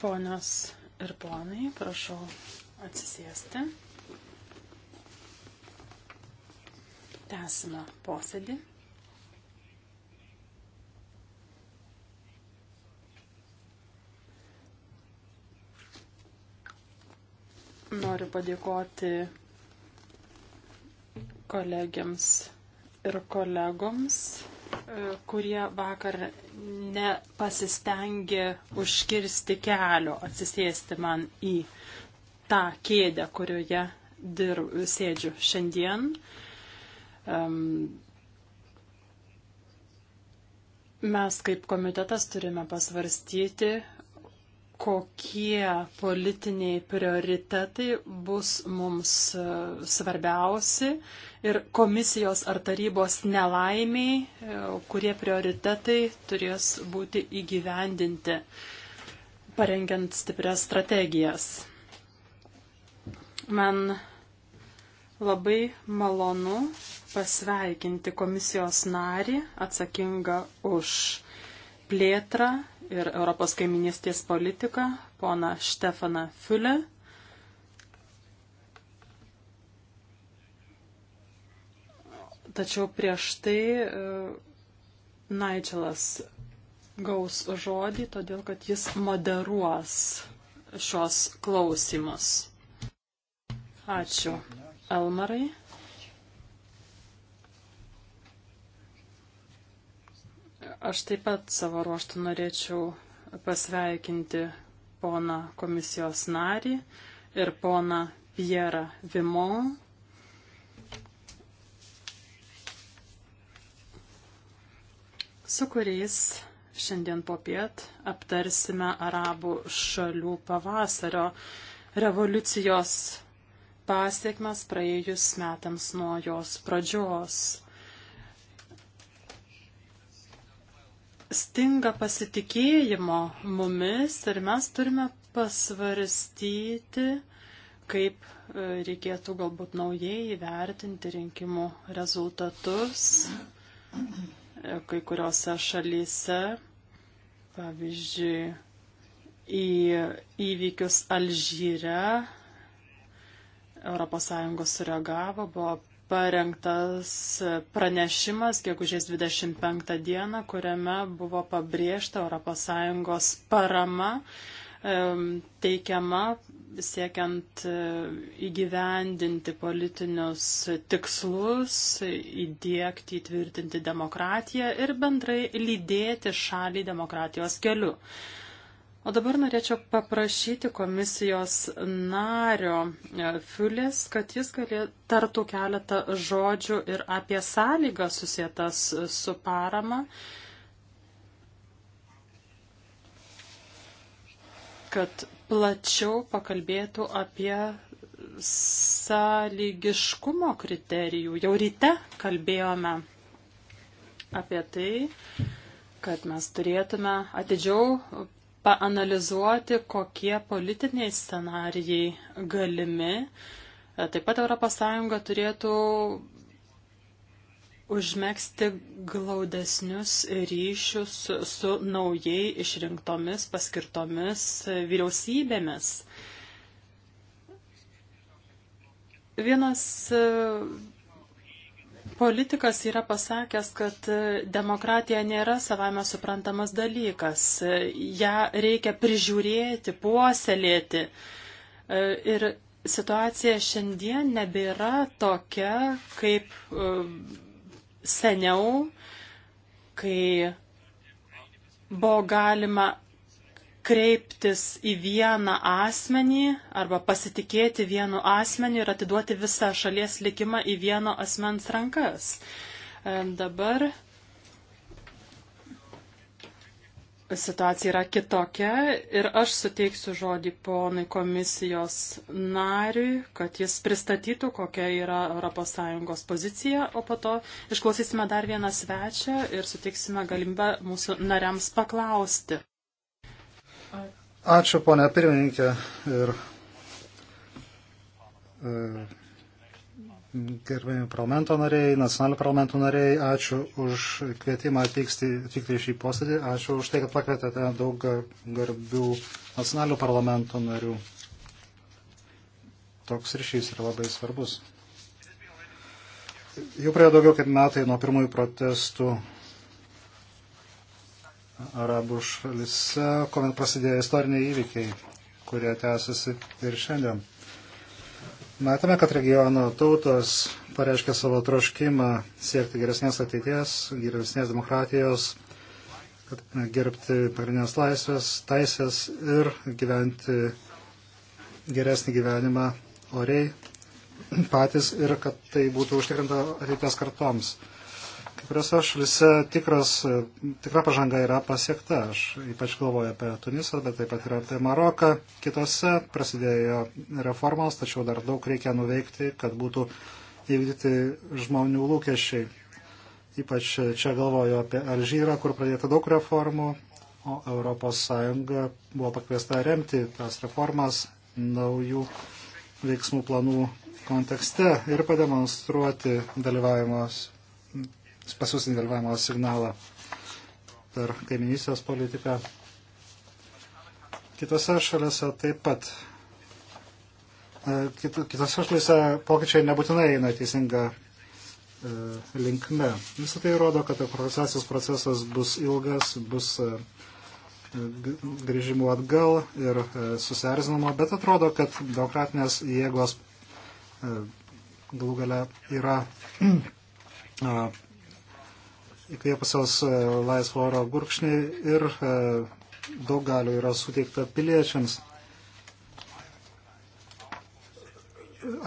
Ponios ir ponai, prašau atsisėsti. Tęsime posėdį. Noriu padėkoti kolegiams ir kolegoms kurie vakar nepasistengė užkirsti kelio atsisėsti man į tą kėdę, kurioje dirb, sėdžiu šiandien. Um, mes kaip komitetas turime pasvarstyti, kokie politiniai prioritetai bus mums e, svarbiausi ir komisijos ar tarybos nelaimiai, e, kurie prioritetai turės būti įgyvendinti, parengiant stiprias strategijas. Man labai malonu pasveikinti komisijos narį atsakingą už plėtrą ir Europos kaiminystės politiką, pona Štefaną Fiulę. Tačiau prieš tai e, Nigelas gaus žodį, todėl kad jis moderuos šios klausimus. Ačiū, Elmarai. Aš taip pat savo ruoštų norėčiau pasveikinti poną komisijos narį ir poną Pierą Vimon. su kuriais šiandien popiet aptarsime arabų šalių pavasario revoliucijos pasiekmes praėjus metams nuo jos pradžios. stinga pasitikėjimo mumis ir mes turime pasvarstyti, kaip e, reikėtų galbūt naujai įvertinti rinkimų rezultatus e, kai kuriuose šalyse, pavyzdžiui, į įvykius Alžyre ES sureagavo, buvo parengtas pranešimas, gegužės 25 dieną, kuriame buvo pabrėžta ES parama teikiama siekiant e, įgyvendinti politinius tikslus, įdėkti, įtvirtinti demokratiją ir bendrai lydėti šalį demokratijos keliu. O dabar norėčiau paprašyti komisijos nario e, Fiulės, kad jis tartų keletą žodžių ir apie sąlygą susietas su parama, kad plačiau pakalbėtų apie sąlygiškumo kriterijų. Jau ryte kalbėjome apie tai, kad mes turėtume atidžiau paanalizuoti, kokie politiniai scenarijai galimi. Taip pat ES turėtų užmėgsti glaudesnius ryšius su naujai išrinktomis paskirtomis vyriausybėmis. Vienas Politikas yra pasakęs, kad e, demokratija nėra savame suprantamas dalykas. E, ja reikia prižiūrėti, puoselėti. E, ir situacija šiandien nebėra tokia, kaip seniau, kai buvo galima kreiptis į vieną asmenį arba pasitikėti vienu asmeniu ir atiduoti visą šalies likimą į vieno asmens rankas. E, dabar situacija yra kitokia ir aš suteiksiu žodį ponui komisijos nariui, kad jis pristatytų, kokia yra ES pozicija, o po to išklausysime dar vieną svečią ir suteiksime galimybę mūsų nariams paklausti. Ačiū, ponia pirmininkė. Ir e, gerbėjami parlamento nariai, nacionalinio parlamento nariai, ačiū už kvietimą atvykti, atvykti į šį posėdį, ačiū už tai, kad pakvietėte daug garbių nacionalinio parlamento narių. Toks ryšys yra labai svarbus. Jau praėjo daugiau kaip metai nuo pirmųjų protestų arabų šalise, kuomet prasidėjo istoriniai įvykiai, kurie tęsiasi ir šiandien. Matome, kad regiono tautos pareiškia savo troškimą siekti geresnės ateities, geresnės demokratijos, kad gerbti pagrindinės laisvės, taisės ir gyventi geresnį gyvenimą oriai patys ir kad tai būtų užtikrinta ateities kartoms. Kai kuriuose šalise tikras, tikra pažanga yra pasiekta. Aš ypač galvoju apie Tunisą, bet taip pat ir apie Maroką. Kitose prasidėjo reformos, tačiau dar daug reikia nuveikti, kad būtų įvykdyti žmonių lūkesčiai. Ypač čia galvoju apie Alžyrą, kur pradėta daug reformų, o ES buvo pakviesta remti tas reformas naujų veiksmų planų kontekste ir pademonstruoti dalyvavimas pasiūsinį dalyvavimo signalą per kaiminystės politiką. Kitose šalise taip pat. E, kitose šalise pokyčiai nebūtinai eina teisinga e, linkme. Visą tai rodo, kad procesas, procesas bus ilgas, bus e, grįžimų atgal ir susierzinama, bet atrodo, kad demokratinės jėgos galų gale yra įkvėpusios e, laisvo oro gurkšnį ir e, daug galių yra suteikta piliečiams.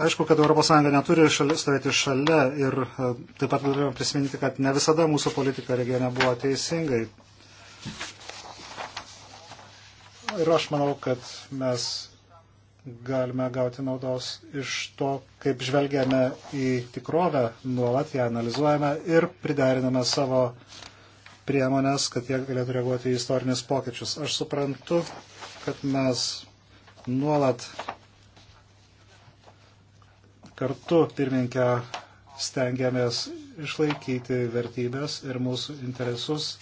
Aišku, kad ES neturi šalia, stovėti šalia ir e, taip pat turime prisiminti, kad ne visada mūsų politika regione buvo teisingai. Ir aš manau, kad mes galime gauti naudos iš to, kaip žvelgiame į tikrovę, nuolat ją analizuojame ir prideriname savo priemonės, kad jie galėtų reaguoti į istorinius pokyčius. Aš suprantu, kad mes nuolat kartu pirmininkę stengiamės išlaikyti vertybės ir mūsų interesus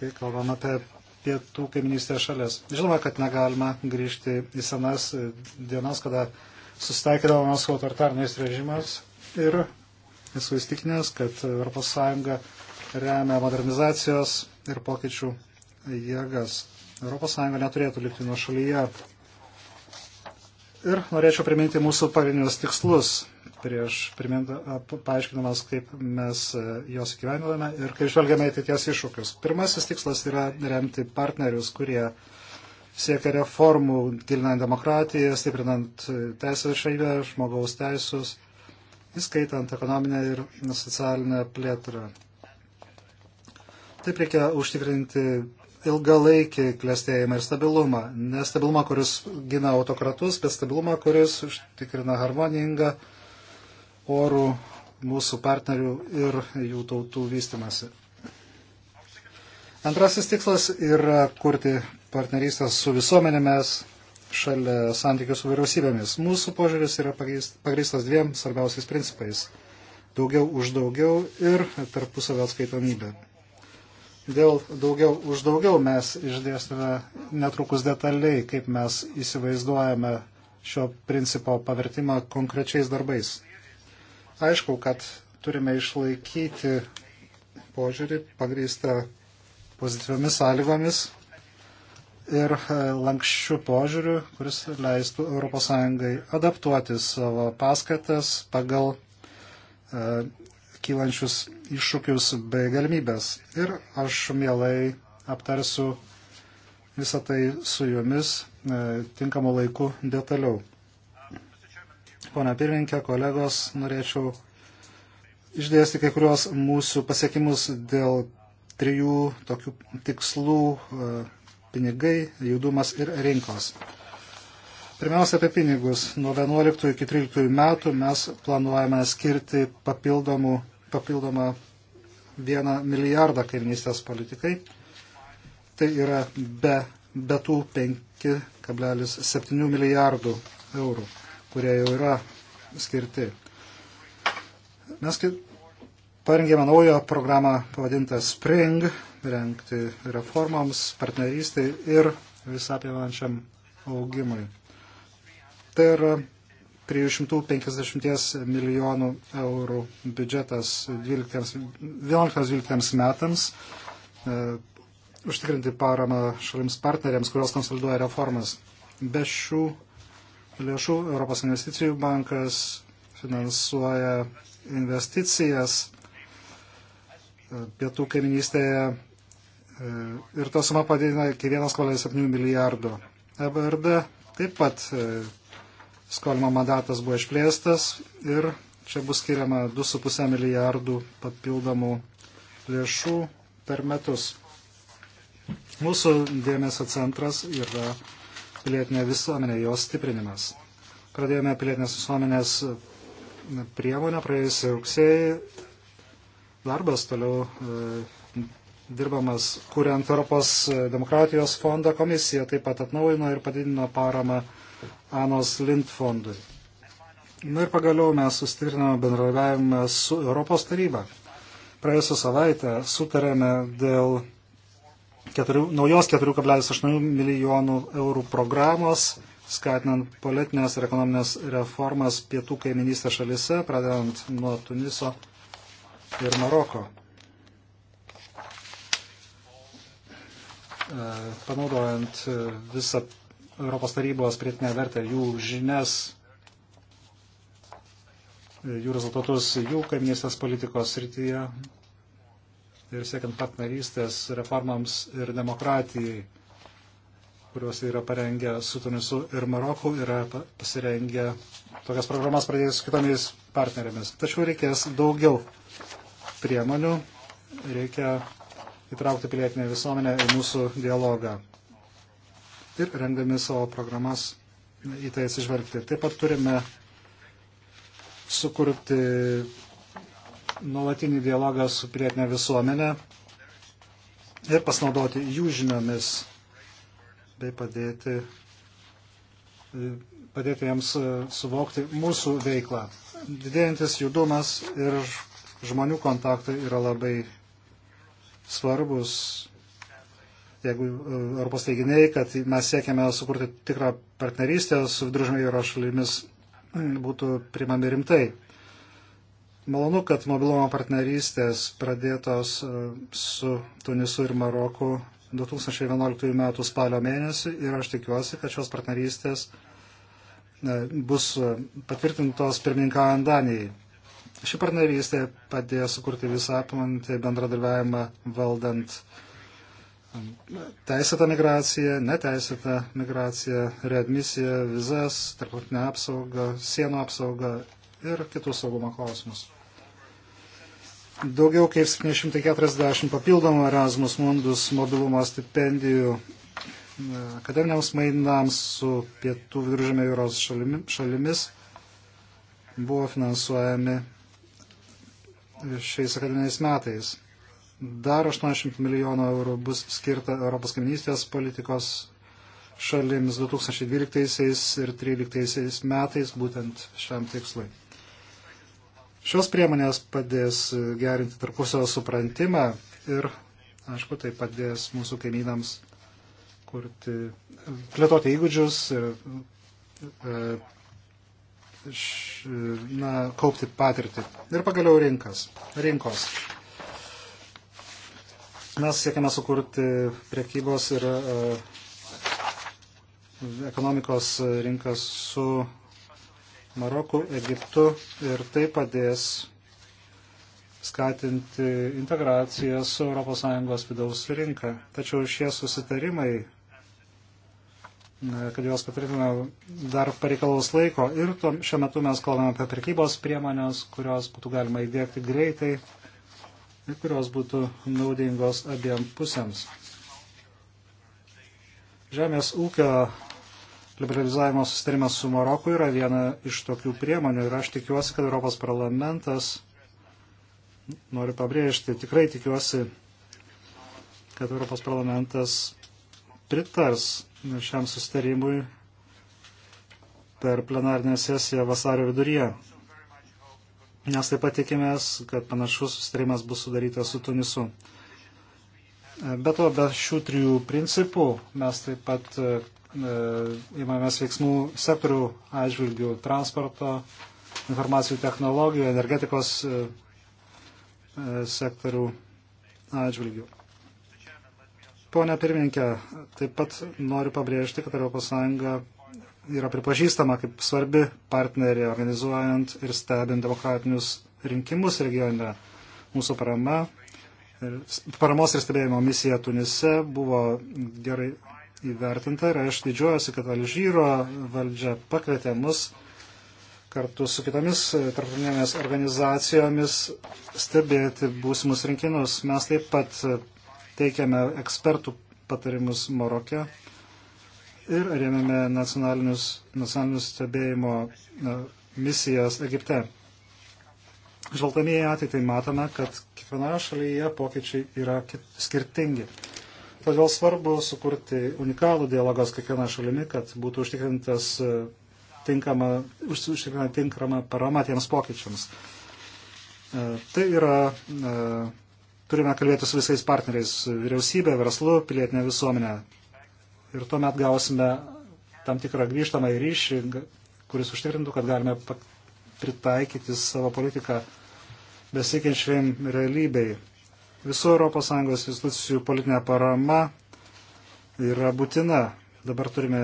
kai kalbam apie pietų kaiminystės šalias. Žinoma, kad negalima grįžti į senas dienas, kada susitaikydavome su autoritarniais režimais ir esu įstikinęs, kad ES remia modernizacijos ir pokyčių jėgas. ES neturėtų likti nuo šalyje. Ir norėčiau priminti mūsų pagrindinius tikslus prieš paaiškinamas, kaip mes e, jos įgyvendiname ir kaip žvelgiame į ateities iššūkius. Pirmasis tikslas yra remti partnerius, kurie siekia reformų, gilinant demokratiją, stiprinant e, teisės šaibę, žmogaus teisus, įskaitant ekonominę ir socialinę plėtrą. Taip reikia užtikrinti ilgalaikį klėstėjimą ir stabilumą. Nestabilumą, kuris gina autokratus, bet stabilumą, kuris užtikrina harmoningą orų mūsų partnerių ir jų tautų vystimasi. Antrasis tikslas yra kurti partnerystės su visuomenėmis šalia santykių su vyriausybėmis. Mūsų požiūris yra pagrįstas dviem svarbiausiais principais - daugiau už daugiau ir tarpusavio atskaitomybė. Dėl daugiau už daugiau mes išdėstume netrukus detaliai, kaip mes įsivaizduojame šio principo pavertimą konkrečiais darbais. Aišku, kad turime išlaikyti požiūrį pagrįstą pozityviomis sąlygomis ir e, lankščių požiūrių, kuris leistų ES adaptuoti savo paskatas pagal e, kylančius iššūkius bei galimybės. Ir aš mielai aptarsiu visą tai su jumis e, tinkamu laiku detaliau. Pone pirmininkė, kolegos, norėčiau išdėsti kai kurios mūsų pasiekimus dėl trijų tokių tikslų e, - pinigai, judumas ir rinkos. Pirmiausia, apie pinigus. Nuo 11 iki 13 metų mes planuojame skirti papildomų, papildomą vieną milijardą kaimynystės politikai. Tai yra be, be tų 5,7 milijardų eurų kurie jau yra skirti. Mes parengėme naują programą pavadintą Spring, rengti reformoms, partnerystai ir visapimančiam augimui. Tai yra 350 milijonų eurų biudžetas 11-12 metams e, užtikrinti paramą šalims partneriams, kurios konsoliduoja reformas. Be šių lėšų. Europos investicijų bankas finansuoja investicijas e, pietų kaiminystėje e, ir ta suma padidina iki 1,7 milijardo. EBRD taip pat e, skolimo mandatas buvo išplėstas ir čia bus skiriama 2,5 milijardų papildomų lėšų per metus. Mūsų dėmesio centras yra pilietinė visuomenė, jos stiprinimas. Pradėjome pilietinės visuomenės priemonę praėjusį rugsėjį. Darbas toliau e, dirbamas, kuriant Europos demokratijos fondą komisija taip pat atnaujino ir padidino paramą Anos Lind fondui. Na ir pagaliau mes sustiprinome bendradarbiavimą su Europos taryba. Praėjusią savaitę sutarėme dėl keturių, naujos 4,8 milijonų eurų programos, skatinant politinės ir ekonominės reformas pietų kaiminystės šalise, pradedant nuo Tuniso ir Maroko. E, panaudojant e, visą Europos tarybos prietinę vertę, jų žinias, e, jų rezultatus jų kaiminystės politikos srityje, ir siekiant partnerystės reformams ir demokratijai, kuriuos yra parengę su Tunisu ir Maroku, yra pasirengę tokias programas pradėti su kitomis partnerėmis. Tačiau reikės daugiau priemonių, reikia įtraukti pilietinę visuomenę į mūsų dialogą ir rengdami savo programas į tai atsižvelgti. Taip pat turime sukurti nuolatinį dialogą su prietinė visuomenė ir pasinaudoti jų žiniomis bei padėti, e, padėti jiems e, suvokti mūsų veiklą. Didėjantis judumas ir žmonių kontaktai yra labai svarbus, jeigu e, Europos teiginiai, kad mes siekiame sukurti tikrą partnerystę su viduržmėjo šalimis, būtų primami rimtai. Malonu, kad mobilumo partnerystės pradėtos e, su Tunisu ir Maroku 2011 m. spalio mėnesį ir aš tikiuosi, kad šios partnerystės e, bus e, patvirtintos pirmininkaujant Danijai. Ši partnerystė padėjo sukurti visą apimantį bendradarbiavimą valdant teisėtą migraciją, neteisėtą migraciją, readmisiją, vizas, tarptautinę apsaugą, sienų apsaugą ir kitus saugumo klausimus daugiau kaip 740 papildomų Erasmus Mundus mobilumo stipendijų e, akademiniams mainams su pietų viduržėmė jūros šalimis buvo finansuojami šiais akademiniais metais. Dar 80 milijonų eurų bus skirta Europos kaiminystės politikos šalims 2012 ir 2013 metais būtent šiam tikslui. Šios priemonės padės gerinti tarpusio suprantimą ir, aišku, tai padės mūsų kaimynams kurti, plėtoti įgūdžius ir e, na, kaupti patirtį. Ir pagaliau rinkas, rinkos. Mes siekime sukurti priekybos ir e, ekonomikos rinkas su Maroku, Egiptu ir tai padės skatinti integraciją su ES vidaus rinka. Tačiau šie susitarimai, kad juos patirtume, dar pareikalaus laiko ir tuo, šiuo metu mes kalbame apie prekybos priemonės, kurios būtų galima įdėkti greitai ir kurios būtų naudingos abiem pusėms. Žemės ūkio liberalizavimo sustarimas su Maroku yra viena iš tokių priemonių ir aš tikiuosi, kad Europos parlamentas, noriu pabrėžti, tikrai tikiuosi, kad Europos parlamentas pritars šiam sustarimui per plenarnę sesiją vasario viduryje. Nes taip pat tikimės, kad panašus sustarimas bus sudarytas su Tunisu. Be to, be šių trijų principų mes taip pat įmamės e, veiksmų sektorių atžvilgių transporto, informacijų technologijų, energetikos e, e, sektorių atžvilgių. Pone pirmininkė, taip pat noriu pabrėžti, kad ES yra pripažįstama kaip svarbi partnerė organizuojant ir stebint demokratinius rinkimus regione. Mūsų parama, paramos ir stebėjimo misija Tunise buvo gerai įvertinta ir aš didžiuojuosi, kad Alžyro valdžia pakvietė mus kartu su kitomis e, tarptautinėmis organizacijomis stebėti būsimus rinkimus. Mes taip pat e, teikiame ekspertų patarimus Marokė ir rėmėme nacionalinius, nacionalinius stebėjimo e, misijas Egipte. Žvelgdami į ateitį matome, kad kiekvienoje šalyje pokyčiai yra skirtingi. Todėl svarbu sukurti unikalų dialogą su kiekviena šalimi, kad būtų užtikrintas e, tinkama, užtikrina tinkama parama tiems pokyčiams. E, tai yra, e, turime kalbėti su visais partneriais - vyriausybė, verslu, pilietinė visuomenė. Ir tuomet gausime tam tikrą grįžtamą į ryšį, kuris užtikrintų, kad galime pritaikyti savo politiką besikeičiam realybei Visų ES institucijų politinė parama yra būtina. Dabar turime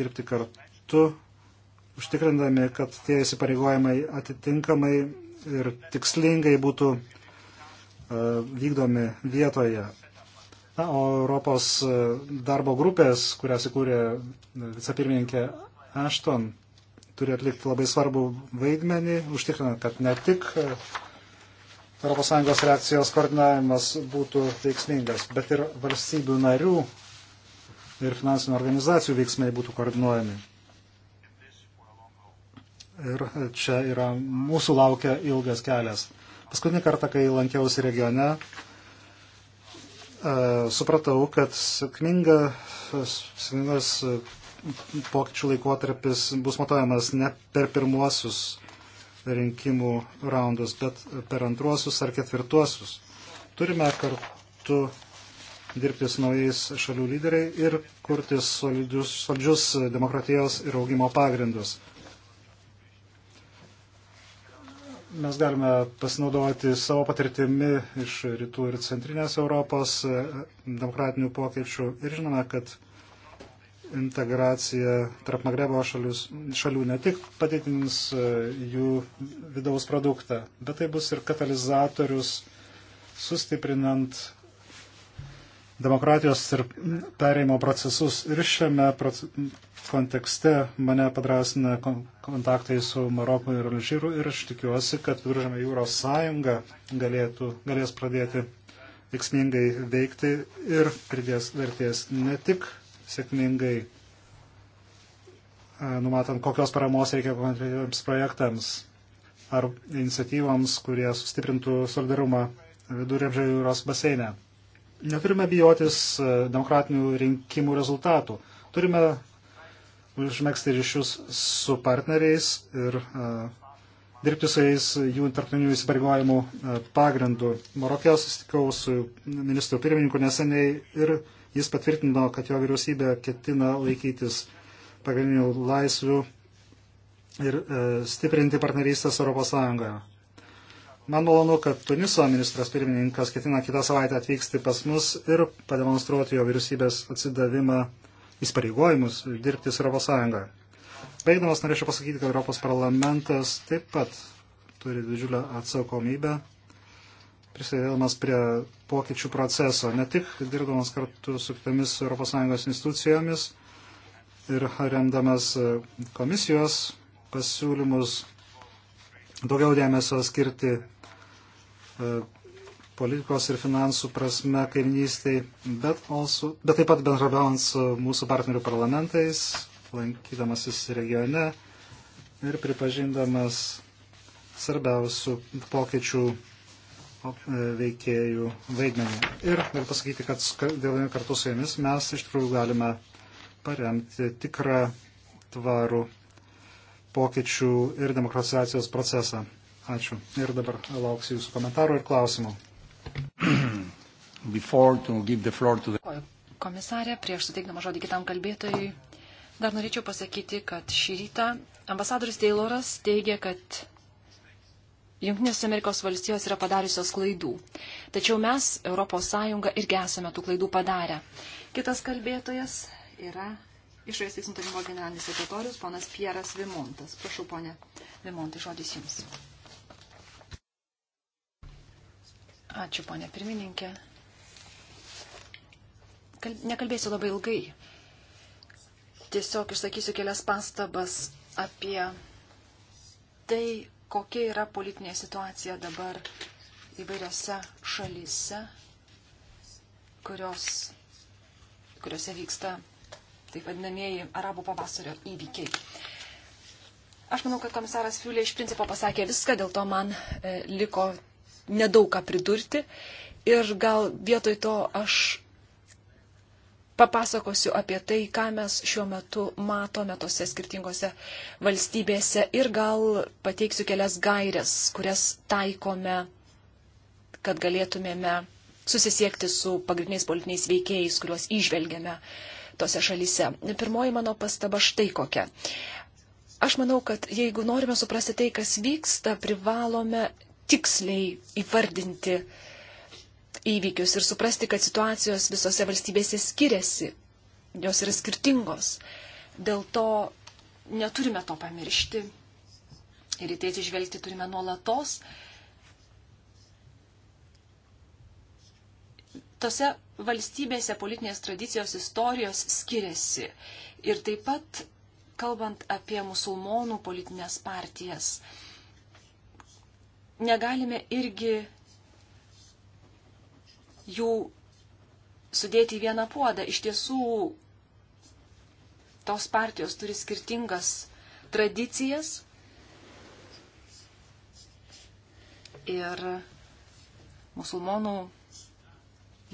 dirbti kartu, užtikrindami, kad tie įsipareigojimai atitinkamai ir tikslingai būtų e, vykdomi vietoje. Na, o Europos e, darbo grupės, kurias įkūrė e, vicepirmininkė Ashton, turi atlikti labai svarbų vaidmenį, užtikrinant, kad ne tik ES reakcijos koordinavimas būtų veiksmingas, bet ir valstybių narių ir finansinių organizacijų veiksmai būtų koordinuojami. Ir čia yra mūsų laukia ilgas kelias. Paskutinį kartą, kai lankiausi regione, e, supratau, kad sėkmingas, sėkmingas pokyčių laikotarpis bus matuojamas ne per pirmuosius rinkimų raundus, bet per antruosius ar ketvirtuosius. Turime kartu dirbti su naujais šalių lyderiai ir kurti solidžius, solidžius demokratijos ir augimo pagrindus. Mes galime pasinaudoti savo patirtimi iš rytų ir centrinės Europos e, demokratinių pokyčių ir žinome, kad integracija tarp Magrebo šalius, šalių ne tik padidins e, jų vidaus produktą, bet tai bus ir katalizatorius sustiprinant demokratijos ir pereimo procesus. Ir šiame proce kontekste mane padrasina kontaktai su Maroku ir Alžyru ir aš tikiuosi, kad Viduržėme jūros sąjunga galėtų, galės pradėti veiksmingai veikti ir pridės vertės ne tik sėkmingai e, numatant, kokios paramos reikia konkretiems projektams ar iniciatyvams, kurie sustiprintų solidarumą viduržėmžio jūros baseine. Neturime bijotis e, demokratinių rinkimų rezultatų. Turime užmėgsti ryšius su partneriais ir uh, dirbti su jais jų tarptautinių įsipareigojimų uh, pagrindu. Marokė susitikau su ministru pirmininku neseniai ir uh, Jis patvirtino, kad jo vyriausybė ketina laikytis pagrindinių laisvių ir e, stiprinti partnerystės ES. Man malonu, kad Tuniso ministras pirmininkas ketina kitą savaitę atvykti pas mus ir pademonstruoti jo vyriausybės atsidavimą įsipareigojimus dirbti su ES. Baigdamas norėčiau pasakyti, kad Europos parlamentas taip pat turi didžiulę atsakomybę prisidėdamas prie pokyčių proceso, ne tik dirbdamas kartu su kitomis ES institucijomis ir remdamas e, komisijos pasiūlymus, daugiau dėmesio skirti e, politikos ir finansų prasme kaiminystiai, bet, also, bet taip pat bendrabiaujant su mūsų partnerių parlamentais, lankydamasis regione ir pripažindamas svarbiausių pokyčių veikėjų vaidmenį. Ir noriu pasakyti, kad dėl kartu su jomis mes iš tikrųjų galime paremti tikrą tvarų pokyčių ir demokratizacijos procesą. Ačiū. Ir dabar lauksiu jūsų komentarų ir klausimų. The... Komisarė, prieš suteikdama žodį kitam kalbėtojui, dar norėčiau pasakyti, kad šį rytą ambasadoris Tayloras teigia, kad Junktinės Amerikos valstijos yra padariusios klaidų. Tačiau mes, ES, irgi esame tų klaidų padarę. Kitas kalbėtojas yra išorės veiksmų tarnybo generalinis sekretorius, ponas Pieras Vimontas. Prašau, ponė Vimontai, žodis jums. Ačiū, ponė pirmininkė. Kal nekalbėsiu labai ilgai. Tiesiog išsakysiu kelias pastabas apie tai, kokia yra politinė situacija dabar įvairiose šalyse, kurios, kuriuose vyksta taip vadinamieji arabų pavasario įvykiai. Aš manau, kad komisaras Fiulė iš principo pasakė viską, dėl to man e, liko nedaug ką pridurti. Ir gal vietoj to aš papasakosiu apie tai, ką mes šiuo metu matome tose skirtingose valstybėse ir gal pateiksiu kelias gairias, kurias taikome, kad galėtumėme susisiekti su pagrindiniais politiniais veikėjais, kuriuos išvelgiame tose šalyse. Pirmoji mano pastaba štai kokia. Aš manau, kad jeigu norime suprasti tai, kas vyksta, privalome tiksliai įvardinti uh, įvykius ir suprasti, kad situacijos visose valstybėse skiriasi, jos yra skirtingos. Dėl to neturime to pamiršti ir į tai atsižvelgti turime nuolatos. Tose valstybėse politinės tradicijos istorijos skiriasi ir taip pat kalbant apie musulmonų politinės partijas, negalime irgi jų sudėti į vieną puodą. Iš tiesų, tos partijos turi skirtingas tradicijas ir musulmonų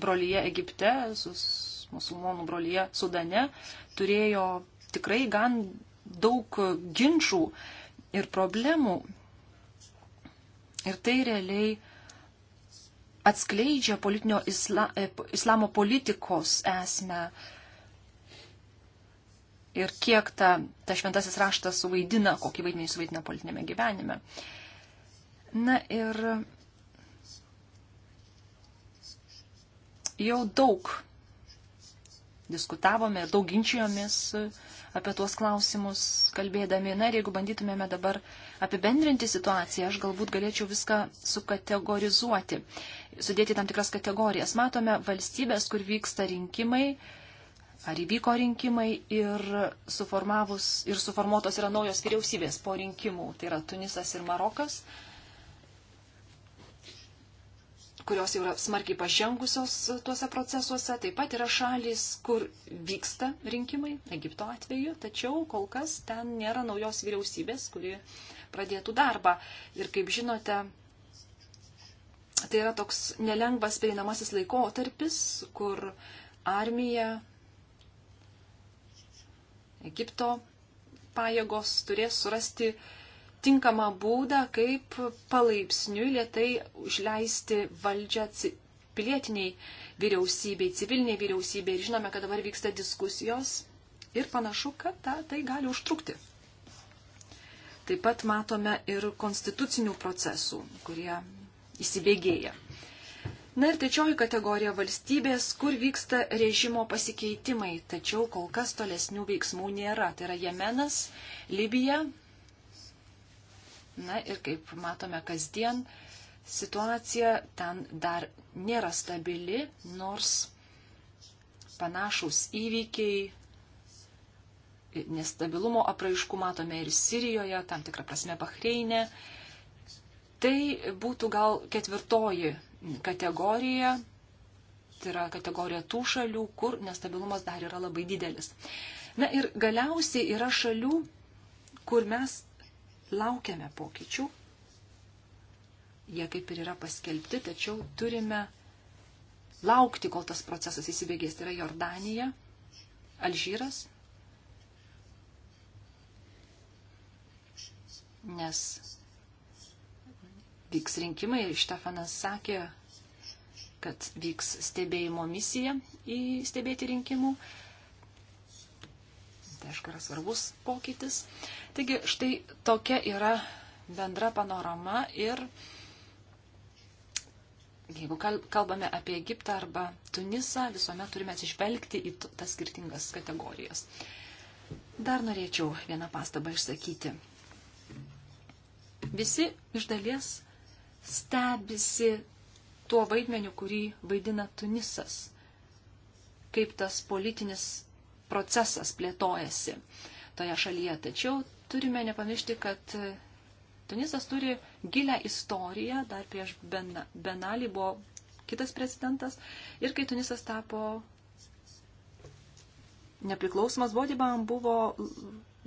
brolyje Egipte, musulmonų brolyje Sudane turėjo tikrai gan daug ginčių ir problemų. Ir tai realiai atskleidžia politinio isla, e, islamo politikos esmę ir kiek ta, ta šventasis raštas suvaidina, kokį vaidmenį suvaidina politinėme gyvenime. Na ir jau daug diskutavome, daug ginčijomės apie tuos klausimus, kalbėdami. Na ir jeigu bandytumėme dabar apibendrinti situaciją, aš galbūt galėčiau viską sukategorizuoti. Uh, sudėti tam tikras kategorijas. Matome valstybės, kur vyksta rinkimai, ar įvyko rinkimai ir, ir suformuotos yra naujos vyriausybės po rinkimų. Tai yra Tunisas ir Marokas, kurios jau yra smarkiai pažengusios tuose procesuose. Taip pat yra šalis, kur vyksta rinkimai, Egipto atveju, tačiau kol kas ten nėra naujos vyriausybės, kuri pradėtų darbą. Ir kaip žinote, tai yra toks nelengvas pereinamasis laikotarpis, kur armija, Egipto pajėgos turės surasti tinkamą būdą, kaip palaipsniui lietai užleisti valdžią pilietiniai vyriausybei, civiliniai vyriausybei. Ir žinome, kad dabar vyksta diskusijos ir panašu, kad ta, tai gali užtrukti. Taip pat matome ir konstitucinių procesų, kurie įsibėgėja. Na ir trečioji kategorija - valstybės, kur vyksta režimo pasikeitimai, tačiau kol kas tolesnių veiksmų nėra. Tai yra Jemenas, Libija. Na ir kaip matome kasdien, situacija ten dar nėra stabili, nors panašus įvykiai nestabilumo apraiškų matome ir Sirijoje, tam tikrą prasme Bahreinė, Tai būtų gal ketvirtoji kategorija, tai yra kategorija tų šalių, kur nestabilumas dar yra labai didelis. Na ir galiausiai yra šalių, kur mes laukiame pokyčių. Jie kaip ir yra paskelbti, tačiau turime laukti, kol tas procesas įsibėgės. Tai yra Jordanija, Alžyras, nes vyks rinkimai ir Štefanas sakė, kad vyks stebėjimo misija į stebėti rinkimų. Tai aišku yra svarbus pokytis. Taigi štai tokia yra bendra panorama ir jeigu kalbame apie Egiptą arba Tunisą, visuomet turime atsižvelgti į tas skirtingas kategorijas. Dar norėčiau vieną pastabą išsakyti. Visi iš dalies stebisi tuo vaidmeniu, kurį vaidina Tunisas, kaip tas politinis procesas plėtojasi toje šalyje. Tačiau turime nepamiršti, kad Tunisas turi gilę istoriją, dar prieš Benalį buvo kitas prezidentas ir kai Tunisas tapo nepriklausomas, Bodibam buvo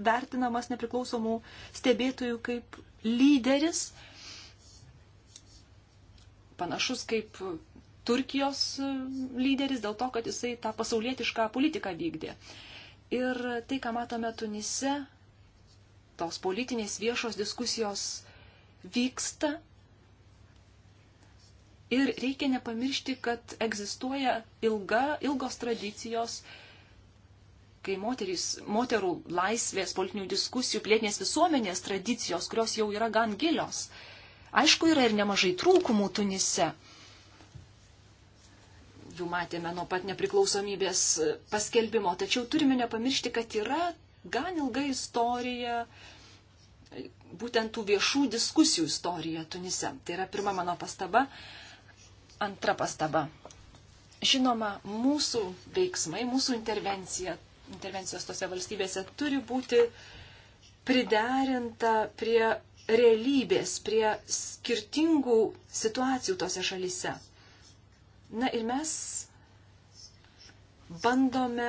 vertinamas nepriklausomų stebėtojų kaip lyderis, panašus kaip Turkijos lyderis dėl to, kad jisai tą pasaulietišką politiką vykdė. Ir tai, ką matome Tunise, tos politinės viešos diskusijos vyksta. Ir reikia nepamiršti, kad egzistuoja ilga, ilgos tradicijos, kai moterys, moterų laisvės, politinių diskusijų, plėtinės visuomenės tradicijos, kurios jau yra gan gilios. Uh, Aišku, yra ir nemažai trūkumų Tunise. Jų matėme nuo pat nepriklausomybės paskelbimo, tačiau turime nepamiršti, kad yra gan ilga istorija, būtent tų viešų diskusijų istorija Tunise. Tai yra pirma mano pastaba. Antra pastaba. Žinoma, mūsų veiksmai, mūsų intervencija, intervencijos tose valstybėse turi būti priderinta prie realybės, prie skirtingų situacijų tose šalyse. Na ir mes bandome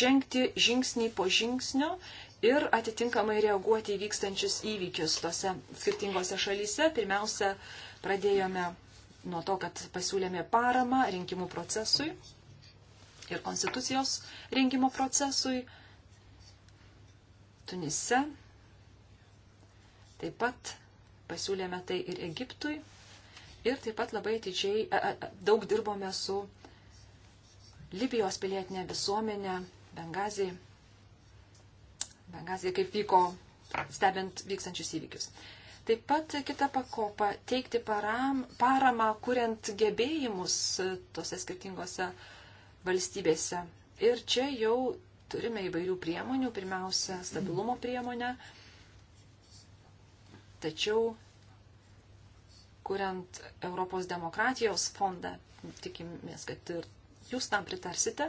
žengti žingsnį po žingsnio ir atitinkamai reaguoti į vykstančius įvykius tose skirtingose šalyse. Pirmiausia, pradėjome nuo to, kad pasiūlėme paramą rinkimų procesui ir konstitucijos rinkimo procesui Tunise, Taip pat pasiūlėme tai ir Egiptui. Ir taip pat labai atidžiai daug dirbome su Libijos pilietinė visuomenė, Bengazija, Bengazija kaip vyko stebint vykstančius įvykius. Taip pat kita pakopa - teikti param, paramą, kuriant gebėjimus tose skirtingose valstybėse. Ir čia jau turime įvairių priemonių. Pirmiausia, stabilumo priemonę. Mm Tačiau, kuriant Europos demokratijos fondą, tikimės, kad ir jūs tam pritarsite,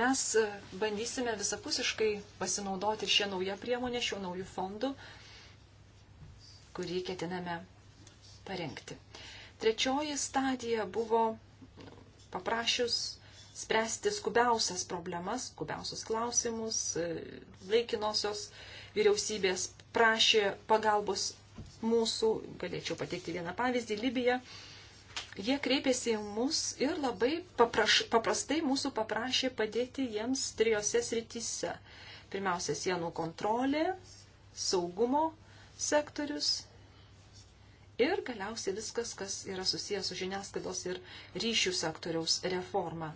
mes e, bandysime visapusiškai pasinaudoti šią naują priemonę, šiuo naujų fondu, kurį ketiname parengti. Trečioji stadija buvo paprašius spręsti skubiausias problemas, skubiausius klausimus e, laikinosios vyriausybės prašė pagalbos mūsų, galėčiau pateikti vieną pavyzdį, Libija. Jie kreipėsi į mus ir labai papraš, paprastai mūsų paprašė padėti jiems trijose srityse. Pirmiausia, sienų kontrolė, saugumo sektorius ir galiausiai viskas, kas yra susijęs su žiniasklaidos ir ryšių sektoriaus reforma.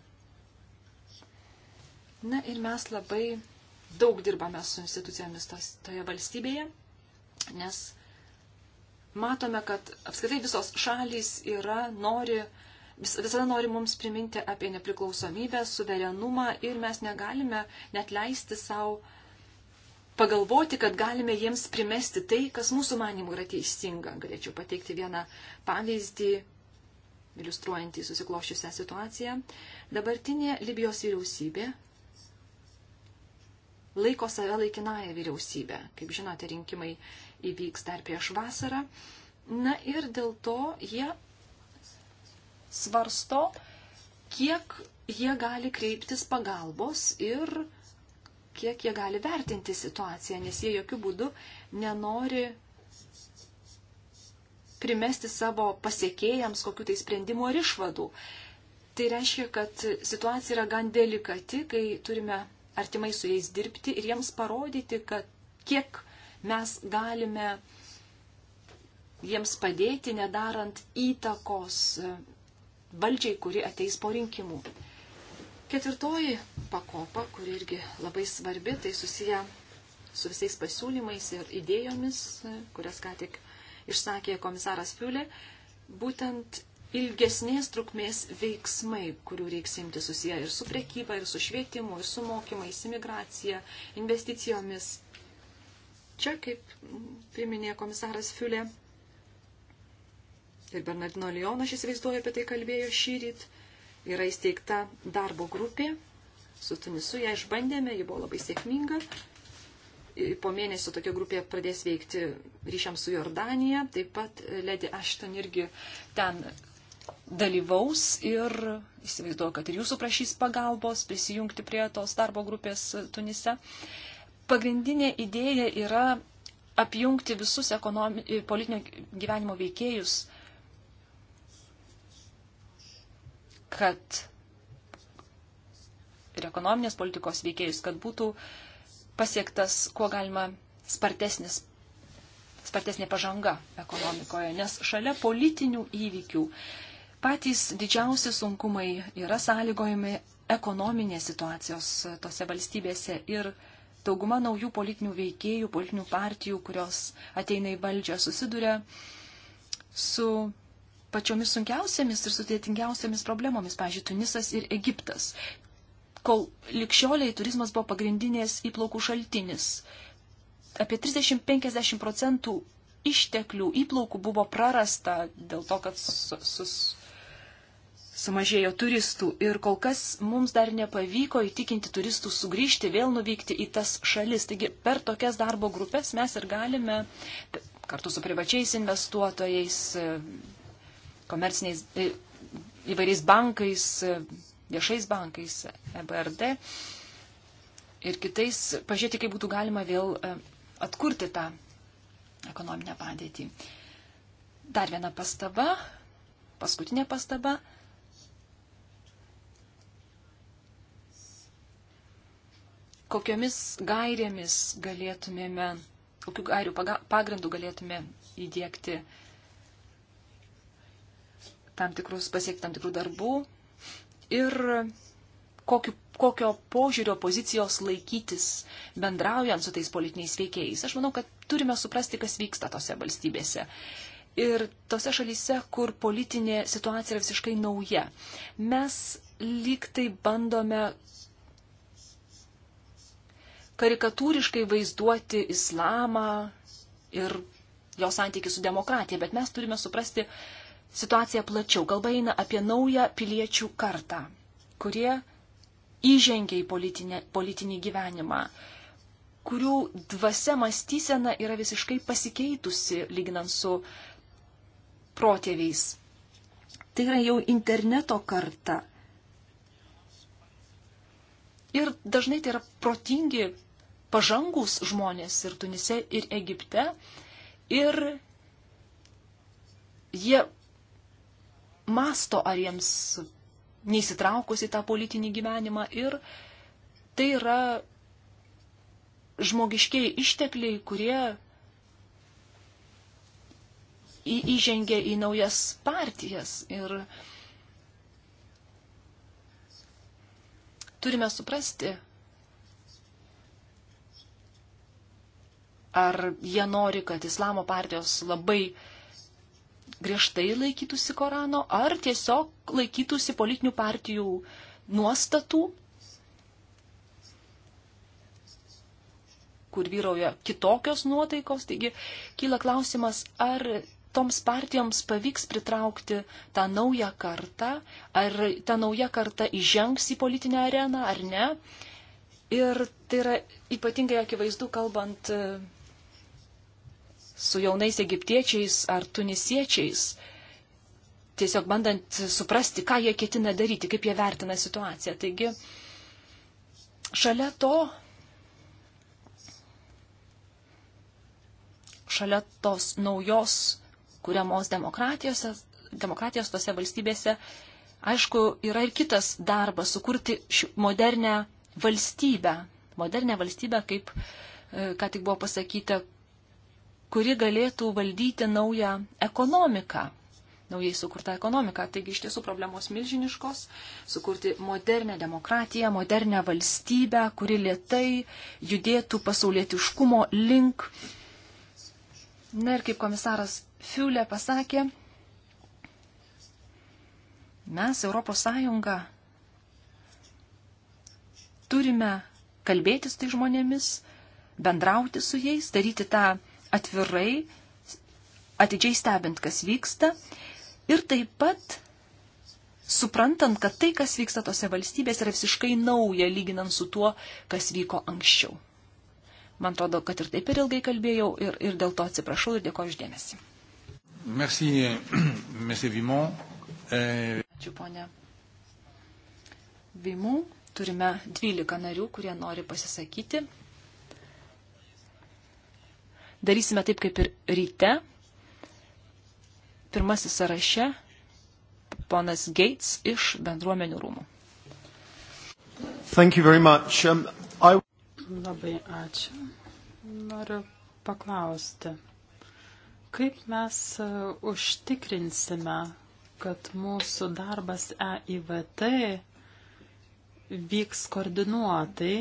Na ir mes labai daug dirbame su institucijomis tos, toje valstybėje, nes matome, kad apskritai visos šalys yra, nori, vis, visada nori mums priminti apie nepriklausomybę, suverenumą ir mes negalime net leisti savo pagalvoti, kad galime jiems primesti tai, kas mūsų manimų yra teisinga. Galėčiau pateikti vieną pavyzdį, iliustruojantį susikloščiusią situaciją. Dabartinė Libijos vyriausybė laiko save laikinąją vyriausybę. Kaip žinote, rinkimai įvyks dar prieš vasarą. Na ir dėl to jie svarsto, kiek jie gali kreiptis pagalbos ir kiek jie gali vertinti situaciją, nes jie jokių būdų nenori primesti savo pasiekėjams kokiu tai sprendimu ar išvadų. Tai reiškia, kad situacija yra gan delikati, kai turime artimai su jais dirbti ir jiems parodyti, kad kiek mes galime jiems padėti, nedarant įtakos e, valdžiai, kuri ateis po rinkimų. Ketvirtoji pakopa, kuri irgi labai svarbi, tai susiję su visais pasiūlymais ir idėjomis, e, kurias ką tik išsakė komisaras Fiulė, būtent ilgesnės trukmės veiksmai, kurių reiks imti susiję ir su priekyba, ir su švietimu, ir su mokymais, imigracija, investicijomis. Čia, kaip priminė tai komisaras Fiulė ir Bernardino Leonas, aš įsivaizduoju, apie tai kalbėjo šį rytą, yra įsteigta darbo grupė. Su Tunisu ją išbandėme, ji buvo labai sėkminga. Po mėnesio tokia grupė pradės veikti ryšiams su Jordanija. Taip pat Ledi Ashton irgi ten dalyvaus ir įsivaizduoju, kad ir jūsų prašys pagalbos prisijungti prie tos darbo grupės Tunise. Pagrindinė idėja yra apjungti visus ekonomi, politinio gyvenimo veikėjus, kad ir ekonominės politikos veikėjus, kad būtų pasiektas kuo galima spartesnis, spartesnė pažanga ekonomikoje. Nes šalia politinių įvykių Patys didžiausi sunkumai yra sąlygojami ekonominės situacijos e, tose valstybėse ir dauguma naujų politinių veikėjų, politinių partijų, kurios ateina į valdžią, susiduria su pačiomis sunkiausiamis ir sudėtingiausiamis problemomis, pažiūrėjau, Tunisas ir Egiptas. Kol likščioliai turizmas buvo pagrindinės įplaukų šaltinis. Apie 30-50 procentų išteklių įplaukų buvo prarasta dėl to, kad sus, sus, sumažėjo turistų ir kol kas mums dar nepavyko įtikinti turistų sugrįžti, vėl nuvykti į tas šalis. Taigi per tokias darbo grupės mes ir galime kartu su privačiais investuotojais, komerciniais e, įvairiais bankais, e, viešais bankais, EBRD ir kitais pažiūrėti, kaip būtų galima vėl e, atkurti tą ekonominę padėtį. Dar viena pastaba, paskutinė pastaba kokiomis gairėmis galėtumėme, kokiu gairių pagrindu galėtume įdėkti tam tikrus, pasiekti tam tikrų darbų ir kokiu, kokio požiūrio pozicijos laikytis bendraujant su tais politiniais veikėjais. Aš manau, kad turime suprasti, kas vyksta tose valstybėse. Ir tose šalyse, kur politinė situacija yra visiškai nauja, mes lyg tai bandome karikatūriškai vaizduoti islamą ir jo santykių su demokratija, bet mes turime suprasti situaciją plačiau. Kalba eina apie naują piliečių kartą, kurie įžengia į politinę, politinį gyvenimą, kurių dvasia mąstysena yra visiškai pasikeitusi lyginant su protėviais. Tai yra jau interneto karta. Ir dažnai tai yra protingi pažangus žmonės ir Tunise, ir Egipte. Ir jie masto, ar jiems neįsitraukus į tą politinį gyvenimą. Ir tai yra žmogiškiai ištekliai, kurie į, įžengė į naujas partijas. Ir turime suprasti, Ar jie nori, kad islamo partijos labai griežtai laikytųsi Korano, ar tiesiog laikytųsi politinių partijų nuostatų, kur vyrauja kitokios nuotaikos. Taigi kyla klausimas, ar toms partijoms pavyks pritraukti tą naują kartą, ar ta nauja karta įžengs į politinę areną ar ne. Ir tai yra ypatingai akivaizdu, kalbant su jaunais egiptiečiais ar tunisiečiais, tiesiog bandant suprasti, ką jie ketina daryti, kaip jie vertina situaciją. Taigi, šalia to, šalia tos naujos kuriamos demokratijos, demokratijos tose valstybėse, aišku, yra ir kitas darbas - sukurti modernę valstybę. Modernę valstybę, kaip e, ką tik buvo pasakyta, kuri galėtų valdyti naują ekonomiką, naujai sukurtą ekonomiką. Taigi iš tiesų problemos milžiniškos - sukurti modernę demokratiją, modernę valstybę, kuri lietai judėtų pasaulietiškumo link. Na ir kaip komisaras Fiulė pasakė, mes Europos Sąjunga turime kalbėtis tai žmonėmis, bendrauti su jais, daryti tą atvirai, atidžiai stebint, kas vyksta ir taip pat suprantant, kad tai, kas vyksta tose valstybėse, yra visiškai nauja lyginant su tuo, kas vyko anksčiau. Man atrodo, kad ir taip per ilgai kalbėjau ir, ir dėl to atsiprašau ir dėkoju uždėmesi. Merci, merci Vimon. Euh, Ačiū, ponė. Vimų turime 12 narių, kurie nori pasisakyti. Darysime taip, kaip ir ryte. Pirmasis sąraše ponas Gates iš bendruomenių rūmų. Um, I... Labai ačiū. Noriu paklausti, kaip mes e, užtikrinsime, kad mūsų darbas EIVT vyks koordinuotai,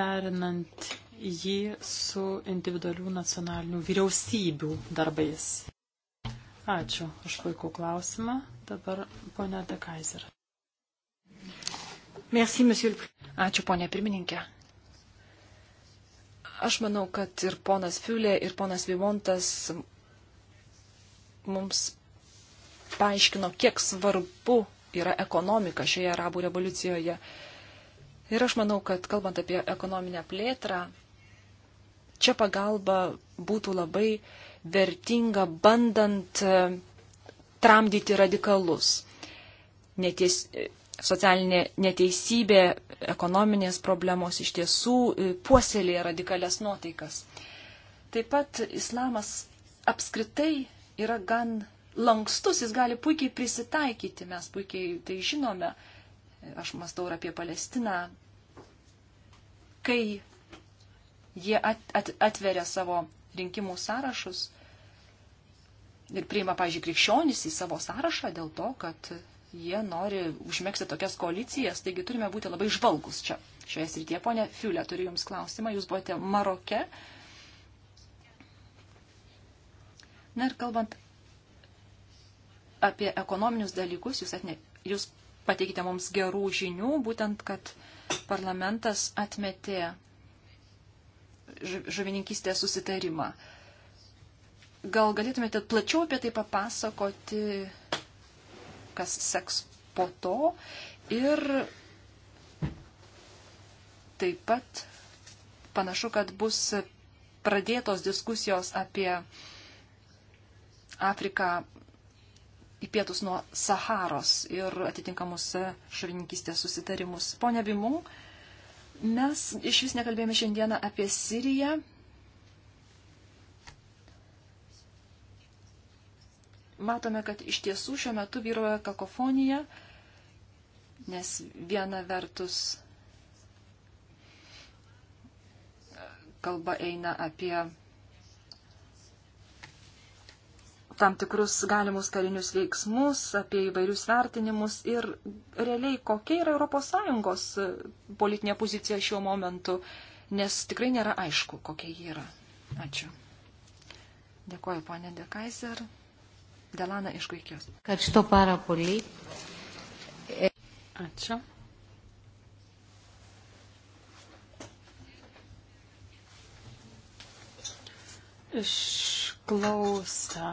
derinant jį su individualių nacionalinių vyriausybių darbais. Ačiū už puikų klausimą. Dabar ponia De Kaiser. Merci, monsieur. Ačiū, ponia pirmininkė. Aš manau, kad ir ponas Fiulė, ir ponas Vimontas mums paaiškino, kiek svarbu yra ekonomika šioje arabų revoliucijoje. Ir aš manau, kad kalbant apie ekonominę plėtrą, čia pagalba būtų labai vertinga bandant e, tramdyti radikalus. Neties, e, socialinė neteisybė, ekonominės problemos iš tiesų e, puoselėje radikalias nuotaikas. Taip pat islamas apskritai yra gan lankstus, jis gali puikiai prisitaikyti, mes puikiai tai žinome. Aš mastau ir apie Palestiną. Kai jie at, at, atveria savo rinkimų sąrašus ir priima, pažiūrėjau, krikščionys į savo sąrašą dėl to, kad jie nori užmėgsti tokias koalicijas, taigi turime būti labai žvalgus čia. Šioje srityje, ponė Fiulė, turiu Jums klausimą, Jūs buvote Maroke. Na ir kalbant apie ekonominius dalykus, Jūs, atne, jūs pateikite mums gerų žinių, būtent, kad parlamentas atmetė žuvininkystės susitarimą. Gal galėtumėte plačiau apie tai papasakoti, kas seks po to ir taip pat panašu, kad bus pradėtos diskusijos apie Afriką į pietus nuo Saharos ir atitinkamus šalininkystės susitarimus. Pone Bimung, Mes iš vis nekalbėjome šiandieną apie Siriją. Matome, kad iš tiesų šiuo metu vyroja kakofonija, nes viena vertus kalba eina apie tam tikrus galimus karinius veiksmus, apie įvairius vertinimus ir realiai kokia yra ES e, politinė pozicija šiuo momentu, nes tikrai nėra aišku, kokia ji yra. Ačiū. Dėkuoju, ponė Dekaiser. Delana iš Graikijos. Kad šito para poli. Ačiū. Išklausę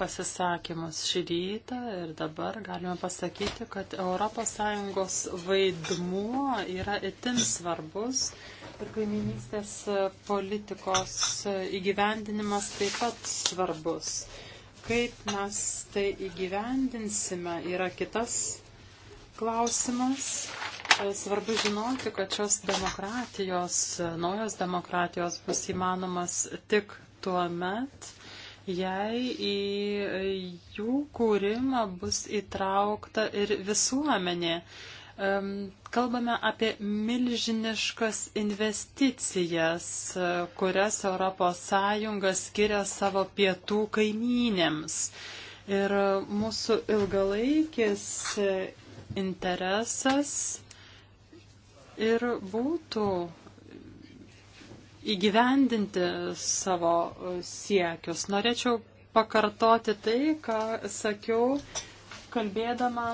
pasisakymus šį rytą ir dabar galime pasakyti, kad ES vaidmuo yra itin svarbus ir kaiminystės politikos įgyvendinimas taip pat svarbus. Kaip mes tai įgyvendinsime yra kitas klausimas. Svarbu žinoti, kad šios demokratijos, naujos demokratijos bus įmanomas tik tuo met, jei į jų kūrimą bus įtraukta ir visuomenė. Kalbame apie milžiniškas investicijas, e, kurias ES skiria savo pietų kaimynėms. Ir mūsų ilgalaikis e, interesas ir būtų įgyvendinti savo e, siekius. Norėčiau pakartoti tai, ką sakiau, kalbėdama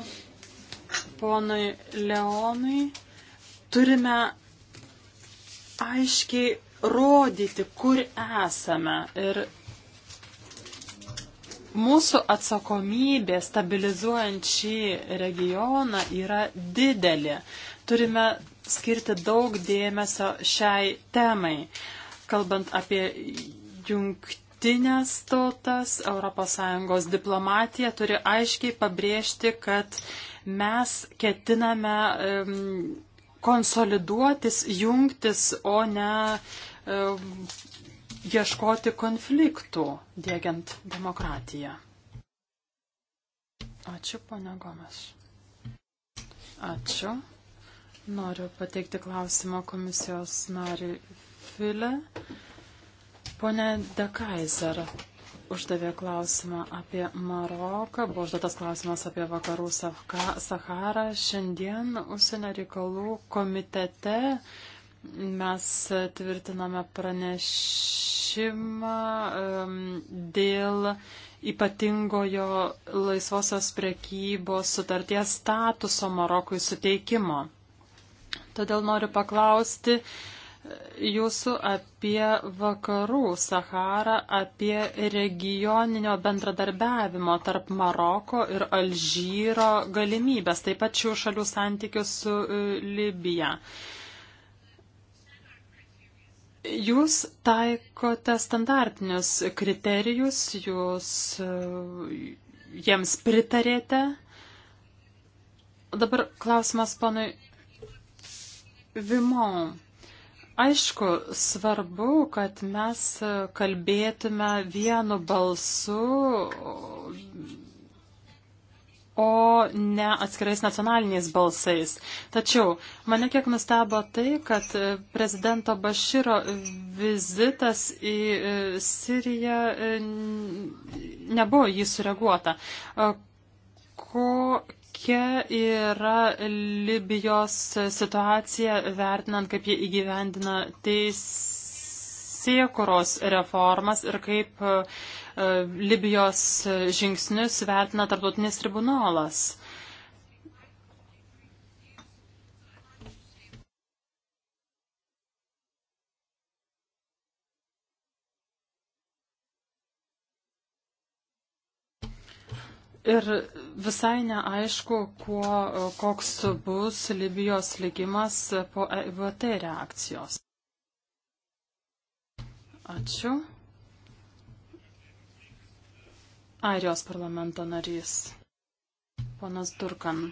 ponui Leonui. Turime aiškiai rodyti, kur esame. Ir mūsų atsakomybė stabilizuojant šį regioną yra didelė. Turime skirti daug dėmesio šiai temai, kalbant apie jungtinės tautas, ES diplomatija turi aiškiai pabrėžti, kad mes ketiname um, konsoliduotis, jungtis, o ne um, ieškoti konfliktų, dėgiant demokratiją. Ačiū, ponia Gomes. Ačiū. Noriu pateikti klausimą komisijos nariui Filė. Pone Dekaiser uždavė klausimą apie Maroką, buvo užduotas klausimas apie vakarų Saharą. Šiandien užsienio reikalų komitete mes tvirtiname pranešimą um, dėl ypatingojo laisvosios prekybos sutarties statuso Marokui suteikimo. Todėl noriu paklausti jūsų apie vakarų Saharą, apie regioninio bendradarbiavimo tarp Maroko ir Alžyro galimybės, taip pat šių šalių santykius su e, Libija. Jūs taikote standartinius kriterijus, jūs e, jiems pritarėte. Dabar klausimas panui Vimon. Aišku, svarbu, kad mes kalbėtume vienu balsu, o ne atskirais nacionaliniais balsais. Tačiau mane kiek nustebo tai, kad prezidento Baširo vizitas į e, Siriją e, nebuvo jį sureaguota. E, ko kokia yra Libijos situacija, vertinant, kaip jie įgyvendina teisėkuros reformas ir kaip e, Libijos žingsnius vertina tarptautinis tribunolas. Ir visai neaišku, kuo, koks bus Libijos likimas po EIVT reakcijos. Ačiū. Airijos parlamento narys, ponas Durkan.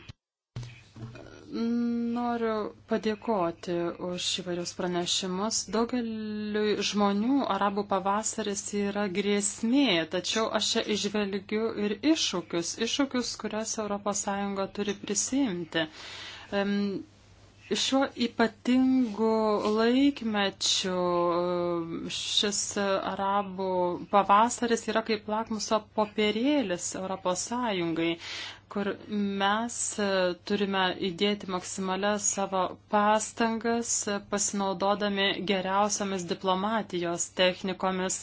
Noriu padėkoti už įvairius pranešimus. Daugeliu žmonių arabų pavasaris yra grėsmė, tačiau aš čia išvelgiu ir iššūkius, iššūkius, kurias ES turi prisimti. Šiuo ypatingu laikmečiu šis arabų pavasaris yra kaip lakmuso popierėlis ES kur mes e, turime įdėti maksimalias savo pastangas, e, pasinaudodami geriausiamis diplomatijos technikomis,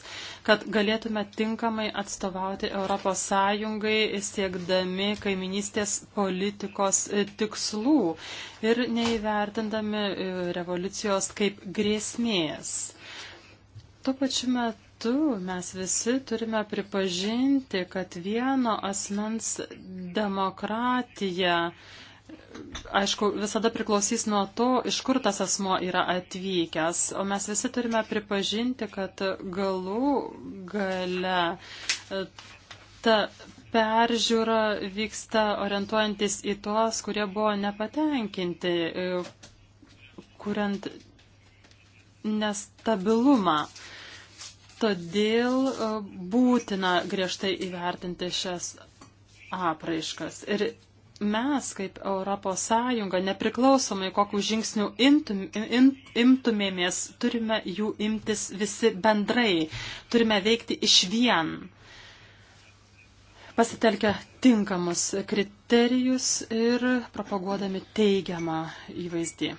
kad galėtume tinkamai atstovauti ES siekdami kaiminystės politikos e, tikslų ir neįvertindami revoliucijos kaip grėsmės. Tuo pačiu metu metu mes visi turime pripažinti, kad vieno asmens demokratija, aišku, visada priklausys nuo to, iš kur tas asmo yra atvykęs. O mes visi turime pripažinti, kad galų gale e, ta peržiūra vyksta orientuojantis į tuos, kurie buvo nepatenkinti, e, kuriant nestabilumą. Todėl e, būtina griežtai įvertinti šias apraiškas. Ir mes, kaip Europos Sąjunga, nepriklausomai kokių žingsnių imtum, im, imtumėmės, turime jų imtis visi bendrai, turime veikti iš vien, pasitelkę tinkamus kriterijus ir propaguodami teigiamą įvaizdį.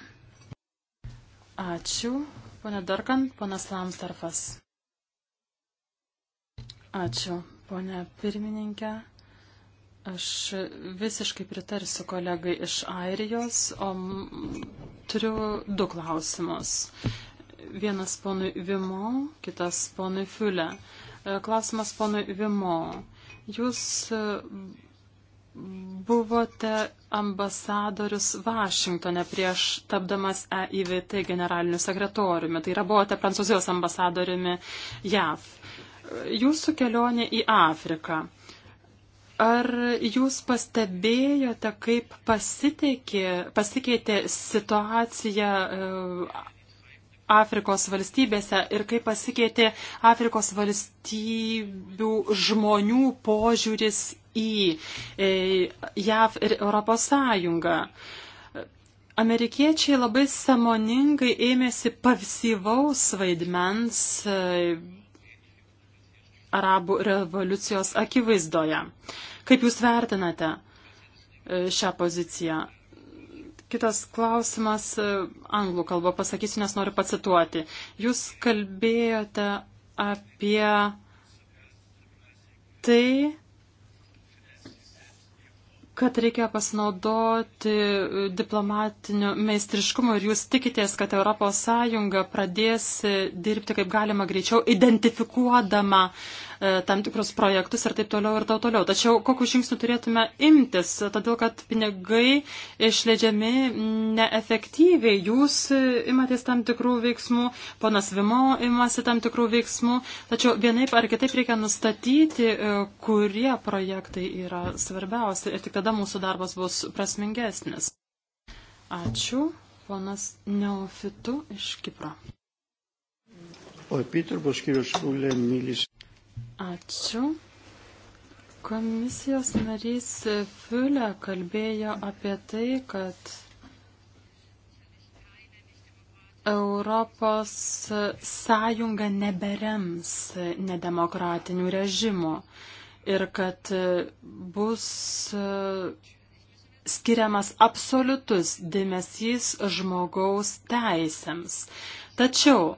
Ačiū, pana Darkan, panas Lamstarfas. Ačiū, ponia pirmininkė. Aš visiškai pritarsiu kolegai iš Airijos, o turiu du klausimus. Vienas ponui Vimo, kitas ponui Fiulė. E, klausimas ponui Vimo. Jūs e, buvote ambasadorius Vašingtone prieš tapdamas EIVT generaliniu sekretoriumi, tai yra buvote prancūzijos ambasadoriumi JAV jūsų kelionė į Afriką. Ar jūs pastebėjote, kaip pasikeitė situacija e, Afrikos valstybėse ir kaip pasikeitė Afrikos valstybių žmonių požiūris į e, JAV ir Europos Sąjungą? Amerikiečiai labai samoningai ėmėsi pasyvaus vaidmens e, arabų revoliucijos akivaizdoje. Kaip Jūs vertinate e, šią poziciją? Kitas klausimas, e, anglų kalbą pasakysiu, nes noriu pacituoti. Jūs kalbėjote apie tai, kad reikia pasinaudoti e, diplomatiniu meistriškumu ir jūs tikitės, kad ES pradės e, dirbti kaip galima greičiau, identifikuodama E, tam tikrus projektus ir taip toliau ir taip toliau. Tačiau kokius žingsnių turėtume imtis, todėl kad pinigai išleidžiami neefektyviai. Jūs imatės tam tikrų veiksmų, ponas Vimo imasi tam tikrų veiksmų, tačiau vienaip ar kitaip reikia nustatyti, e, kurie projektai yra svarbiausi ir tik tada mūsų darbas bus prasmingesnis. Ačiū, ponas Neofitu iš Kipro. Ο Επίτροπος κ. Σούλε μίλησε Ačiū. Komisijos narys Fiulė kalbėjo apie tai, kad Europos sąjunga neberems nedemokratinių režimų ir kad bus skiriamas absoliutus dėmesys žmogaus teisėms. Tačiau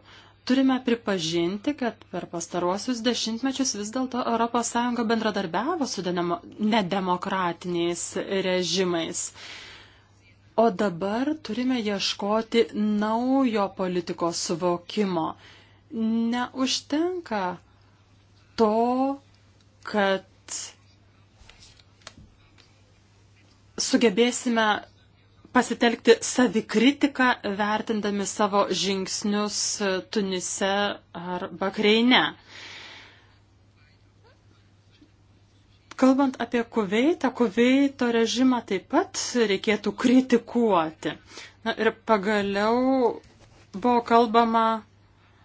Turime pripažinti, kad per pastaruosius dešimtmečius vis dėlto ES bendradarbiavo su nedemokratiniais režimais. O dabar turime ieškoti naujo politikos suvokimo. Neužtenka to, kad sugebėsime pasitelkti savikritiką, vertindami savo žingsnius Tunise ar Bahreine. Kalbant apie Kuveitą, Kuveito režimą taip pat reikėtų kritikuoti. Na ir pagaliau buvo kalbama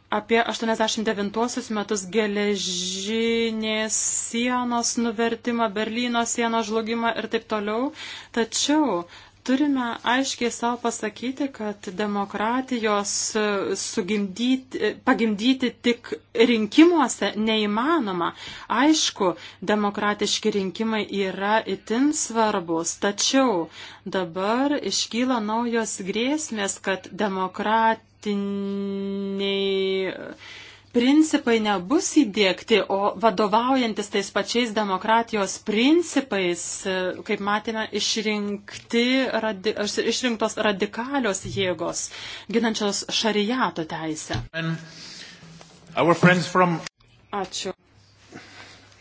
apie 89 metus geležinės sienos nuvertimą, Berlyno sienos žlugimą ir taip toliau. Tačiau Turime aiškiai savo pasakyti, kad demokratijos e, e, pagimdyti tik rinkimuose neįmanoma. Aišku, demokratiški rinkimai yra itin svarbus, tačiau dabar iškyla naujos grėsmės, kad demokratiniai principai nebus įdėkti, o vadovaujantis tais pačiais demokratijos principais, e, kaip matėme, išrinkti, radi, išrinktos radikalios jėgos, ginančios šarijato teisę. From... Ačiū.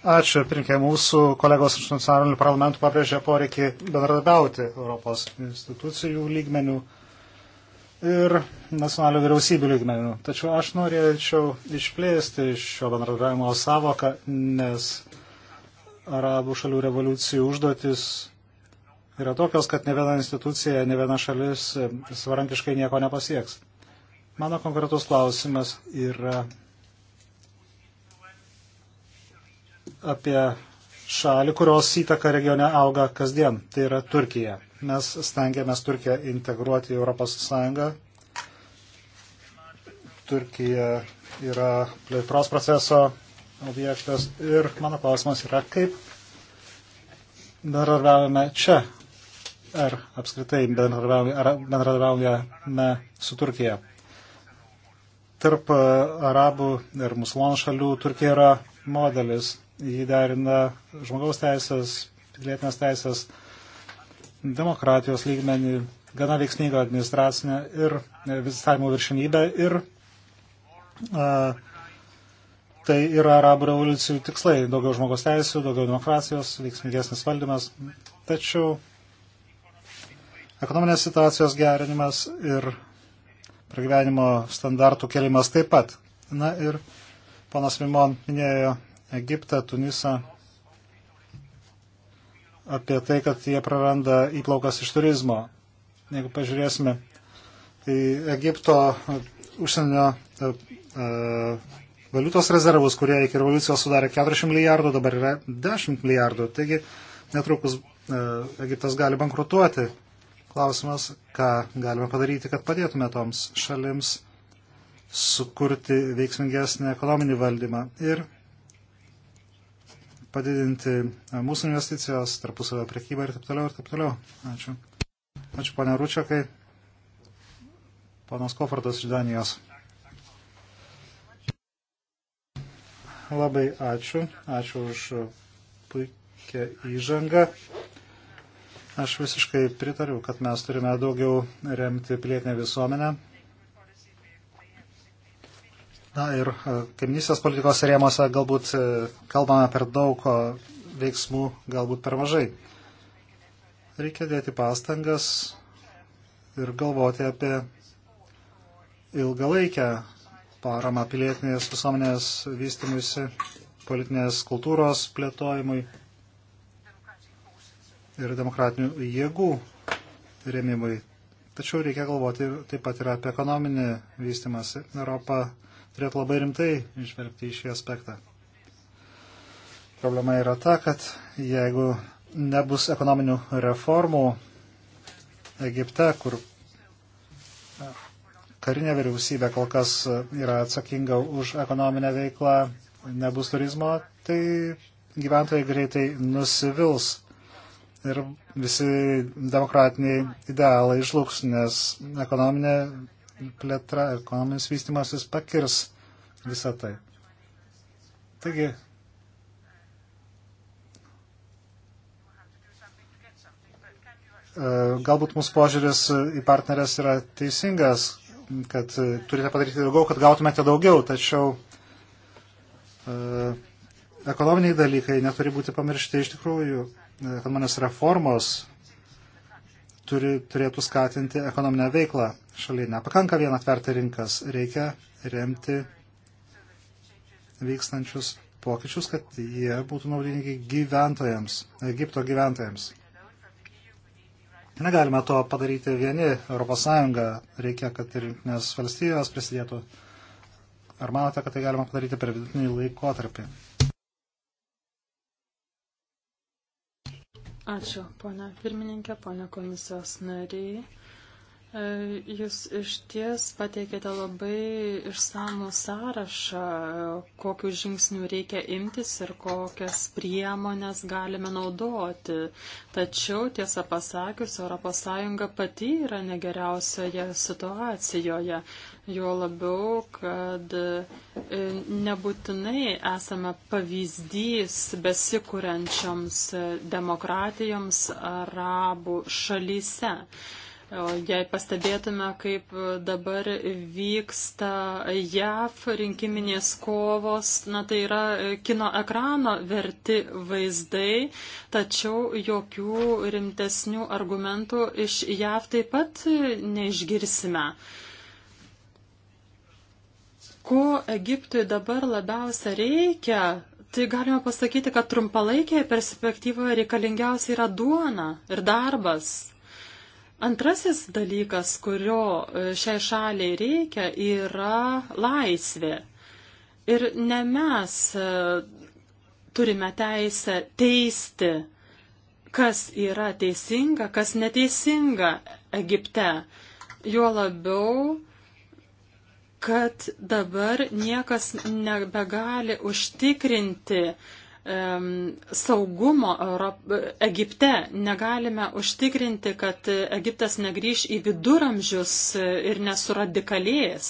Ačiū, pirinkė, mūsų kolegos iš nacionalinių parlamentų pabrėžė poreikį bendradarbiauti Europos institucijų lygmenių ir nacionalinių vyriausybių lygmenių. Tačiau aš norėčiau išplėsti šio bendradarbiavimo savoką, nes arabų šalių revoliucijų užduotis yra tokios, kad ne viena institucija, ne viena šalis savarankiškai nieko nepasieks. Mano konkretus klausimas yra apie šalį, kurios įtaka regione auga kasdien. Tai yra Turkija mes stengiamės Turkiją integruoti į Europos Sąjungą. Turkija yra plėtros proceso objektas ir mano klausimas yra, kaip bendradarbiavame čia, ar apskritai bendradarbiavame su Turkija. Tarp arabų ir musulmonų šalių Turkija yra modelis, jį derina žmogaus teisės, pilietinės teisės, demokratijos lygmenį, gana veiksmingą administracinę ir e, vizitavimo viršinybę ir a, e, tai yra arabų revoliucijų tikslai - daugiau žmogaus teisų, daugiau demokratijos, veiksmingesnis valdymas. Tačiau ekonominės situacijos gerinimas ir pragyvenimo standartų kelimas taip pat. Na ir ponas Mimon minėjo Egiptą, Tunisą, apie tai, kad jie praranda įplaukas iš turizmo. Jeigu pažiūrėsime į Egipto užsienio e, e, valiutos rezervus, kurie iki revoliucijos sudarė 40 milijardų, dabar yra 10 milijardų. Taigi netrukus e, Egiptas gali bankrutuoti. Klausimas, ką galime padaryti, kad padėtume toms šalims sukurti veiksmingesnį ekonominį valdymą. Ir padidinti e, mūsų investicijos, tarpusavio prekybą ir taip toliau, ir taip toliau. Ačiū. Ačiū, ponia Ručiakai. Ponas Kofortas iš Danijos. Labai ačiū. Ačiū už puikia įžanga. Aš visiškai pritariu, kad mes turime daugiau remti plėtinę visuomenę, Na ir e, kaiminysės politikos rėmose galbūt e, kalbame per daug, o veiksmų galbūt per mažai. Reikia dėti pastangas ir galvoti apie ilgalaikę paramą pilietinės visuomenės vystimuisi, politinės kultūros plėtojimui ir demokratinių jėgų rėmimui. Tačiau reikia galvoti ir taip pat ir apie ekonominį vystimąsi. Europa turėtų labai rimtai išvelgti į šį aspektą. Problema yra ta, kad jeigu nebus ekonominių reformų Egipte, kur karinė vyriausybė kol kas yra atsakinga už ekonominę veiklą, nebus turizmo, tai gyventojai greitai nusivils ir visi demokratiniai idealai žlugs, nes ekonominė plėtra, ekonominis vystimasis pakirs visą tai. Taigi, e, galbūt mūsų požiūris į partnerės yra teisingas, kad turite padaryti daugiau, kad gautumėte daugiau, tačiau e, ekonominiai dalykai neturi būti pamiršti iš tikrųjų, e, kad manęs reformos turi, turėtų skatinti ekonominę veiklą šalyje. Nepakanka vien atverti rinkas, reikia remti vykstančius pokyčius, kad jie būtų naudingi gyventojams, Egipto gyventojams. Negalime to padaryti vieni, ES reikia, kad ir jungtinės valstijos prisidėtų. Ar manote, kad tai galima padaryti per vidutinį laikotarpį? Ačiū, ponia pirmininkė, ponia komisijos nariai. E, jūs iš ties pateikėte labai išsamų sąrašą, kokiu žingsniu reikia imtis ir kokias priemonės galime naudoti. Tačiau, tiesą pasakius, ES pati yra negeriausioje situacijoje. Jo labiau, kad e, nebūtinai esame pavyzdys besikūrenčioms demokratijoms arabų šalyse. Jei pastebėtume, kaip dabar vyksta JAV rinkiminės kovos, na tai yra e, kino ekrano verti vaizdai, tačiau jokių rimtesnių argumentų iš JAV taip pat neišgirsime. Ko Egiptui dabar labiausia reikia, tai galima pasakyti, kad trumpalaikėje perspektyvoje reikalingiausia yra duona ir darbas. Antrasis dalykas, kurio e, šiai šaliai reikia, yra laisvė. Ir ne mes e, turime teisę teisti, kas yra teisinga, kas neteisinga Egipte. Juo labiau, kad dabar niekas nebegali užtikrinti, saugumo Europ... Egipte negalime užtikrinti, kad Egiptas negryž į viduramžius ir nesuradikalės.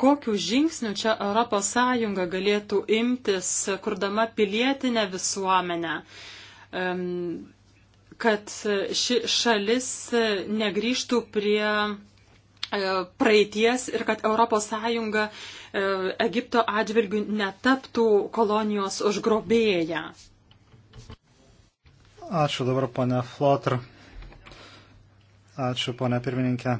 Kokių žingsnių čia ES galėtų imtis, kurdama pilietinę visuomenę, kad ši šalis negryžtų prie e, praeities ir kad ES E, Egipto atžvilgių netaptų kolonijos užgrobėja. Ačiū dabar, ponia Flotr. Ačiū, ponia pirmininkė.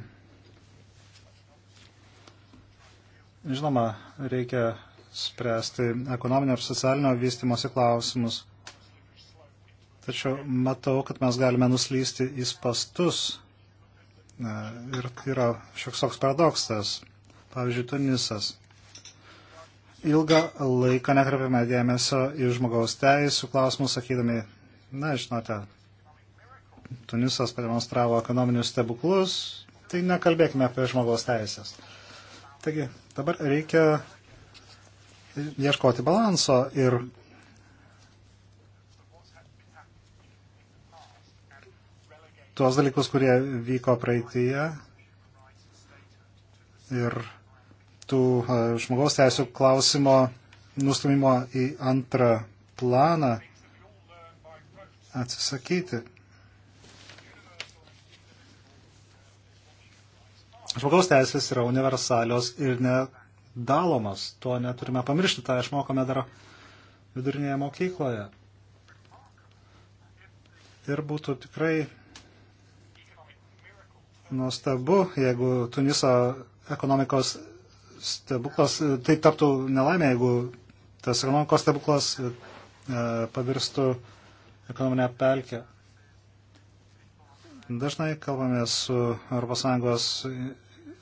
Žinoma, reikia spręsti ekonominio ir socialinio vystimosi klausimus. Tačiau matau, kad mes galime nuslysti į spastus. E, ir yra šioks toks paradoksas. Pavyzdžiui, Tunisas ilgą laiką nekreipiame dėmesio į žmogaus teisų klausimus, sakydami, na, žinote, Tunisas pademonstravo ekonominius stebuklus, tai nekalbėkime apie žmogaus teisės. Taigi, dabar reikia ieškoti balanso ir tuos dalykus, kurie vyko praeitįje ir tų e, žmogaus teisų klausimo nustumimo į antrą planą atsisakyti. Žmogaus teisės yra universalios ir nedalomos. To neturime pamiršti, tą išmokome dar vidurinėje mokykloje. Ir būtų tikrai nuostabu, jeigu Tuniso ekonomikos stebuklas, e, tai taptų nelaimė, jeigu tas ekonomikos stebuklas e, e, pavirstų ekonominę pelkę. Dažnai kalbame su ES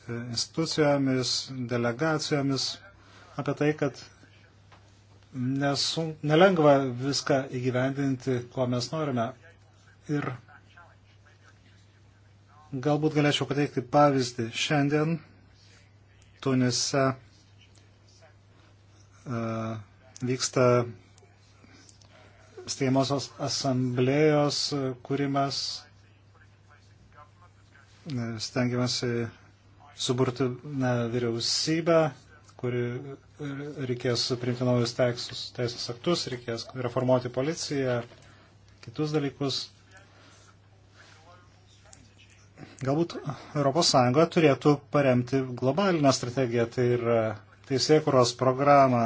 institucijomis, delegacijomis apie tai, kad nesun, nelengva viską įgyvendinti, ko mes norime. Ir galbūt galėčiau pateikti pavyzdį. Šiandien Tunise e, vyksta steigimosios asamblėjos kūrimas, e, stengiamasi suburti na, vyriausybę, kuri reikės priimti naujus teisės aktus, reikės reformuoti policiją, kitus dalykus. Galbūt ES turėtų paremti globalinę strategiją, tai yra teisėkuros programą.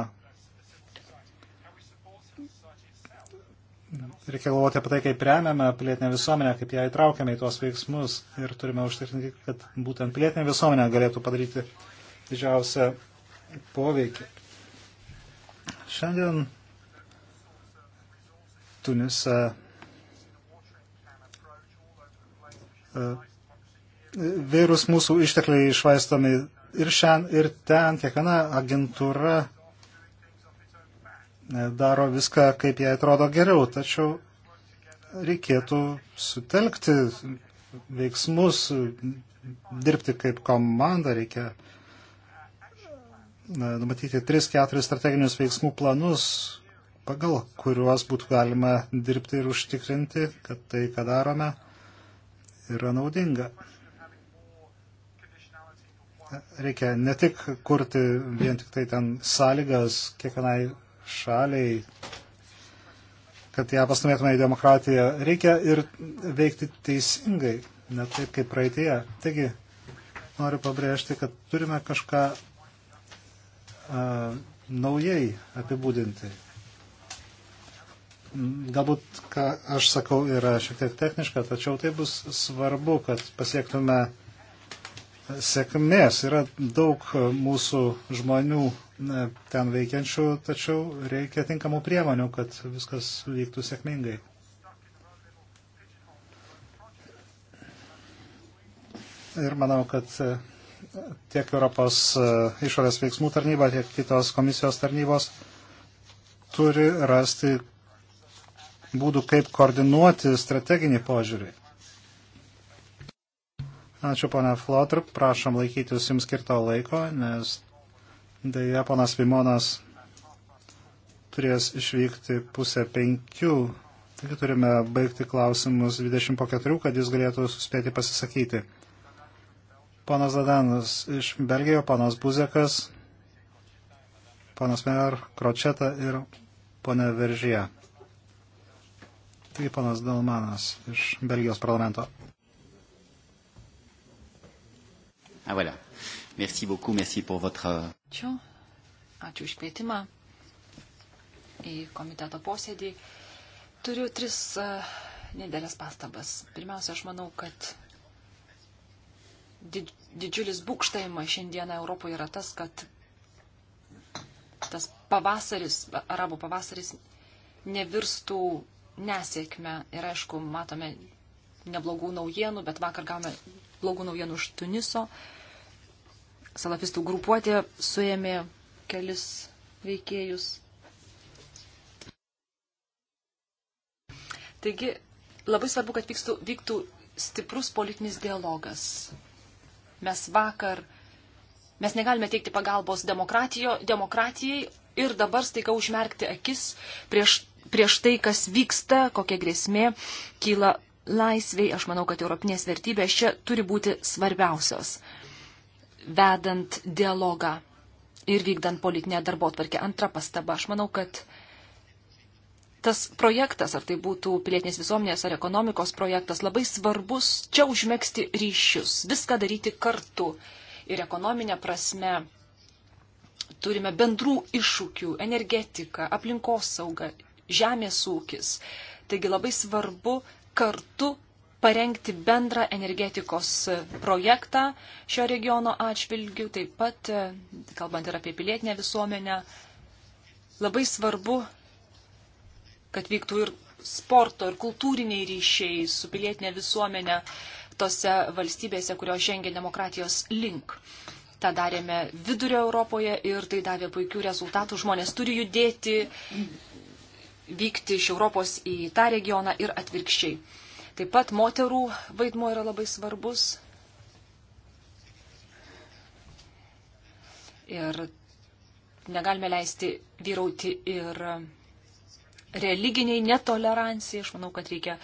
Reikia galvoti apie tai, kaip remiame pilietinę visuomenę, kaip ją įtraukiame į tuos veiksmus ir turime užtikrinti, kad būtent pilietinė visuomenė galėtų padaryti didžiausią poveikį. Šiandien Tunise uh, vairūs mūsų ištekliai išvaistomi ir šiandien, ir ten. Kiekviena agentūra e, daro viską, kaip jai atrodo geriau, tačiau reikėtų sutelkti veiksmus, dirbti kaip komanda, reikia e, numatyti 3-4 strateginius veiksmų planus, pagal kuriuos būtų galima dirbti ir užtikrinti, kad tai, ką darome, yra naudinga reikia ne tik kurti vien tik tai ten sąlygas kiekvienai šaliai, kad ją pastumėtume į demokratiją, reikia ir veikti teisingai, ne taip kaip praeitėje. Taigi, noriu pabrėžti, kad turime kažką uh, naujai apibūdinti. Galbūt, ką aš sakau, yra šiek tiek techniška, tačiau tai bus svarbu, kad pasiektume uh, sėkmės. Yra daug mūsų žmonių e, ten veikiančių, tačiau reikia tinkamų priemonių, kad viskas vyktų sėkmingai. Ir manau, kad e, tiek Europos e, išorės veiksmų tarnyba, tiek kitos komisijos tarnybos turi rasti būdų, kaip koordinuoti strateginį požiūrį. Ačiū, ponia Flotr. Prašom laikytis jums skirto laiko, nes dėja ponas Vimonas turės išvykti pusę penkių. Taigi turime baigti klausimus 20 po 4, kad jis galėtų suspėti pasisakyti. Ponas Dadanas iš Belgijo, ponas Buzekas, ponas Mer, Kročeta ir ponė Veržyje. Taigi ponas Dalmanas iš Belgijos parlamento. Ah, voilà. Merci beaucoup, merci pour votre. Euh, Ačiū. Ačiū už kvietimą į komiteto posėdį. Turiu tris uh, e, nedėlės pastabas. Pirmiausia, aš manau, kad did, didžiulis būkštavimas šiandieną Europoje yra tas, kad tas pavasaris, arabų pavasaris, nevirstų nesėkme. Ir aišku, matome neblogų naujienų, bet vakar gavome blogų naujienų iš Tuniso. Salafistų grupuotė suėmė kelis veikėjus. Taigi, labai svarbu, kad vykstų, vyktų stiprus politinis dialogas. Mes vakar, mes negalime teikti pagalbos demokratijai ir dabar staiga užmerkti akis prieš, prieš tai, kas vyksta, kokia grėsmė kyla laisviai, aš manau, kad europinės vertybės čia turi būti svarbiausios, vedant dialogą ir vykdant politinę darbo atvarkę. Antra pastaba, aš manau, kad tas projektas, ar tai būtų pilietinės visuomenės ar ekonomikos projektas, labai svarbus čia užmėgsti ryšius, viską daryti kartu ir ekonominė prasme. Turime bendrų iššūkių - energetika, aplinkosauga, žemės ūkis. Taigi labai svarbu kartu parengti bendrą energetikos projektą šio regiono atšvilgių, taip pat, e, kalbant ir apie pilietinę visuomenę, labai svarbu, kad vyktų ir sporto, ir kultūriniai ryšiai su pilietinė visuomenė tose valstybėse, kurios žengia demokratijos link. Ta darėme vidurio Europoje ir tai davė puikių rezultatų. Žmonės turi judėti, vykti iš Europos į tą regioną ir atvirkščiai. Taip pat moterų vaidmuo yra labai svarbus. Ir negalime leisti vyrauti ir religiniai netolerancijai. Aš manau, kad reikia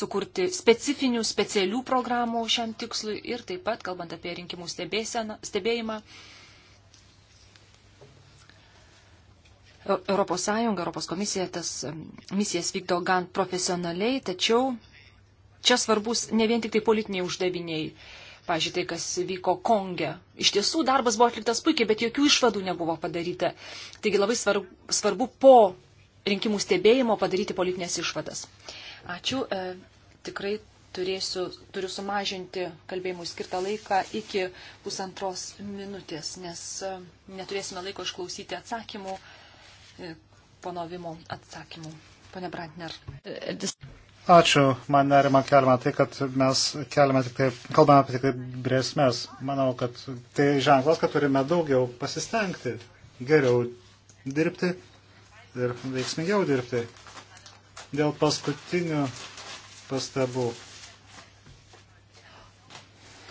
sukurti specifinių, specialių programų šiam tikslui ir taip pat, kalbant apie rinkimų stebėjimą, E, Europos Sąjunga, Europos komisija tas misijas vykdo gan profesionaliai, tačiau čia svarbus ne vien tik tai politiniai uždaviniai. Pavyzdžiui, tai, kas vyko Konge. Iš tiesų, darbas buvo atliktas puikiai, bet jokių išvadų nebuvo padaryta. Taigi labai svarbu, svarbu po rinkimų stebėjimo padaryti politinės išvadas. Ačiū. E, tikrai turėsiu, turiu sumažinti kalbėjimui skirtą laiką iki pusantros minutės, nes e, neturėsime laiko išklausyti atsakymų E, ponovimo atsakymų. Pone Brantner. Ačiū, man nerima keliama tai, kad mes keliame tik tai, kalbame apie tik tai grėsmės. Manau, kad tai ženklas, kad turime daugiau pasistengti, geriau dirbti ir veiksmingiau dirbti. Dėl paskutinių pastabų.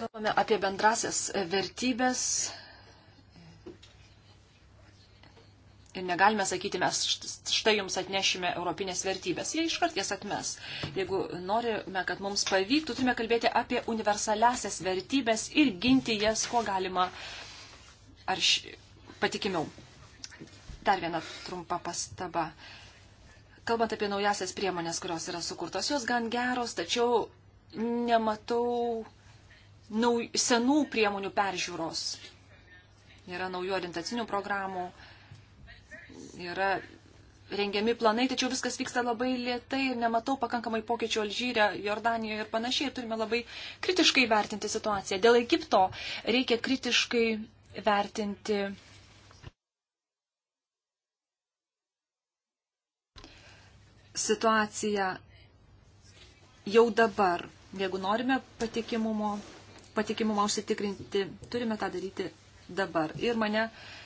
Kalbame apie bendrasias vertybės, Ir negalime sakyti, mes štai jums atnešime europinės vertybės. Jie iškart jas atmes. Jeigu norime, kad mums pavyktų, turime kalbėti apie universalesias vertybės ir ginti jas, kuo galima arš... patikimiau. Dar viena trumpa pastaba. Kalbant apie naujasias priemonės, kurios yra sukurtos, jos gan geros, tačiau nematau nau, senų priemonių peržiūros. Yra naujų orientacinių programų, yra rengiami planai, tačiau viskas vyksta labai lietai ir nematau pakankamai pokyčių Alžyre, Jordanijoje ir panašiai. Ir turime labai kritiškai vertinti situaciją. Dėl Egipto reikia kritiškai vertinti. Situacija jau dabar, jeigu norime patikimumo, patikimumą užsitikrinti, turime tą daryti dabar. Ir mane uh,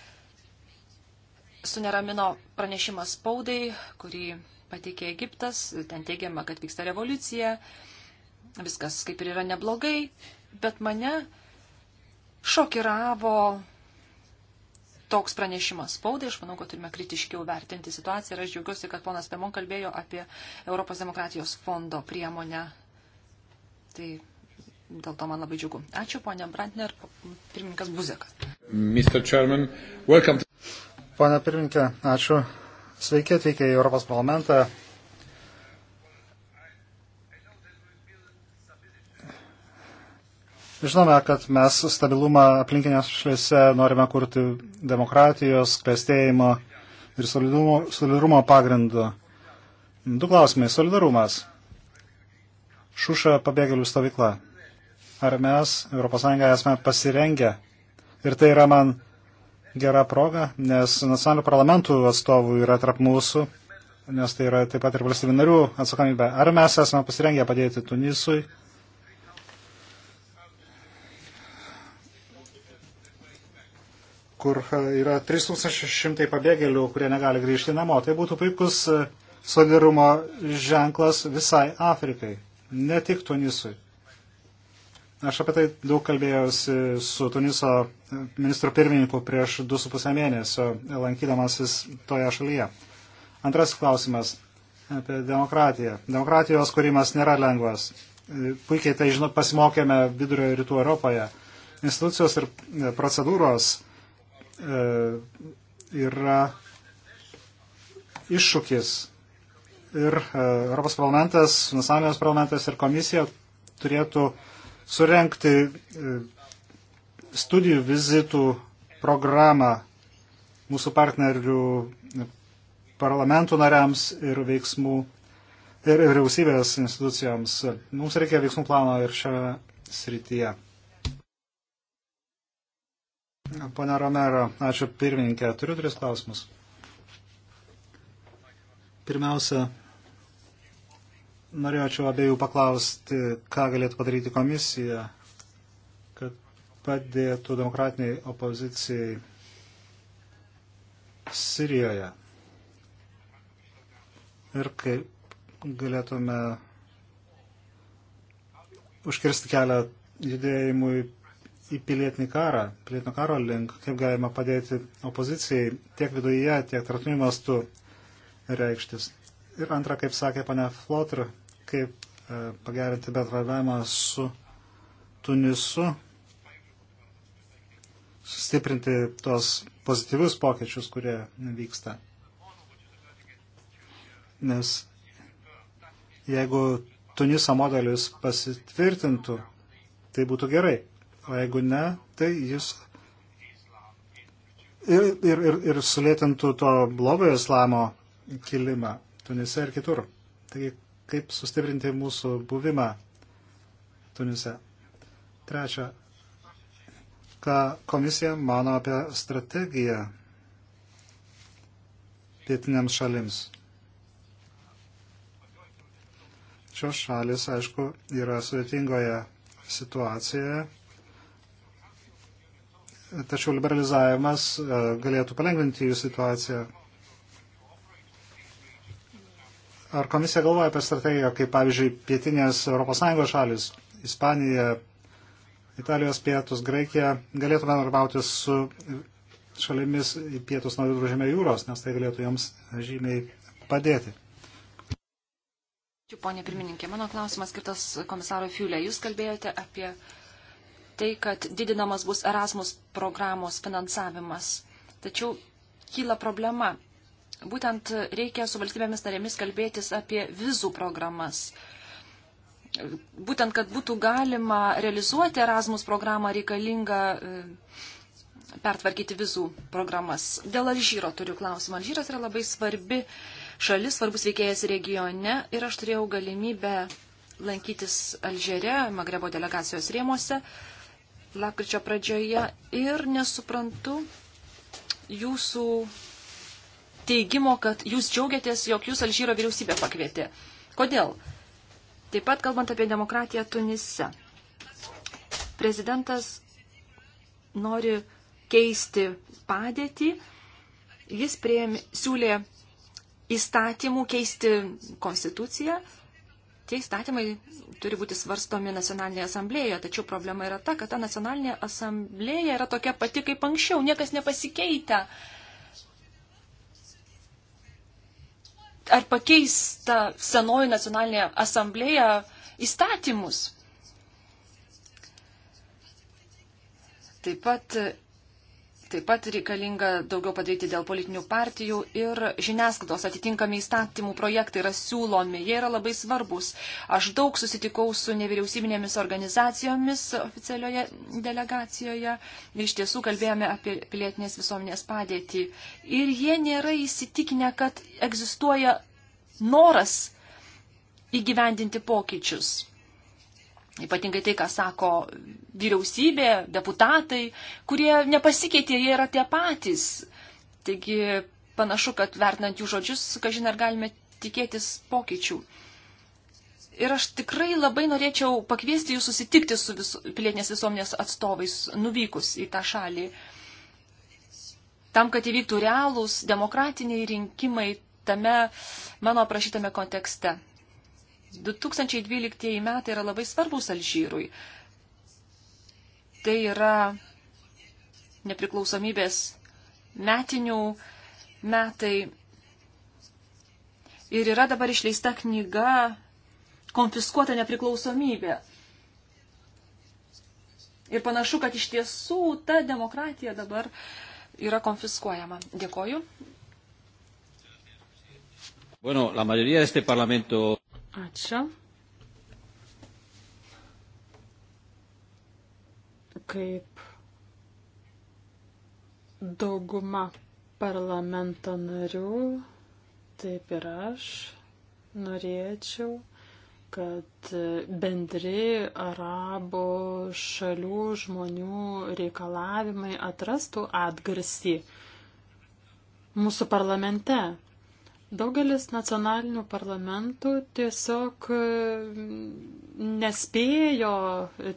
suneramino pranešimas spaudai, kurį pateikė Egiptas. Ten teigiama, kad vyksta revoliucija, viskas kaip ir yra neblogai, bet mane šokiravo toks pranešimas spaudai. Aš manau, kad turime kritiškiau vertinti situaciją ir aš džiaugiuosi, kad ponas Pemon kalbėjo apie Europos demokratijos fondo priemonę. Tai dėl to man labai džiugu. Ačiū, ponia Brantner, pirmininkas Buzekas. Mr. Chairman, welcome. To... Pane pirminkė, ačiū. Sveiki atvykę į Europos parlamentą. Žinome, kad mes stabilumą aplinkinės šalyse norime kurti demokratijos, klėstėjimo ir solidarumo, solidarumo pagrindu. Du klausimai. Solidarumas. Šuša pabėgėlių stovykla. Ar mes, ES, esame pasirengę? Ir tai yra man gera proga, nes nacionalinių parlamentų atstovų yra tarp mūsų, nes tai yra taip pat ir valstybių narių atsakomybė. Ar mes esame pasirengę padėti Tunisui? kur e, yra 3600 pabėgėlių, kurie negali grįžti namo. Tai būtų puikus e, solidarumo ženklas visai Afrikai, ne tik Tunisui. Aš apie tai daug kalbėjausi su Tuniso ministru pirmininku prieš 2,5 mėnesio, lankydamasis toje šalyje. Antrasis klausimas apie demokratiją. Demokratijos kūrimas nėra lengvas. Puikiai tai žinot, pasimokėme vidurio ir rytų Europoje. Institucijos ir e, procedūros e, yra iššūkis. Ir e, Europos parlamentas, nacionalinės parlamentas ir komisija turėtų e, surenkti e, studijų vizitų programą mūsų partnerių e, parlamentų nariams ir veiksmų ir vyriausybės institucijoms. Mums reikia veiksmų plano ir šioje srityje. Pane Romero, ačiū pirmininkė. Turiu tris klausimus. Pirmiausia, Norėčiau abiejų paklausti, ką galėtų padaryti komisija, kad padėtų demokratiniai opozicijai Sirijoje. Ir kaip galėtume užkirsti kelią judėjimui į pilietinį karą, pilietinio karo link, kaip galima padėti opozicijai tiek viduje, tiek tarptautiniu mastu reikštis. Ir antra, kaip sakė pane Flotr, kaip e, pagerinti bendradarbiavimą su Tunisu, sustiprinti tuos pozityvius pokyčius, kurie vyksta. Nes jeigu Tuniso modelis pasitvirtintų, tai būtų gerai. O jeigu ne, tai jis ir, ir, ir, ir sulėtintų to blogojo islamo kilimą Tunise ir kitur. Taigi kaip sustiprinti mūsų buvimą Tunise. Trečia, ką komisija mano apie strategiją pietiniams šalims. Šios šalis, aišku, yra sudėtingoje situacijoje, tačiau liberalizavimas e, galėtų palengvinti jų situaciją. Ar komisija galvoja apie strategiją, kaip pavyzdžiui, pietinės ES šalis, Ispanija, Italijos pietus, Graikija, galėtų bendrauti su šalimis į pietus nuo viduržėmio jūros, nes tai galėtų joms žymiai padėti. Ačiū, ponė pirmininkė. Mano klausimas skirtas komisarui Fiulė. Jūs kalbėjote apie tai, kad didinamas bus Erasmus programos finansavimas. Tačiau kyla problema. Būtent reikia su valstybėmis narėmis kalbėtis apie vizų programas. Būtent, kad būtų galima realizuoti Erasmus programą reikalingą e, pertvarkyti vizų programas. Dėl Alžyro turiu klausimą. Alžyras yra labai svarbi šalis, svarbus veikėjas regione ir aš turėjau galimybę lankytis Alžere, Magrebo delegacijos rėmose, lakryčio pradžioje ir nesuprantu jūsų teigimo, kad jūs džiaugiatės, jog jūs Alžyro vyriausybę pakvietė. Kodėl? Taip pat kalbant apie demokratiją Tunise. Prezidentas nori keisti padėtį. Jis prieėmė, siūlė įstatymų keisti konstituciją. Tie įstatymai turi būti svarstomi nacionalinėje asamblėje, tačiau problema yra ta, kad ta nacionalinė asamblėje yra tokia pati kaip anksčiau, niekas nepasikeitė. Uh, ar pakeis ta senoji nacionalinė asamblėja įstatymus. Taip pat Taip pat reikalinga daugiau padaryti dėl politinių partijų ir žiniasklaidos atitinkami įstatymų projektai yra siūlomi, jie yra labai svarbus. Aš daug susitikau su nevyriausybinėmis organizacijomis oficialioje delegacijoje ir iš tiesų kalbėjome apie pilietinės visuomenės padėtį. Ir jie nėra įsitikinę, kad egzistuoja noras įgyvendinti pokyčius. Ypatingai tai, ką sako vyriausybė, deputatai, kurie nepasikeitė, jie yra tie patys. Taigi panašu, kad vertinant jų žodžius, kažin ar galime tikėtis pokyčių. Ir aš tikrai labai norėčiau pakviesti jūs susitikti su visu, pilietinės visuomenės atstovais, nuvykus į tą šalį. Tam, kad įvyktų realūs demokratiniai rinkimai tame mano aprašytame kontekste. 2012 metai yra labai svarbus Alžyrui. Tai yra nepriklausomybės metinių metai. Ir yra dabar išleista knyga Konfiskuota nepriklausomybė. Ir panašu, kad iš tiesų ta demokratija dabar yra konfiskuojama. Dėkoju. Bueno, la mayoría de este parlamento. Ačiū. Kaip dauguma parlamento narių, taip ir aš norėčiau, kad bendri arabų šalių žmonių reikalavimai atrastų atgarsį mūsų parlamente. Daugelis nacionalinių parlamentų tiesiog e, nespėjo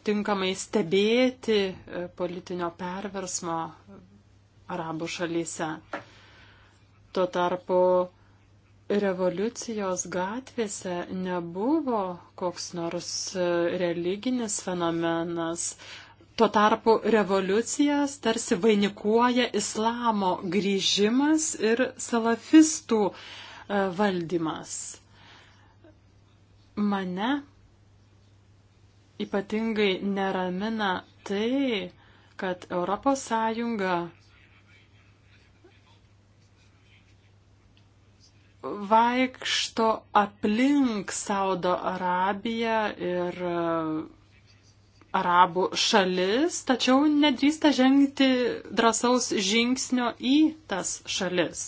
tinkamai stebėti e, politinio perversmo arabų šalyse. Tuo tarpu revoliucijos gatvėse nebuvo koks nors e, religinis fenomenas. Tuo tarpu revoliucijas tarsi vainikuoja islamo grįžimas ir salafistų e, valdymas. Mane ypatingai neramina tai, kad Europos Sąjunga vaikšto aplink Saudo Arabiją ir arabų šalis, tačiau nedrįsta žengti drąsaus žingsnio į tas šalis.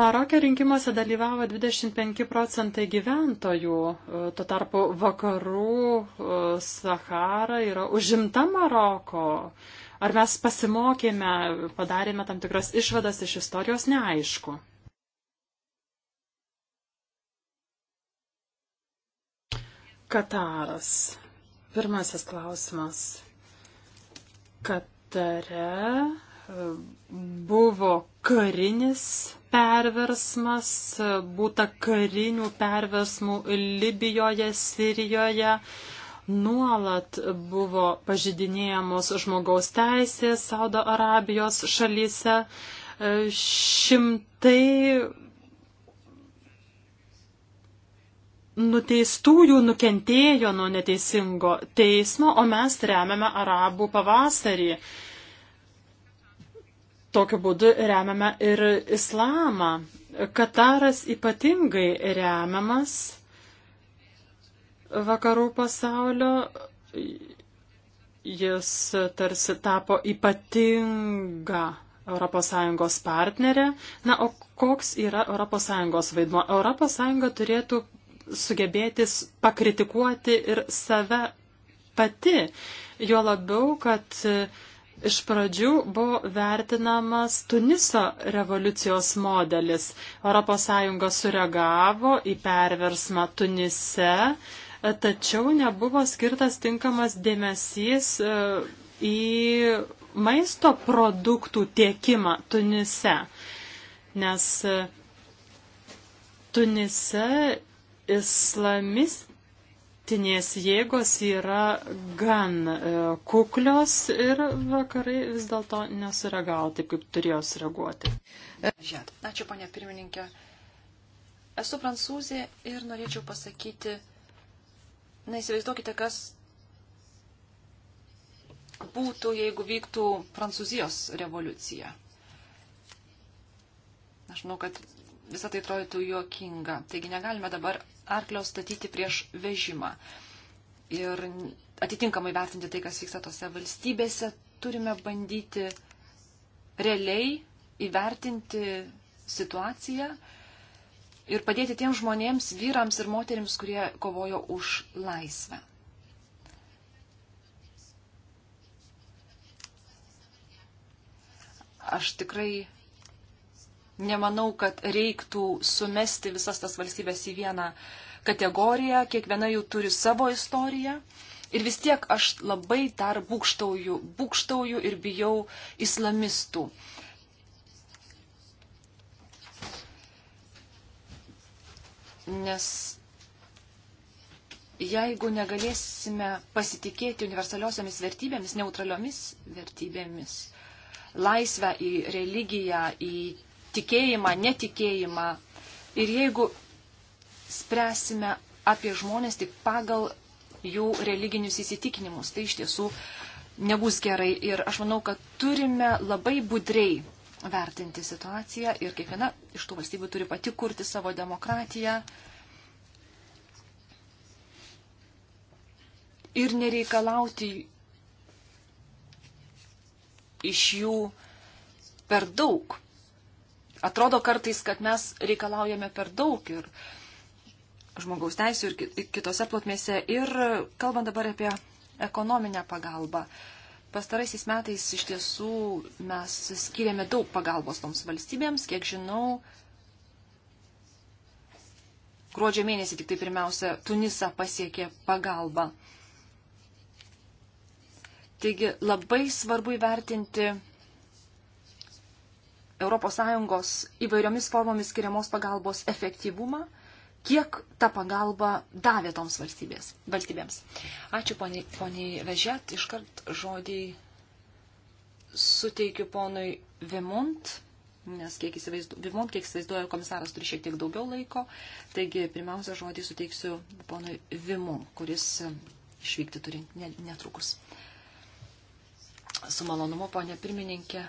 Marokė rinkimuose dalyvavo 25 procentai gyventojų, tuo tarpu vakarų e, Sahara yra užimta Maroko. Ar mes pasimokėme, padarėme tam tikras išvadas iš istorijos, neaišku. Kataras. Pirmasis klausimas. Katare e, buvo karinis perversmas, e, būta karinių perversmų Libijoje, Sirijoje, nuolat buvo pažydinėjamos žmogaus teisės Saudo Arabijos šalyse, e, šimtai nuteistųjų nukentėjo nuo neteisingo teismo, o mes remiame arabų pavasarį. Tokiu būdu remiame ir islamą. Kataras ypatingai remiamas vakarų pasaulio. Jis tarsi tapo ypatinga ES partnerė. Na, o koks yra ES vaidmo? ES turėtų sugebėti pakritikuoti ir save pati. Jo labiau, kad e, iš pradžių buvo vertinamas Tuniso revoliucijos modelis. ES sureagavo į perversmą Tunise, e, tačiau nebuvo skirtas tinkamas dėmesys e, į maisto produktų tiekimą Tunise. Nes Tunise islamistinės jėgos yra gan e, kuklios ir vakarai vis dėlto nesureagavo taip, kaip turėjo sureaguoti. Ačiū, ponia pirmininkė. Esu prancūzė ir norėčiau pasakyti, na įsivaizduokite, kas būtų, jeigu vyktų Prancūzijos revoliucija. Aš manau, kad visą tai atrodytų juokinga. Taigi negalime dabar arklio statyti prieš vežimą. Ir atitinkamai vertinti tai, kas vyksta tose valstybėse, turime bandyti realiai įvertinti situaciją ir padėti tiems žmonėms, vyrams ir moteriams, kurie kovojo už laisvę. Aš tikrai Nemanau, kad reiktų sumesti visas tas valstybės į vieną kategoriją, kiekviena jų turi savo istoriją. Ir vis tiek aš labai dar būkštauju, būkštauju ir bijau islamistų. Nes jeigu negalėsime pasitikėti universaliosiomis vertybėmis, neutraliomis vertybėmis, laisvę į religiją, į tikėjimą, netikėjimą. Ir jeigu spręsime apie žmonės tik pagal jų religinius įsitikinimus, tai iš tiesų nebus gerai. Ir aš manau, kad turime labai budriai vertinti situaciją ir kiekviena iš tų valstybių turi pati kurti savo demokratiją. Ir nereikalauti iš jų per daug atrodo kartais, kad mes reikalaujame per daug ir žmogaus teisų ir kitose plotmėse. Ir kalbant dabar apie ekonominę pagalbą. Pastaraisiais metais iš tiesų mes skiriame daug pagalbos toms valstybėms, kiek žinau. Gruodžio mėnesį tik tai pirmiausia Tunisa pasiekė pagalbą. Taigi labai svarbu įvertinti ES įvairiomis formomis skiriamos pagalbos efektyvumą, kiek ta pagalba davė toms valstybės, valstybėms. Ačiū poniai, poniai Vežet, iškart žodį suteikiu ponui Vimont, nes kiek įsivaizduoju, Vimont, kiek įsivaizduoju, komisaras turi šiek tiek daugiau laiko, taigi pirmiausia žodį suteiksiu ponui Vimont, kuris išvykti turi netrukus. Su malonumu, ponė pirmininkė,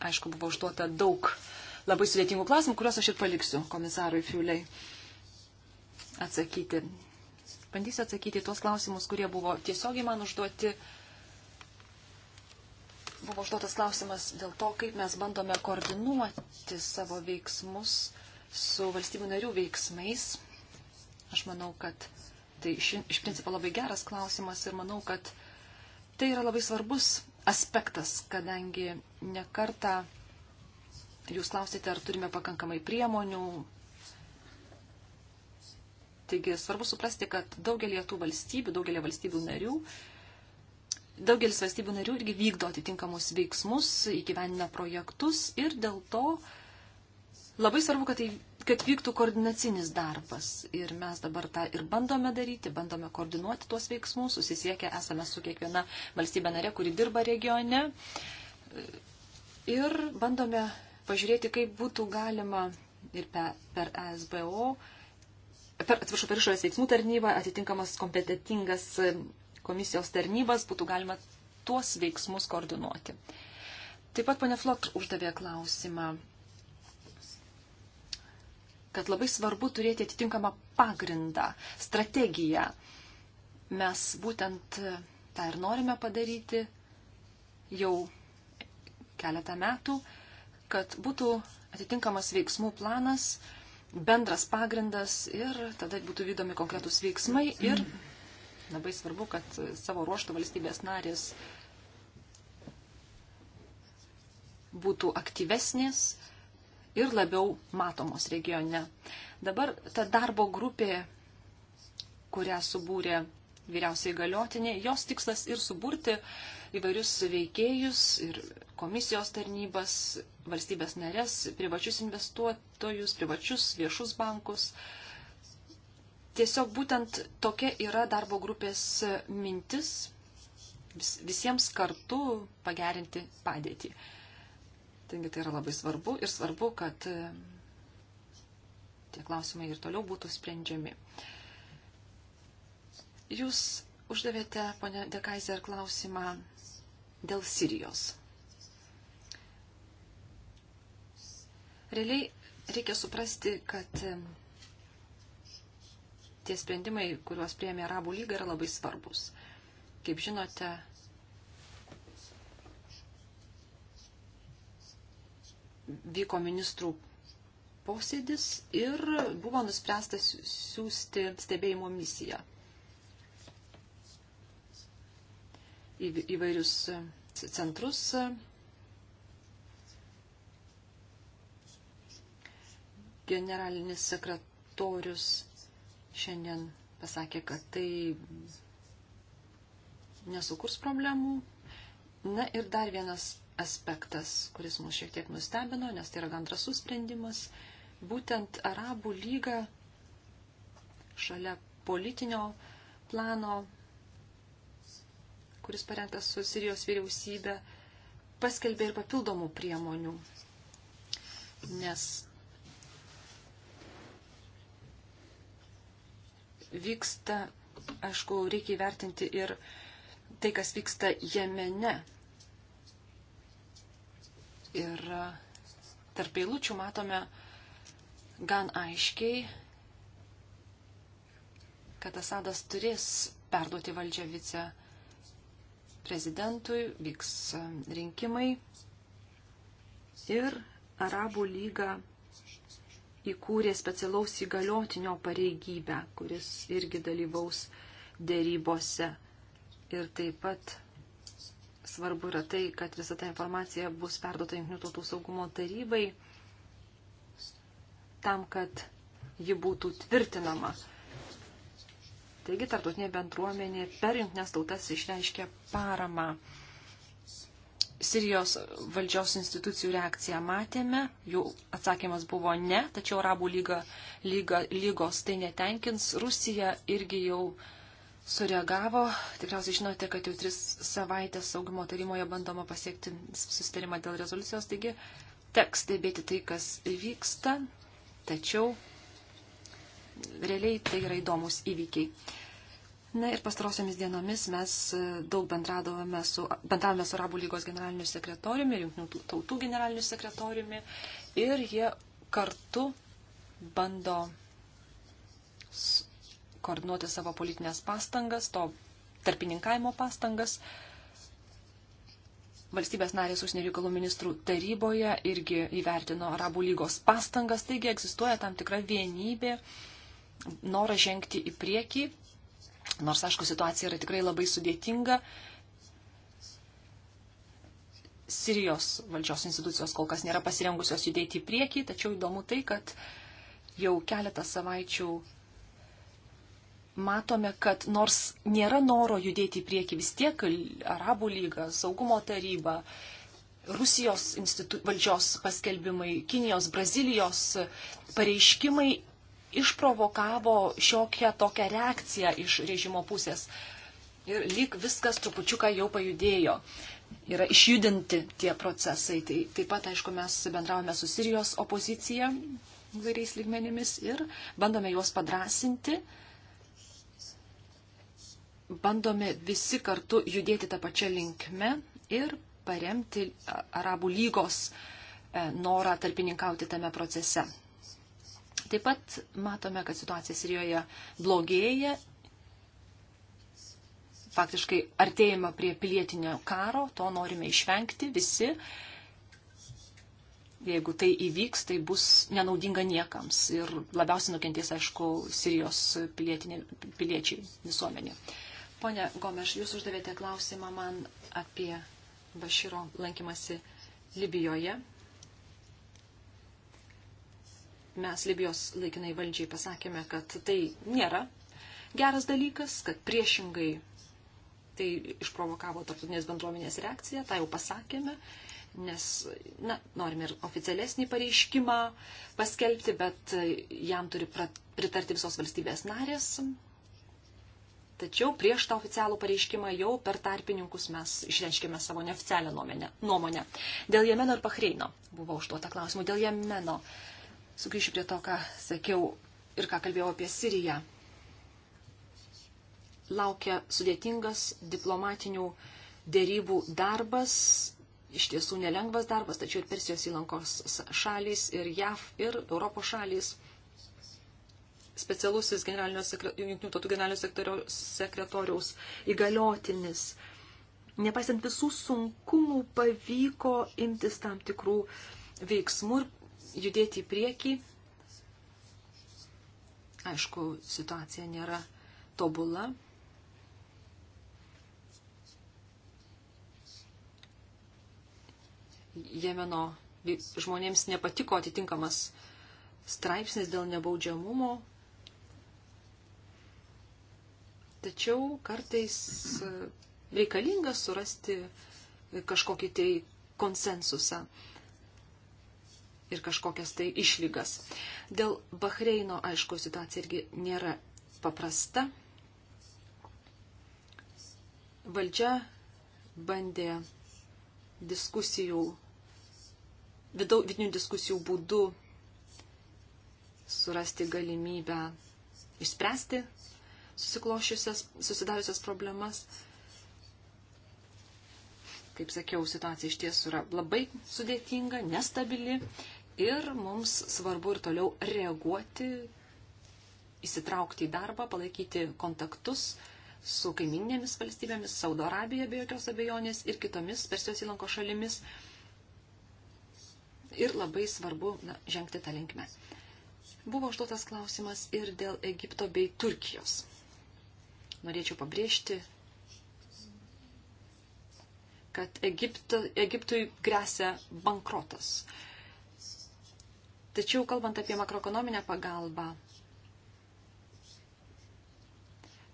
Aišku, buvo užduota daug labai sudėtingų klausimų, kuriuos aš ir paliksiu komisarui Fiuliai atsakyti. Bandysiu atsakyti tuos klausimus, kurie buvo tiesiogiai man užduoti. Buvo užduotas klausimas dėl to, kaip mes bandome koordinuoti savo veiksmus su valstybių narių veiksmais. Aš manau, kad tai iš, iš principo labai geras klausimas ir manau, kad tai yra labai svarbus aspektas, kadangi nekarta jūs klausėte, ar turime pakankamai priemonių. Taigi svarbu suprasti, kad daugelį tų valstybių, daugelį valstybių narių, daugelis valstybių narių irgi vykdo atitinkamus veiksmus, įgyvenina projektus ir dėl to labai svarbu, kad tai kad vyktų koordinacinis darbas. Ir mes dabar tą ir bandome daryti, bandome koordinuoti tuos veiksmus, susisiekę esame su kiekviena valstybė narė, kuri dirba regione. Ir bandome pažiūrėti, kaip būtų galima ir per ESBO, per, atsiprašau, per išorės veiksmų tarnybą, atitinkamas kompetitingas komisijos tarnybas, būtų galima tuos veiksmus koordinuoti. Taip pat, ponė Flok, uždavė klausimą kad labai svarbu turėti atitinkamą pagrindą, strategiją. Mes būtent e, tą ir norime padaryti jau keletą metų, kad būtų atitinkamas veiksmų planas, bendras pagrindas ir tada būtų vykdomi konkretūs veiksmai ir labai svarbu, kad savo ruoštų valstybės narės būtų aktyvesnės ir labiau matomos regione. Dabar ta darbo grupė, kurią subūrė vyriausiai galiotinė, jos tikslas ir suburti įvairius veikėjus ir komisijos tarnybas, valstybės narės, privačius investuotojus, privačius viešus bankus. Tiesiog būtent tokia yra darbo grupės mintis visiems kartu pagerinti padėtį. Taigi tai yra labai svarbu ir svarbu, kad e, tie klausimai ir toliau būtų sprendžiami. Jūs uždavėte, ponė Dekaiser, klausimą dėl Sirijos. Realiai reikia suprasti, kad e, tie sprendimai, kuriuos priemė Arabų lyga, yra labai svarbus. Kaip žinote, vyko ministrų posėdis ir buvo nuspręsta siūsti stebėjimo misiją į įvairius centrus. Generalinis sekretorius šiandien pasakė, kad tai nesukurs problemų. Na ir dar vienas aspektas, kuris mus šiek tiek nustebino, nes tai yra gan drasus sprendimas. Būtent Arabų lyga šalia politinio plano, kuris parengtas su Sirijos vyriausybė, paskelbė ir papildomų priemonių, nes vyksta, aišku, reikia įvertinti ir tai, kas vyksta Jemene, Ir tarp eilučių matome gan aiškiai, kad Asadas turės perduoti valdžią vice prezidentui, vyks rinkimai ir Arabų lyga įkūrė specialaus įgaliotinio pareigybę, kuris irgi dalyvaus dėrybose ir taip pat svarbu yra tai, kad visa ta informacija bus perduota Junktinių tautų saugumo tarybai tam, kad ji būtų tvirtinama. Taigi tarptautinė bendruomenė per jungtinės tautas išreiškė paramą. Sirijos valdžios institucijų reakciją matėme, jų atsakymas buvo ne, tačiau Arabų lyga, lyga, lygos tai netenkins. Rusija irgi jau uh, sureagavo. Tikriausiai žinote, kad jau tris savaitės saugumo tarymoje bandoma pasiekti susitarimą dėl rezoliucijos, taigi teks stebėti tai, kas vyksta, tačiau realiai tai yra įdomus įvykiai. Na ir pastarosiomis dienomis mes e, daug bendravome su, bendravome su Arabų lygos generaliniu sekretoriumi ir Junktinių tautų generaliniu sekretoriumi ir jie kartu bando koordinuoti savo politinės pastangas, to tarpininkavimo pastangas. Valstybės narės užsienio reikalų ministrų taryboje irgi įvertino Arabų lygos pastangas, taigi egzistuoja tam tikra vienybė, noras žengti į priekį, nors, aišku, situacija yra tikrai labai sudėtinga. Sirijos valdžios institucijos kol kas nėra pasirengusios judėti į priekį, tačiau įdomu tai, kad jau keletą savaičių matome, kad nors nėra noro judėti į priekį, vis tiek Arabų lyga, saugumo taryba, Rusijos institu, valdžios paskelbimai, Kinijos, Brazilijos pareiškimai išprovokavo šiokią tokią reakciją iš režimo pusės. Ir lyg viskas trupučiuką jau pajudėjo. Yra išjudinti tie procesai. Tai taip pat, aišku, mes bendravome su Sirijos opozicija įvairiais lygmenimis ir bandome juos padrasinti, uh, bandome visi kartu judėti tą pačią linkmę ir paremti Arabų lygos e, norą tarpininkauti tame procese. Taip pat matome, kad situacija Sirijoje blogėja. Faktiškai artėjama prie pilietinio karo, to norime išvengti visi. Jeigu tai įvyks, tai bus nenaudinga niekams ir labiausiai nukentės, aišku, Sirijos piliečiai, visuomenė. Uh, Pone Gomeš, jūs uždavėte klausimą man apie Baširo lankymasi Libijoje. Mes Libijos laikinai valdžiai pasakėme, kad tai nėra geras dalykas, kad priešingai tai išprovokavo tarptautinės bendruomenės reakciją, tą jau pasakėme, nes na, norime ir oficialesnį pareiškimą paskelbti, bet jam turi pritarti visos valstybės narės, Tačiau prieš tą oficialų pareiškimą jau per tarpininkus mes išreiškėme savo neoficialią nuomenę, nuomonę. Dėl Jemeno ir Bahreino buvo užduota klausimų. Dėl Jemeno. Sugrįšiu prie to, ką sakiau ir ką kalbėjau apie Siriją. Laukia sudėtingas diplomatinių dėrybų darbas, iš tiesų nelengvas darbas, tačiau ir Persijos įlankos šalys, ir JAV, ir Europos šalys specialusis jungtinių tautų generalinio sekretoriaus įgaliotinis. Nepaisant visų sunkumų, pavyko imtis tam tikrų veiksmų ir judėti į priekį. Aišku, situacija nėra tobula. Jemeno žmonėms nepatiko atitinkamas straipsnis dėl nebaudžiamumo Tačiau kartais e, reikalinga surasti kažkokį tai konsensusą ir kažkokias tai išlygas. Dėl Bahreino, aišku, situacija irgi nėra paprasta. Valdžia bandė diskusijų, vidau, vidinių diskusijų būdu surasti galimybę išspręsti susiklošiusias, susidariusias problemas. Kaip sakiau, situacija iš tiesų yra labai sudėtinga, nestabili ir mums svarbu ir toliau reaguoti, įsitraukti į darbą, palaikyti kontaktus su kaiminėmis valstybėmis, Saudo Arabija be jokios abejonės ir kitomis Persijos įlanko šalimis. Ir labai svarbu na, žengti tą linkmę. Buvo užduotas klausimas ir dėl Egipto bei Turkijos norėčiau pabrėžti, kad Egipto, Egiptui grėsia bankrotas. Tačiau, kalbant apie makroekonominę pagalbą,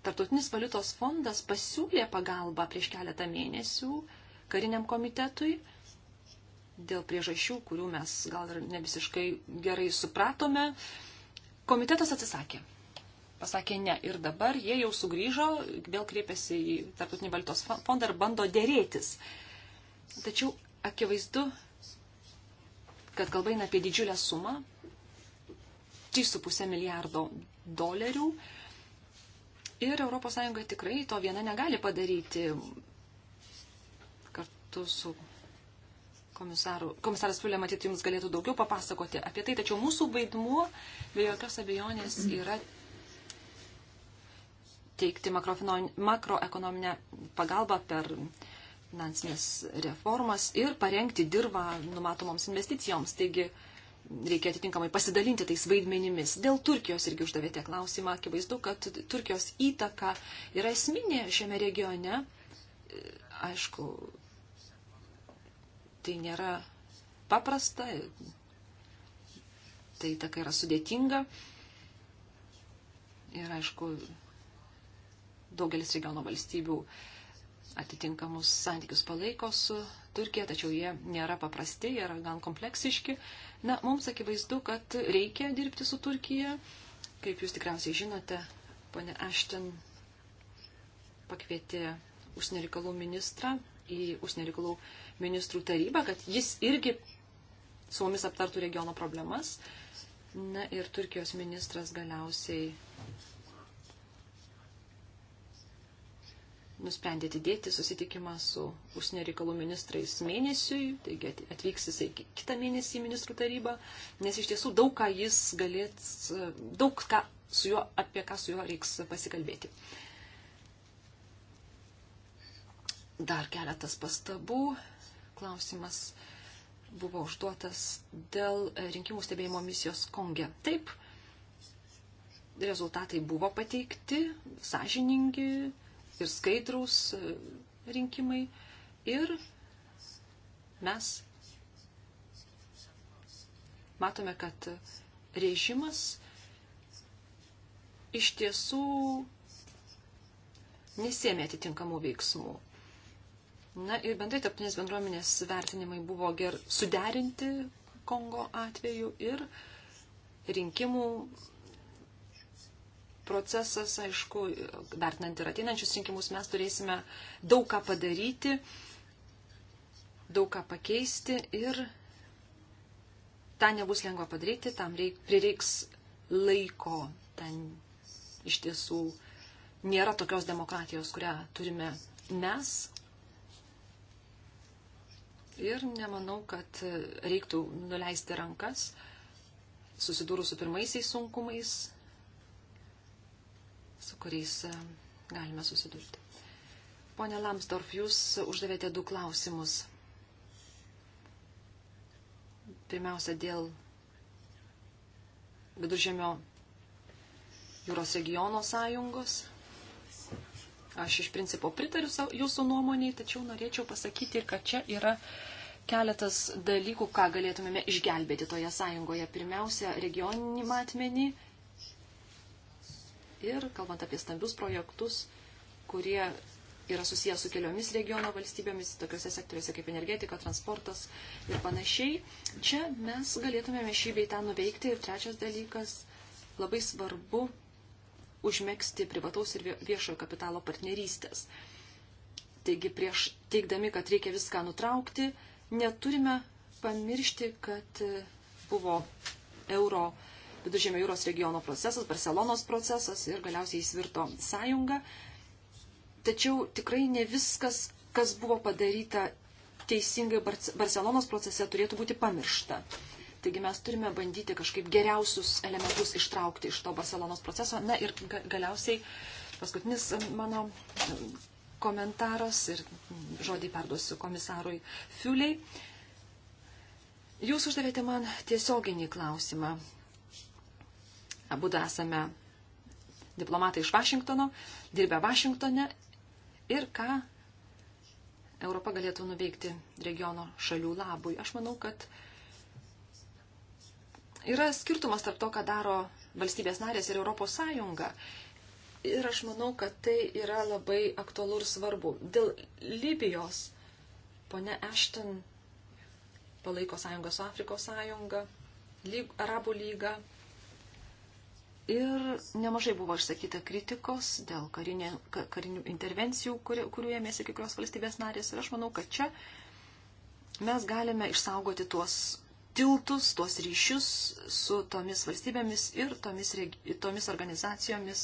Tartautinis valiutos fondas pasiūlė pagalbą prieš keletą mėnesių kariniam komitetui dėl priežasčių, kurių mes gal ir ne visiškai gerai supratome. Komitetas atsisakė pasakė ne. Ir dabar jie jau sugrįžo, vėl kreipėsi į Tartutinį valiutos fondą ir bando dėrėtis. Tačiau akivaizdu, kad kalba eina apie didžiulę sumą - 3,5 milijardo dolerių. Ir ES tikrai to viena negali padaryti kartu su komisaru. Komisaras Fulė, matyt, jums galėtų daugiau papasakoti apie tai, tačiau mūsų vaidmuo be jokios abejonės yra teikti makroekonominę pagalbą per finansinės reformas ir parengti dirbą numatomoms investicijoms. Taigi reikia atitinkamai pasidalinti tais vaidmenimis. Dėl Turkijos irgi uždavėte klausimą. Akivaizdu, kad Turkijos įtaka yra esminė šiame regione. Aišku, tai nėra paprasta, tai įtaka yra sudėtinga. Ir aišku, daugelis regiono valstybių atitinkamus santykius palaiko su Turkija, tačiau jie nėra paprasti, jie yra gan kompleksiški. Na, mums akivaizdu, kad reikia dirbti su Turkija. Kaip jūs tikriausiai žinote, ponė Ashton pakvietė užsienio reikalų ministrą į užsienio reikalų ministrų tarybą, kad jis irgi su mumis aptartų regiono problemas. Na ir Turkijos ministras galiausiai nusprendė atidėti susitikimą su užsienio reikalų ministrais mėnesiui, taigi atvyks jisai kitą mėnesį į ministrų tarybą, nes iš tiesų daug ką jis galės, daug ką su juo, apie ką su juo reiks pasikalbėti. Dar keletas pastabų. Klausimas buvo užduotas dėl rinkimų stebėjimo misijos Konge. Taip, rezultatai buvo pateikti, sąžiningi, ir skaidrūs e, rinkimai. Ir mes matome, kad režimas iš tiesų nesėmė atitinkamų veiksmų. Na ir bendrai tarptinės bendruomenės vertinimai buvo ger suderinti Kongo atveju ir rinkimų procesas, aišku, vertinant ir ateinančius rinkimus, mes turėsime daug ką padaryti, daug ką pakeisti ir tą nebus lengva padaryti, tam reik, prireiks laiko. Ten iš tiesų nėra tokios demokratijos, kurią turime mes. Ir nemanau, kad reiktų nuleisti rankas, susidūrus su pirmaisiais sunkumais, su kuriais e, galime susidurti. Pone Lamsdorf, jūs uždavėte du klausimus. Pirmiausia, dėl Viduržėmio jūros regiono sąjungos. Aš iš principo pritariu jūsų nuomoniai, tačiau norėčiau pasakyti, kad čia yra keletas dalykų, ką galėtumėme išgelbėti toje sąjungoje. Pirmiausia, regioninį matmenį ir kalbant apie stambius projektus, kurie yra susijęs su keliomis regiono valstybėmis, tokiuose sektoriuose kaip energetika, transportas ir panašiai. Čia mes galėtumėme šį bei tą nuveikti. Ir trečias dalykas, labai svarbu užmėgsti privataus ir viešojo kapitalo partnerystės. Taigi prieš teikdami, kad reikia viską nutraukti, neturime pamiršti, kad buvo euro Viduržėmio jūros regiono procesas, Barcelonos procesas ir galiausiai įsvirto sąjunga. Tačiau tikrai ne viskas, kas buvo padaryta teisingai Barcelonos procese, turėtų būti pamiršta. Taigi mes turime bandyti kažkaip geriausius elementus ištraukti iš to Barcelonos proceso. Na ir galiausiai paskutinis mano komentaras ir žodį perduosiu komisarui Fiuliai. Jūs uždavėte man tiesioginį klausimą Abu da esame diplomatai iš Vašingtono, dirbę Vašingtone ir ką Europa galėtų nuveikti regiono šalių labui. Aš manau, kad yra skirtumas tarp to, ką daro valstybės narės ir Europos Sąjunga. Ir aš manau, kad tai yra labai aktualu ir svarbu. Dėl Libijos ponia Ashton palaiko sąjungą su Afrikos sąjunga, lyg, Arabų lyga, Ir nemažai buvo išsakyta kritikos dėl karinė, karinių intervencijų, kurių, kurių ėmėsi kai kurios valstybės narės. Ir aš manau, kad čia mes galime išsaugoti tuos tiltus, tuos ryšius su tomis valstybėmis ir tomis, tomis organizacijomis,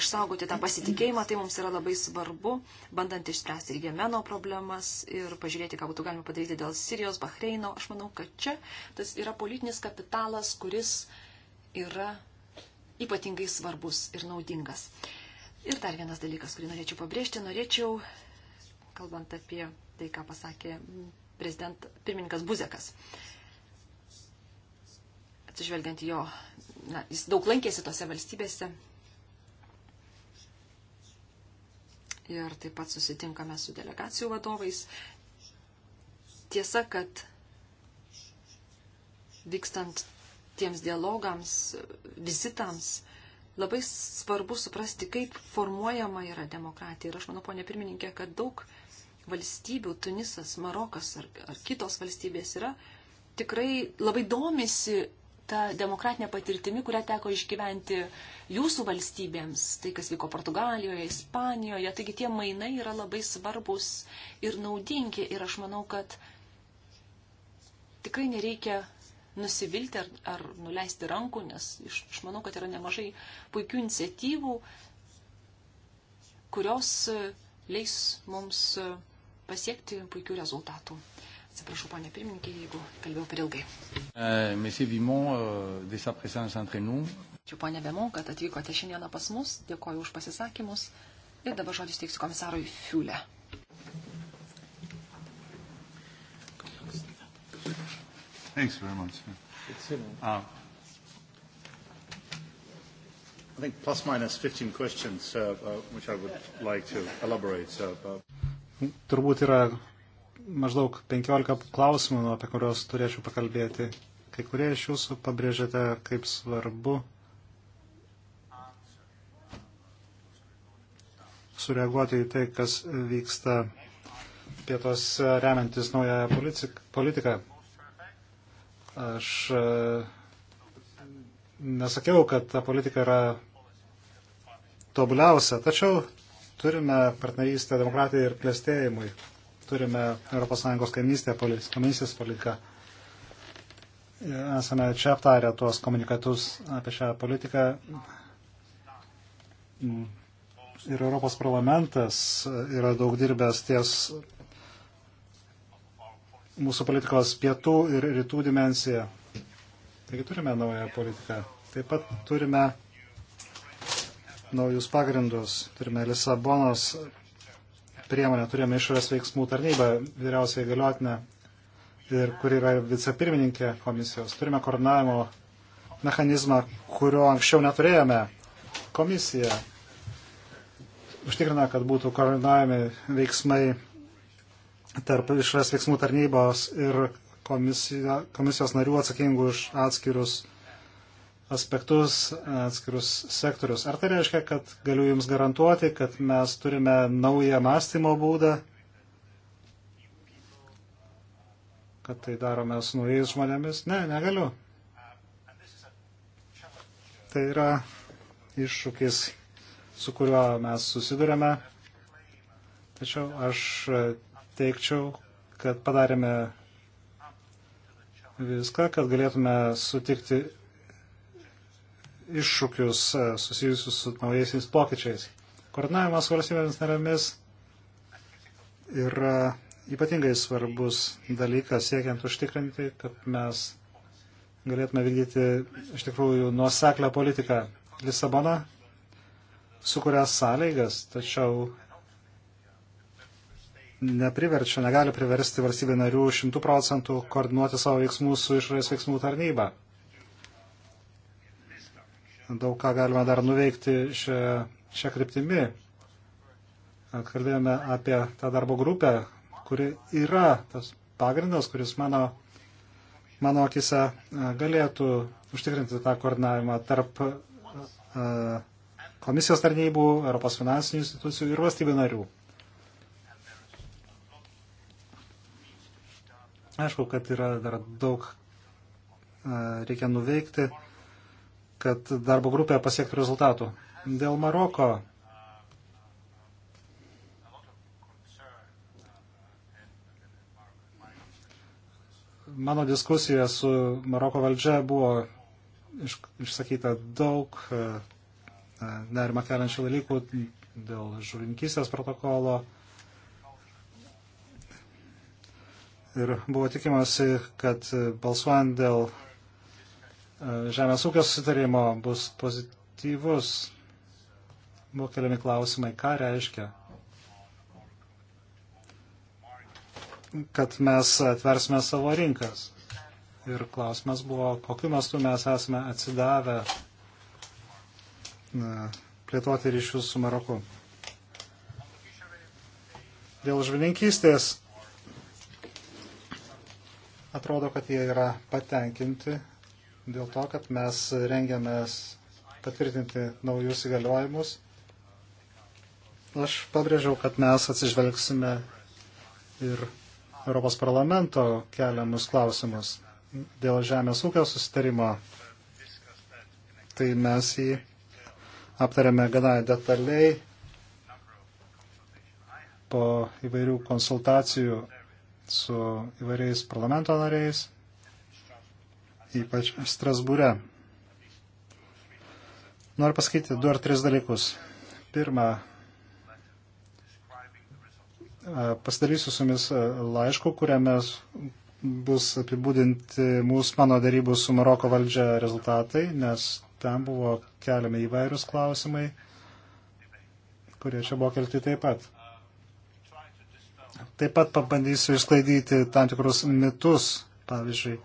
išsaugoti tą pasitikėjimą. Tai mums yra labai svarbu, bandant išspręsti ir Jemeno problemas ir pažiūrėti, ką būtų galima padaryti dėl Sirijos, Bahreino. Aš manau, kad čia tas yra politinis kapitalas, kuris yra ypatingai svarbus ir naudingas. Ir dar vienas dalykas, kurį norėčiau pabrėžti, norėčiau, kalbant apie tai, ką pasakė prezident, pirmininkas Buzekas, atsižvelgiant jo, na, jis daug lankėsi tose valstybėse. Ir taip pat susitinkame su delegacijų vadovais. Tiesa, kad vykstant tiems dialogams, vizitams, labai svarbu suprasti, kaip formuojama yra demokratija. Ir aš manau, ponė pirmininkė, kad daug valstybių, Tunisas, Marokas ar, ar kitos valstybės yra, tikrai labai domisi ta demokratinė patirtimi, kurią teko išgyventi jūsų valstybėms, tai kas vyko Portugalijoje, Ispanijoje. Taigi tie mainai yra labai svarbus ir naudingi ir aš manau, kad tikrai nereikia nusivilti ar, ar nuleisti rankų, nes iš, aš manau, kad yra nemažai puikių iniciatyvų, kurios e, leis mums e, pasiekti puikių rezultatų. Atsiprašau, ponė pirmininkė, jeigu kalbėjau per ilgai. Euh, euh, Ačiū, ponė Bemon, kad atvykote šiandieną pas mus. Dėkoju už pasisakymus. Ir dabar žodis teiksiu komisarui Fiulė. Thanks very much. It's similar. Uh, I think plus minus 15 questions, uh, uh, which I would like to elaborate. So, uh, uh, Turbūt yra maždaug 15 klausimų, apie kuriuos turėčiau pakalbėti. Kai kurie iš jūsų pabrėžėte, kaip svarbu sureaguoti į tai, kas vyksta pietos remiantis naują politiką. Aš e, nesakiau, kad ta politika yra tobuliausia, tačiau turime partnerystę demokratijai ir klėstėjimui. Turime ES kaimynystės politiką. Esame čia aptarę tuos komunikatus apie šią politiką. Mm. Ir Europos parlamentas yra daug dirbęs ties mūsų politikos pietų ir rytų dimensiją. Taigi turime naują politiką. Taip pat turime naujus pagrindus. Turime Lisabonos priemonę, turime išorės veiksmų tarnybą, vyriausiai galiotinę, ir kur yra vicepirmininkė komisijos. Turime koordinavimo mechanizmą, kurio anksčiau neturėjome. Komisija užtikrina, kad būtų koordinavimi veiksmai tarp išras veiksmų tarnybos ir komisija, komisijos narių atsakingų už atskirus aspektus, atskirus sektorius. Ar tai reiškia, kad galiu Jums garantuoti, kad mes turime naują mąstymo būdą, kad tai darome su naujais žmonėmis? Ne, negaliu. Tai yra iššūkis, su kuriuo mes susidurėme. Tačiau aš teikčiau, kad padarėme viską, kad galėtume sutikti iššūkius e, susijusius su naujaisiais pokyčiais. Koordinavimas valstybėmis narėmis yra ypatingai svarbus dalykas siekiant užtikrinti, kad mes galėtume vykdyti iš tikrųjų nuoseklę politiką. Lisabona sukuria sąlygas, tačiau nepriverčia, negali priversti valstybių narių šimtų procentų koordinuoti savo veiksmus su išorės veiksmų tarnyba. Daug ką galima dar nuveikti šią, šią kryptimį. Kalbėjome apie tą darbo grupę, kuri yra tas pagrindas, kuris mano, mano akise e, galėtų užtikrinti tą koordinavimą tarp e, e, komisijos tarnybų, Europos finansinių institucijų ir valstybių narių. Aišku, kad yra dar daug e, reikia nuveikti, kad darbo grupė pasiektų rezultatų. Dėl Maroko mano diskusija su Maroko valdžia buvo iš, išsakyta daug e, e, nerima keliančių dalykų dėl žuvinkystės protokolo, ir buvo tikimasi, kad balsuojant dėl e, žemės ūkio susitarimo bus pozityvus. Buvo keliami klausimai, ką reiškia, kad mes atversime savo rinkas. Ir klausimas buvo, kokiu mastu mes esame atsidavę plėtoti ryšius su Maroku. Dėl žvininkystės atrodo, kad jie yra patenkinti dėl to, kad mes rengiamės patvirtinti naujus įgaliojimus. Aš pabrėžiau, kad mes atsižvelgsime ir Europos parlamento keliamus klausimus dėl žemės ūkio susitarimo. Tai mes jį aptarėme gana detaliai po įvairių konsultacijų su įvairiais parlamento nariais, ypač Strasbūre. Noriu pasakyti du ar tris dalykus. Pirma, pasidarysiu su jumis laišku, kuriame bus apibūdinti mūsų mano darybų su Maroko valdžia rezultatai, nes ten buvo keliami įvairūs klausimai, kurie čia buvo kelti taip pat. Taip pat pabandysiu išsklaidyti tam tikrus mitus, pavyzdžiui,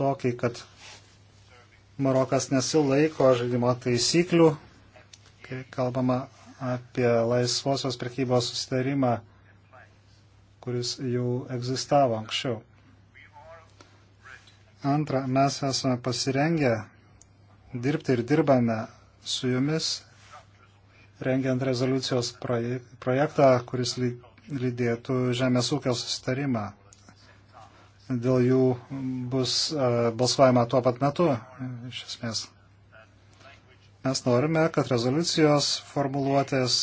tokį, kad Marokas nesilaiko žaidimo taisyklių, kai kalbama apie laisvosios prekybos susitarimą, kuris jau egzistavo anksčiau. Antra, mes esame pasirengę dirbti ir dirbame su jumis, rengiant rezoliucijos projektą, kuris lyg lydėtų žemės ūkio sustarimą. Dėl jų bus e, balsuojama tuo pat metu, iš esmės. Mes norime, kad rezoliucijos formuluotės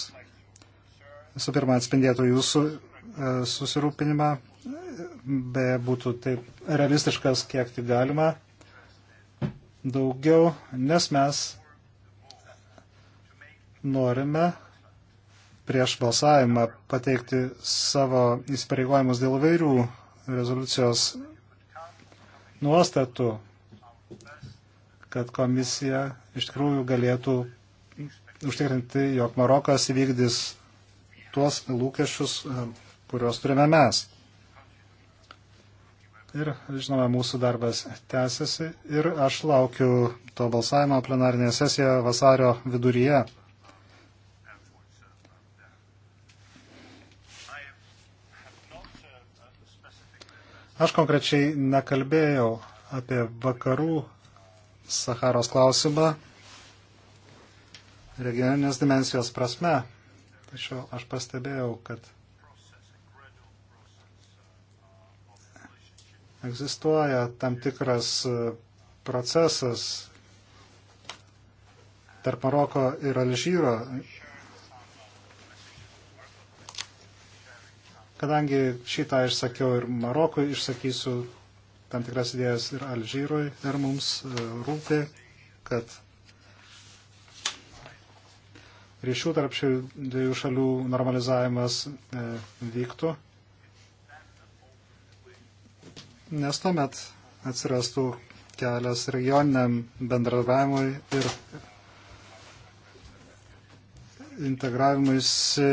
visų pirma atspindėtų jūsų e, susirūpinimą, beje, būtų taip realistiškas, kiek tik galima daugiau, nes mes norime, prieš balsavimą pateikti savo įsipareigojimus dėl vairių rezoliucijos nuostatų, kad komisija iš tikrųjų galėtų užtikrinti, jog Marokas įvykdys tuos lūkesčius, kuriuos turime mes. Ir, žinoma, mūsų darbas tęsiasi ir aš laukiu to balsavimo plenarinėje sesijoje vasario viduryje. Aš konkrečiai nekalbėjau apie vakarų Saharos klausimą regioninės dimensijos prasme, tačiau aš pastebėjau, kad egzistuoja tam tikras e, procesas tarp Maroko ir Alžyro Kadangi šitą išsakiau ir Marokui, išsakysiu tam tikras idėjas ir Alžyrui, ir mums e, rūpi, kad ryšių tarp šių dviejų šalių normalizavimas e, vyktų, nes tuomet atsirastų kelias regioniniam bendradavimui ir integravimuisi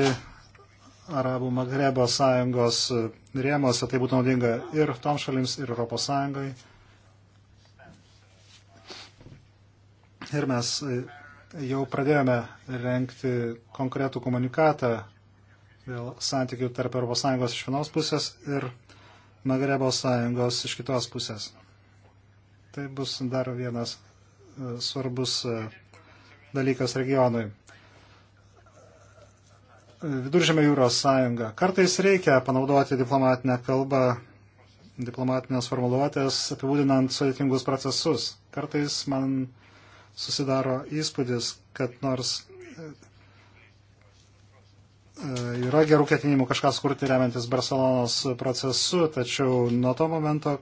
Arabų Magrebo sąjungos rėmose, tai būtų naudinga ir toms šalims, ir Europos sąjungai. Ir mes jau pradėjome renkti konkretų komunikatą dėl santykių tarp Europos sąjungos iš vienos pusės ir Magrebo sąjungos iš kitos pusės. Tai bus dar vienas e, svarbus e, dalykas regionui. Viduržėmio jūros sąjunga. Kartais reikia panaudoti diplomatinę kalbą, diplomatinės formuluotės, apibūdinant sudėtingus procesus. Kartais man susidaro įspūdis, kad nors e, yra gerų ketinimų kažką skurti remiantis Barcelonos procesu, tačiau nuo to momento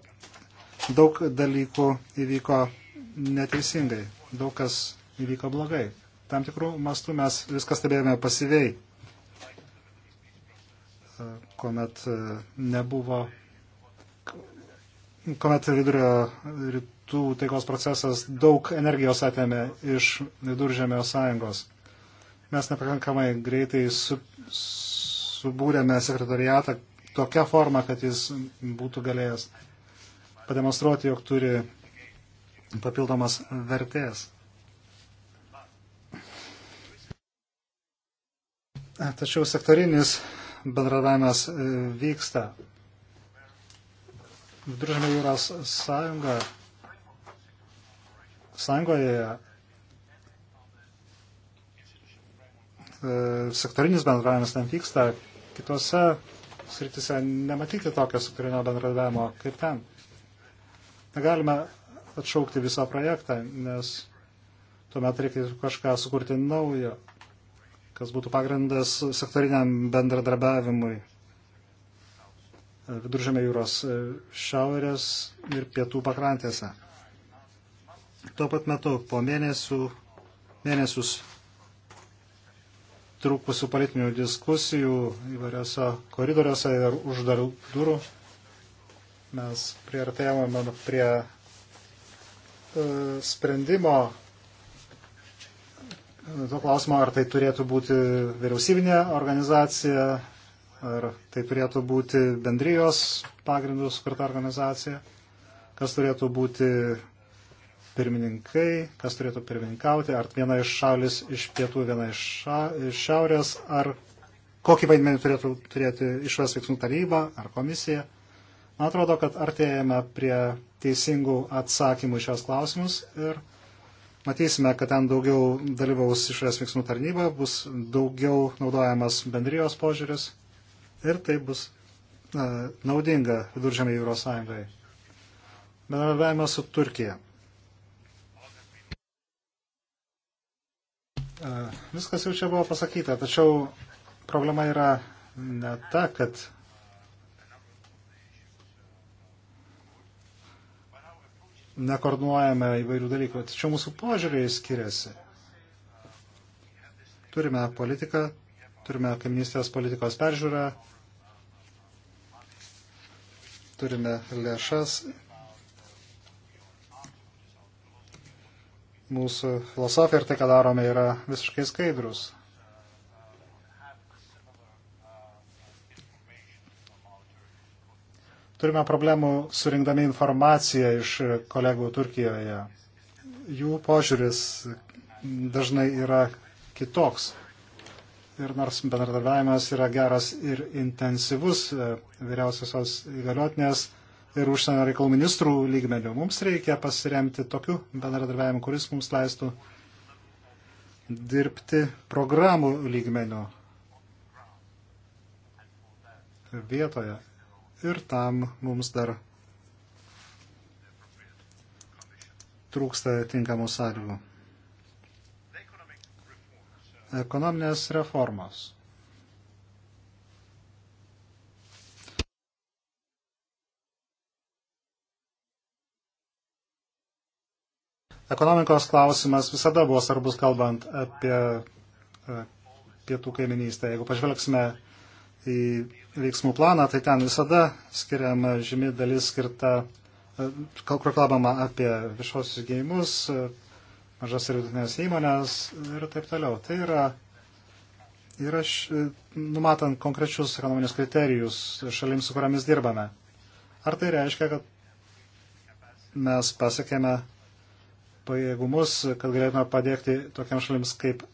daug dalykų įvyko neteisingai, daug kas įvyko blogai. Tam tikrų mastų mes viską stebėjome pasyviai. E, kuomet e, nebuvo, kuomet vidurio rytų taikos procesas daug energijos atėmė iš viduržėmio sąjungos. Mes nepakankamai greitai su, subūrėme sekretariatą tokią formą, kad jis būtų galėjęs pademonstruoti, jog turi papildomas vertės. Tačiau sektorinis bendradavimas e, vyksta. Viduržėmio jūros sąjunga, sąjungoje e, sektorinis bendravimas ten vyksta, kitose sritise nematyti tokio sektorinio bendradavimo kaip ten. Negalime atšaukti visą projektą, nes tuomet reikia kažką sukurti naujo kas būtų pagrindas sektoriniam bendradarbiavimui viduržėme jūros e, šiaurės ir pietų pakrantėse. Tuo pat metu po mėnesių, mėnesius trukusių politinių diskusijų įvairiose koridoriuose ir uždarų durų mes priartėjome prie e, sprendimo to klausimo, ar tai turėtų būti vyriausybinė organizacija, ar tai turėtų būti bendrijos pagrindų sukurta organizacija, kas turėtų būti pirmininkai, kas turėtų pirmininkauti, ar viena iš šalis iš pietų, viena iš, ša, iš šiaurės, ar kokį vaidmenį turėtų turėti išvės veiksmų taryba ar komisija. Man atrodo, kad artėjame prie teisingų atsakymų šios klausimus ir matysime, kad ten daugiau dalyvaus išorės veiksmų tarnyba, bus daugiau naudojamas bendrijos požiūris ir tai bus na, naudinga viduržėmė jūros sąjungai. Bendradarbiavimas su Turkija. Viskas jau čia buvo pasakyta, tačiau problema yra ne ta, kad nekoordinuojame įvairių dalykų. Tačiau mūsų požiūriai skiriasi. Turime politiką, turime kaiminystės politikos peržiūrą, turime lėšas. Mūsų filosofija ir tai, ką darome, yra visiškai skaidrus. Turime problemų surinkdami informaciją iš kolegų Turkijoje. Jų požiūris dažnai yra kitoks. Ir nors bendradarbiavimas yra geras ir intensyvus e, vyriausiosios įgaliotinės ir užsienio reikalų ministrų lygmenių, mums reikia pasiremti tokiu bendradarbiavimu, kuris mums leistų dirbti programų lygmenių vietoje ir tam mums dar trūksta tinkamų sąlygų. Ekonominės reformos. Ekonomikos klausimas visada buvo svarbus kalbant apie e, pietų kaiminystę. Jeigu pažvelgsime į veiksmų planą, tai ten visada skiriama žymi dalis skirta, e, kur kalbama apie viešosius gėjimus, e, mažas ir vidutinės įmonės ir taip toliau. Tai yra, yra š, e, numatant konkrečius ekonominius kriterijus šalims, su kuriamis dirbame. Ar tai reiškia, kad mes pasiekėme pajėgumus, kad galėtume padėkti tokiam šalims kaip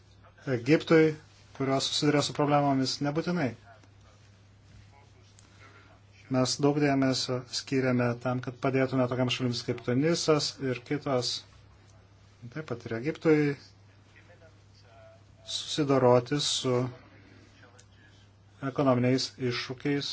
Egiptui, kurios susiduria su problemomis? Nebūtinai. Mes daug dėmesio skiriame tam, kad padėtume tokiam šalims kaip Tunisas ir kitos, taip pat ir Egiptui, susidoroti su ekonominiais iššūkiais.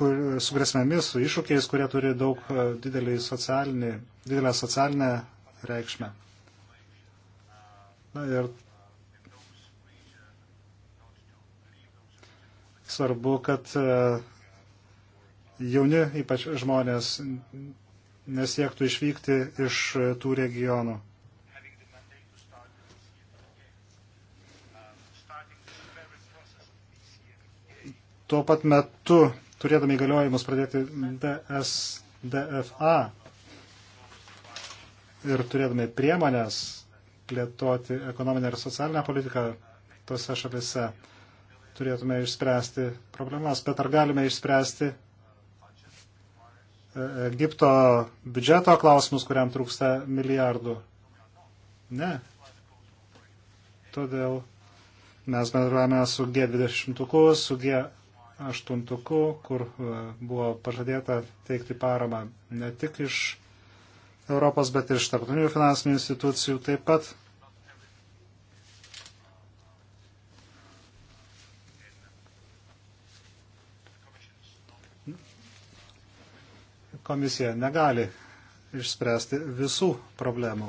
Kur, su grėsmėmis, su iššūkiais, kurie turi daug e, didelį socialinį, didelę socialinę reikšmę. Na ir Svarbu, kad e, jauni, ypač žmonės, nesiektų išvykti iš tų regionų. Tuo pat metu, turėdami įgaliojimus pradėti DSDFA ir turėdami priemonės plėtoti ekonominę ir socialinę politiką tose šalise, turėtume išspręsti problemas, bet ar galime išspręsti e, Egipto biudžeto klausimus, kuriam trūksta milijardų? Ne. Todėl mes bendravome su G20, su G8, kur e, buvo pažadėta teikti paramą ne tik iš Europos, bet ir iš tarptautinių finansinių institucijų taip pat. komisija negali išspręsti visų problemų,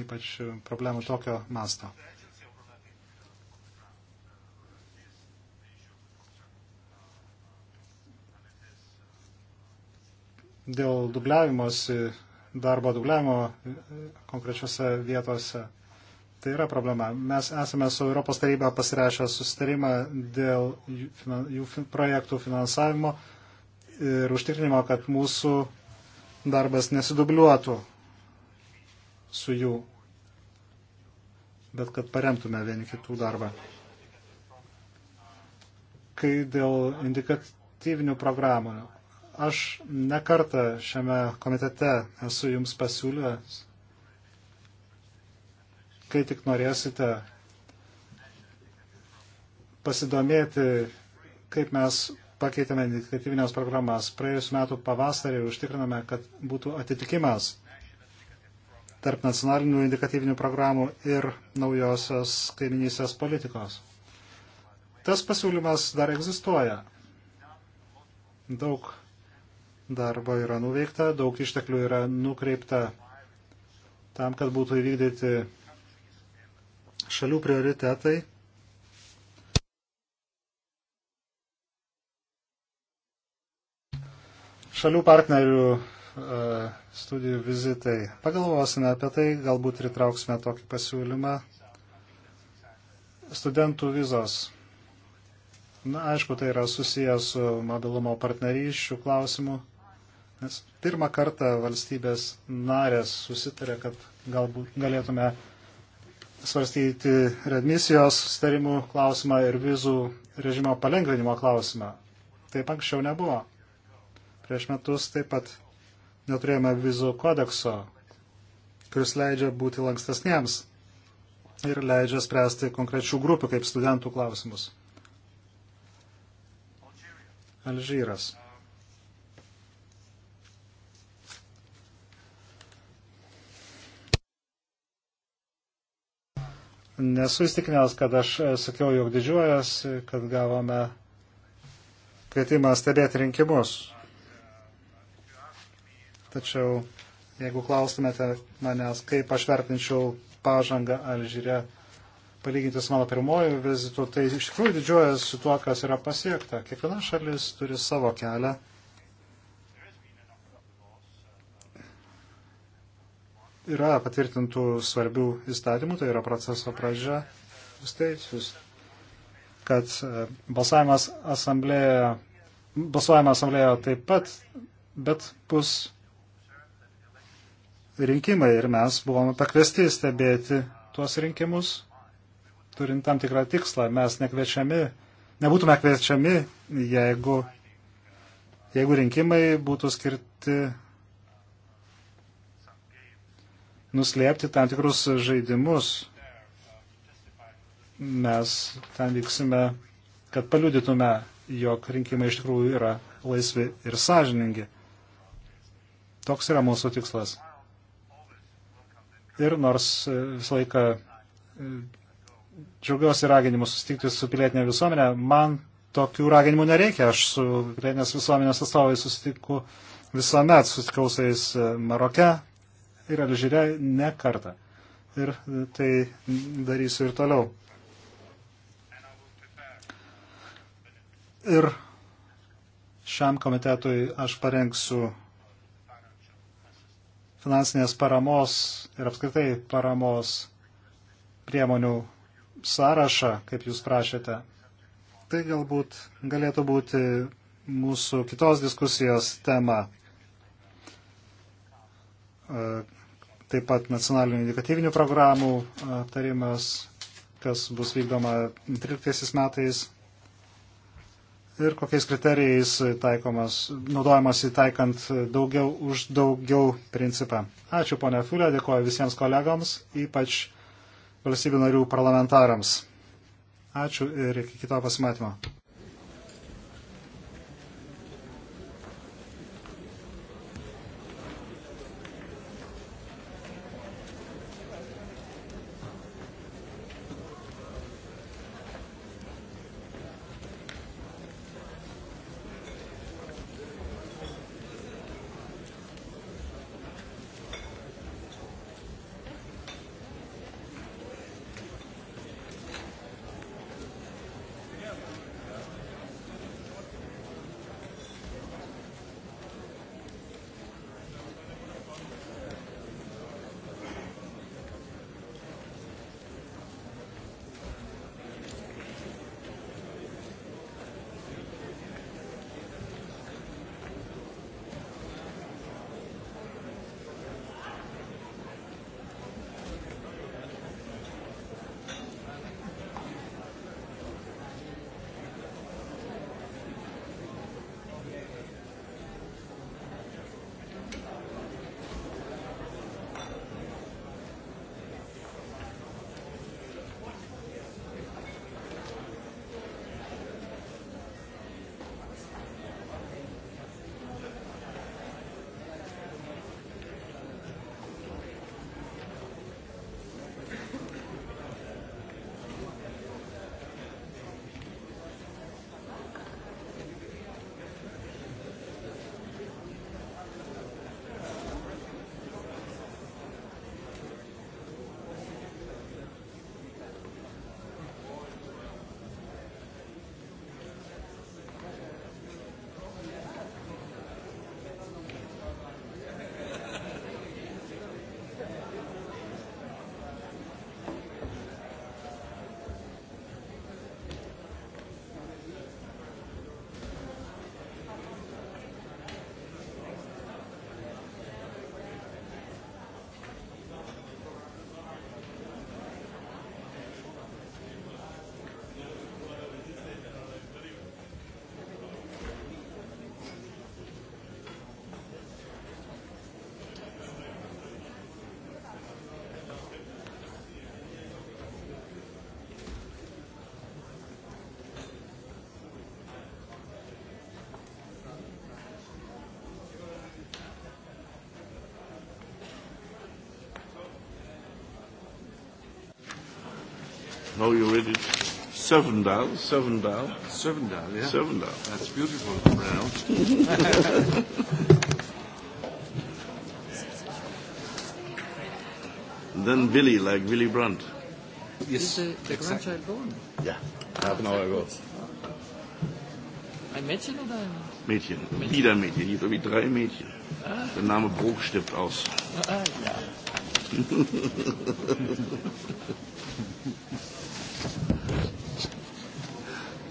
ypač problemų tokio masto. Dėl dubliavimosi, darbo dubliavimo konkrečiose vietose Tai yra problema. Mes esame su Europos taryba pasirašę susitarimą dėl jų projektų finansavimo ir užtikrinimo, kad mūsų darbas nesidubliuotų su jų, bet kad paremtume vieni kitų darbą. Kai dėl indikatyvinių programų, aš nekartą šiame komitete esu jums pasiūlęs, kai tik norėsite pasidomėti, kaip mes pakeitėme indikatyvinės programas. Praėjusiu metu pavasarį užtikriname, kad būtų atitikimas tarp nacionalinių indikatyvinių programų ir naujosios kaiminysės politikos. Tas pasiūlymas dar egzistuoja. Daug darbo yra nuveikta, daug išteklių yra nukreipta tam, kad būtų įvykdyti šalių prioritetai šalių partnerių e, studijų vizitai. Pagalvosime apie tai, galbūt ir trauksime tokį pasiūlymą. Studentų vizos. Na, aišku, tai yra susijęs su mobilumo partnerysčių klausimu, nes pirmą kartą valstybės narės susitarė, kad galbūt galėtume svarstyti redmisijos starimų klausimą ir vizų režimo palengvinimo klausimą. Taip anksčiau nebuvo. Prieš metus taip pat neturėjome vizų kodekso, kuris leidžia būti lankstesniems ir leidžia spręsti konkrečių grupių kaip studentų klausimus. Alžyras. Nesu įstikinęs, kad aš sakiau, jog didžiuojas, kad gavome kvietimą stebėti rinkimus. Tačiau jeigu klaustumėte manęs, kaip aš vertinčiau pažangą Alžyre, palyginti su mano pirmoju vizitu, tai iš tikrųjų didžiuojas su tuo, kas yra pasiekta. Kiekviena šalis turi savo kelią. Yra patvirtintų svarbių įstatymų, tai yra proceso pradžia. Jūs teisus, kad e, balsavimas asamblėje, balsuojama asamblėje taip pat, bet bus rinkimai ir mes buvome pakviesti stebėti tuos rinkimus, turint tam tikrą tikslą. Mes nekviečiami, nebūtume kviečiami, jeigu, jeigu rinkimai būtų skirti nuslėpti tam tikrus žaidimus. Mes ten vyksime, kad paliudytume, jog rinkimai iš tikrųjų yra laisvi ir sąžiningi. Toks yra mūsų tikslas. Ir nors e, visą laiką e, džiaugiuosi raginimu susitikti su pilietinė visuomenė, man tokių raginimų nereikia. Aš su pilietinės visuomenės atstovai susitiku visuomet, susitikau su jais e, Maroke ir Alžyre ne kartą. Ir tai darysiu ir toliau. Ir šiam komitetui aš parengsiu finansinės paramos ir apskritai paramos priemonių sąrašą, kaip jūs prašėte. Tai galbūt galėtų būti mūsų kitos diskusijos tema. Taip pat nacionalinių indikatyvinių programų aptarimas, kas bus vykdoma 13 metais ir kokiais kriterijais taikomas, naudojamas įtaikant daugiau už daugiau principą. Ačiū ponia Fulė, dėkoju visiems kolegams, ypač valstybių narių parlamentarams. Ačiū ir iki kito pasimatymo. No, you read it. Sevendal, Sevendal. Sevendal, yeah. Sevendal. That's beautiful pronounced. then Billy, like Billy Brandt. Yes. Is the, the exactly. grandchild born? Yeah, half an hour ago. Ein Mädchen oder ein Mädchen. Mädchen. Wieder Mädchen, hier wie drei Mädchen. Ah. Der Name Brok stirbt aus. Ah, ah ja.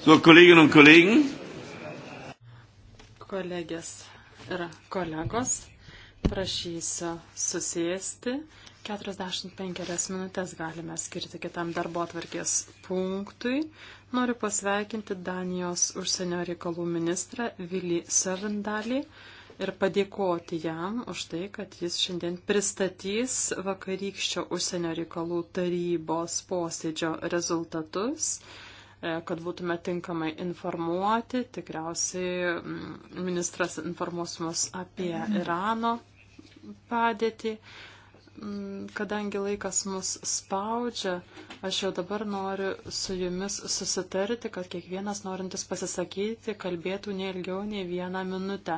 So, Kolleginnen und Kollegen. Kolegės ir kolegos, prašysiu susėsti. 45 minutės galime skirti kitam darbo atvarkės punktui. Noriu pasveikinti Danijos užsienio reikalų ministrą Vilį Sarandalį ir padėkoti jam už tai, kad jis šiandien pristatys vakarykščio užsienio reikalų tarybos posėdžio rezultatus E, kad būtume tinkamai informuoti. Tikriausiai mm, ministras informuos mus apie Irano padėtį. Mm, kadangi laikas mus spaudžia, aš jau dabar noriu su jumis susitarti, kad kiekvienas norintis pasisakyti kalbėtų ne ilgiau nei vieną minutę.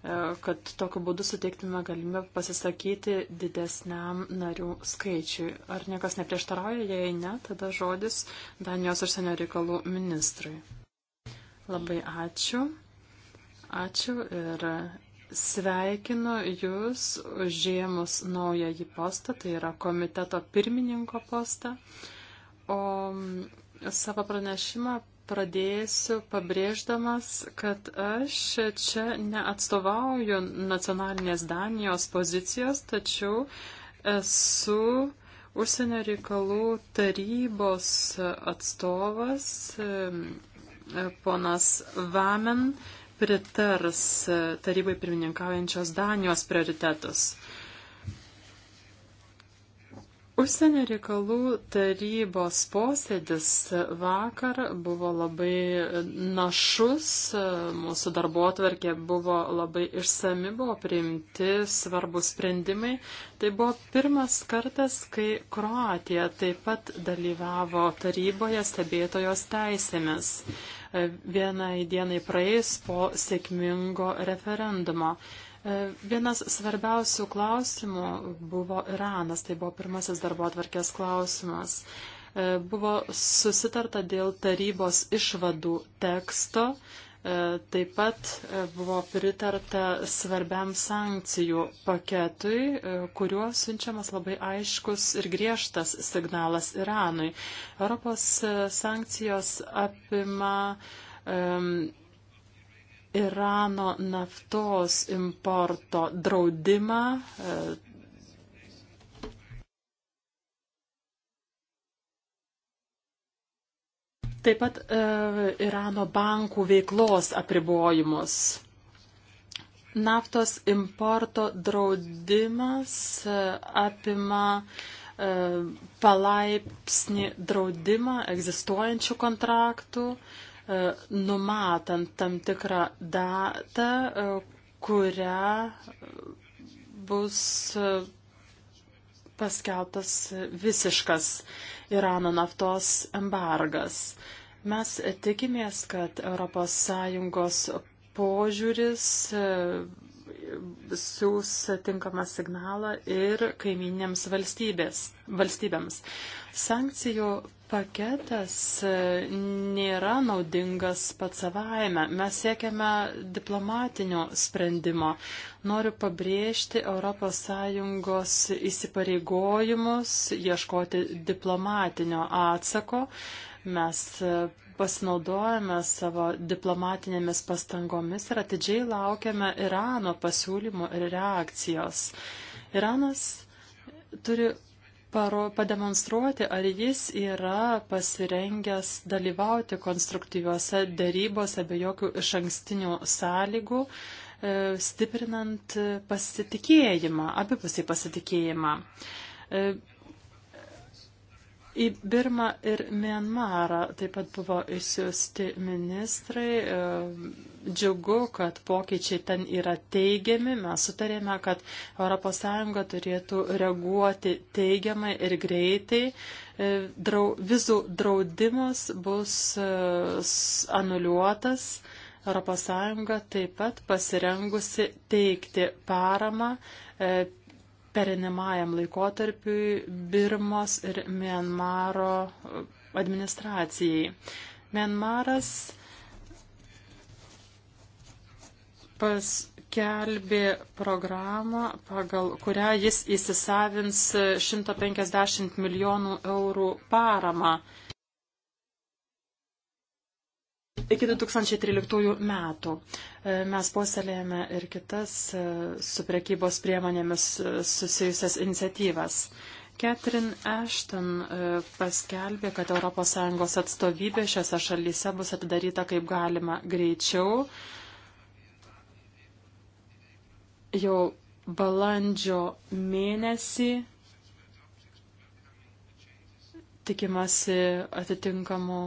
E, kad tokiu būdu suteiktume galimybę pasisakyti didesniam narių skaičiui. Ar niekas neprieštarauja, jei ne, tada žodis Danijos užsienio reikalų ministrui. Labai ačiū. Ačiū ir sveikinu Jūs užėmus naująjį postą, tai yra komiteto pirmininko postą. O savo pranešimą pradėsiu pabrėždamas, kad aš čia neatstovauju nacionalinės Danijos pozicijos, tačiau esu užsienio reikalų tarybos atstovas, ponas Vamen pritars tarybai pirmininkaujančios Danijos prioritetus. Užsienio reikalų tarybos posėdis vakar buvo labai našus, mūsų darbo atvarkė buvo labai išsami, buvo priimti svarbus sprendimai. Tai buvo pirmas kartas, kai Kroatija taip pat dalyvavo taryboje stebėtojos teisėmis vienai dienai praeis po sėkmingo referendumo. E, vienas svarbiausių klausimų buvo Iranas, tai buvo pirmasis darbo atvarkės klausimas. E, buvo susitarta dėl tarybos išvadų teksto, e, Taip pat buvo pritarta svarbiam sankcijų paketui, kuriuo siunčiamas labai aiškus ir griežtas signalas Iranui. Europos sankcijos apima um, Irano naftos importo draudimą. E, taip pat e, Irano bankų veiklos apribojimus. Naftos importo draudimas e, apima e, palaipsnį draudimą egzistuojančių kontraktų, e, E, numatant tam tikrą datą, e, kurią bus e, paskeltas visiškas Irano naftos embargas. Mes tikimės, kad ES požiūris siūs tinkamą signalą ir kaiminėms valstybėms. Sankcijų paketas nėra naudingas pats savaime. Mes siekiame diplomatinio sprendimo. Noriu pabrėžti ES įsipareigojimus, ieškoti diplomatinio atsako. Mes pasinaudojame savo diplomatinėmis pastangomis ir atidžiai laukiame Irano pasiūlymų ir reakcijos. Iranas turi paro, pademonstruoti, ar jis yra pasirengęs dalyvauti konstruktyviuose dėrybose be jokių iš ankstinių sąlygų, e, stiprinant pasitikėjimą, abipusiai pasitikėjimą. E, Į Birmą ir Mianmarą taip pat buvo išsiųsti ministrai. E, džiugu, kad pokyčiai ten yra teigiami. Mes sutarėme, kad ES turėtų reaguoti teigiamai ir greitai. E, drau, vizų draudimas bus e, anuliuotas. ES taip pat pasirengusi teikti paramą perinimajam laikotarpiui Birmos ir Mienmaro e, administracijai. Mienmaras paskelbė programą, pagal kurią jis įsisavins 150 milijonų eurų paramą iki 2013 metų. E, mes puoselėjame ir kitas e, su prekybos priemonėmis e, susijusias iniciatyvas. Catherine Ashton paskelbė, kad ES atstovybė šiose šalyse bus atidaryta kaip galima greičiau. Jau balandžio mėnesį tikimasi atitinkamų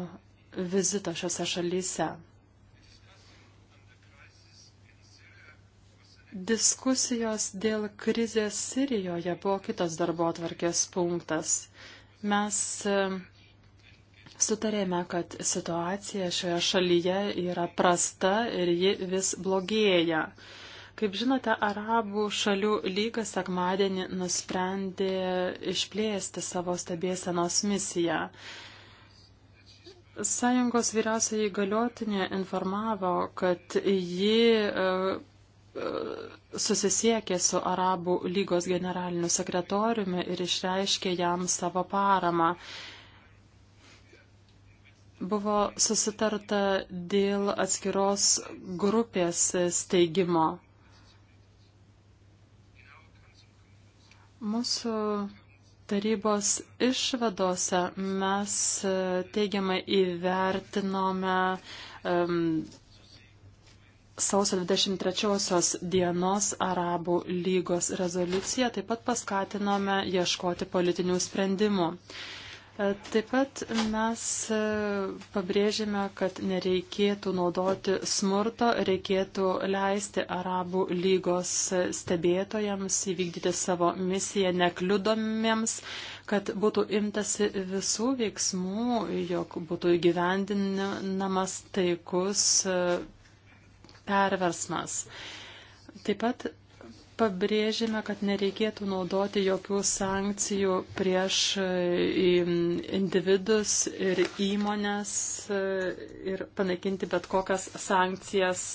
vizito šiose šalyse. Diskusijos dėl krizės Sirijoje buvo kitas darbo atvarkės punktas. Mes e, sutarėme, kad situacija šioje šalyje yra prasta ir ji vis blogėja. Kaip žinote, Arabų šalių lyga sekmadienį nusprendė išplėsti savo stebėsenos misiją. Sąjungos vyriausiai įgaliotinė informavo, kad ji e, e, susisiekė su Arabų lygos generaliniu sekretoriumi ir išreiškė jam savo paramą. Buvo susitarta dėl atskiros grupės steigimo. Mūsų Tarybos išvadose mes e, teigiamai įvertinome um, sausio 23 dienos Arabų lygos rezoliuciją, taip pat paskatinome ieškoti politinių sprendimų. Uh, E, taip pat mes e, pabrėžėme, kad nereikėtų naudoti smurto, reikėtų leisti Arabų lygos stebėtojams įvykdyti savo misiją nekliudomiems, kad būtų imtasi visų veiksmų, jog būtų įgyvendinamas taikus e, perversmas. Taip pat pabrėžėme, kad nereikėtų naudoti jokių sankcijų prieš e, individus ir įmonės e, ir panaikinti bet kokias sankcijas.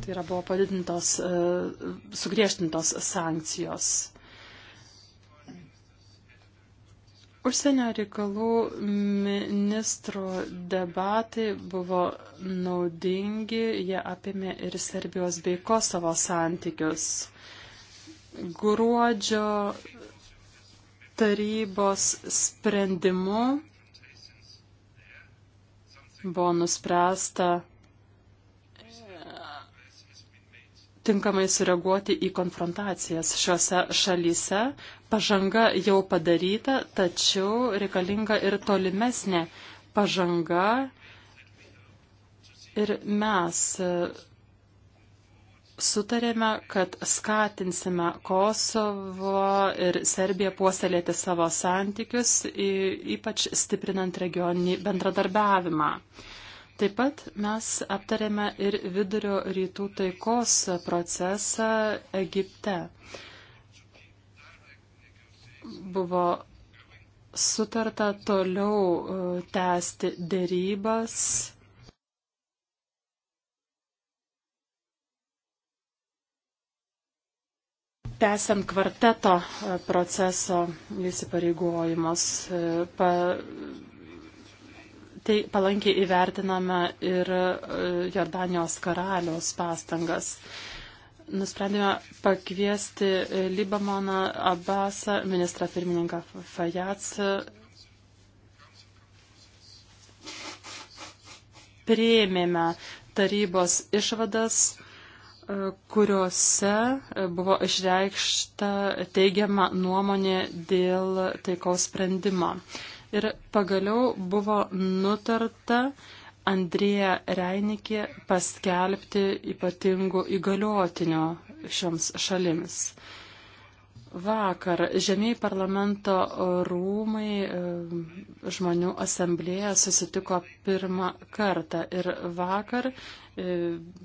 Tai yra buvo padidintos, e, sugriežtintos sankcijos. Užsienio reikalų ministro debatai buvo naudingi, jie apėmė ir Serbijos bei Kosovo santykius. Gruodžio tarybos sprendimu buvo nuspręsta tinkamai sureaguoti į konfrontacijas šiuose šalyse, Pažanga jau padaryta, tačiau reikalinga ir tolimesnė pažanga. Ir mes e, sutarėme, kad skatinsime Kosovo ir Serbiją puoselėti savo santykius, ypač stiprinant regioninį bendradarbiavimą. Taip pat mes aptarėme ir vidurio rytų taikos procesą Egipte buvo sutarta toliau e, tęsti dėrybas. Tęsiant kvarteto e, proceso įsipareigojimus, e, pa, tai palankiai įvertiname ir Jordanijos karaliaus pastangas. Uh, nusprendėme pakviesti Libamoną Abbasą, ministrą pirmininką Fajats, prieimėme tarybos išvadas, e, kuriuose buvo išreikšta teigiama nuomonė dėl taikaus sprendimo. Ir pagaliau buvo nutarta, uh, Andrėja Reinikė paskelbti ypatingų įgaliotinio šioms šalims. Vakar žemiai parlamento rūmai e, žmonių asamblėje susitiko pirmą kartą ir vakar E,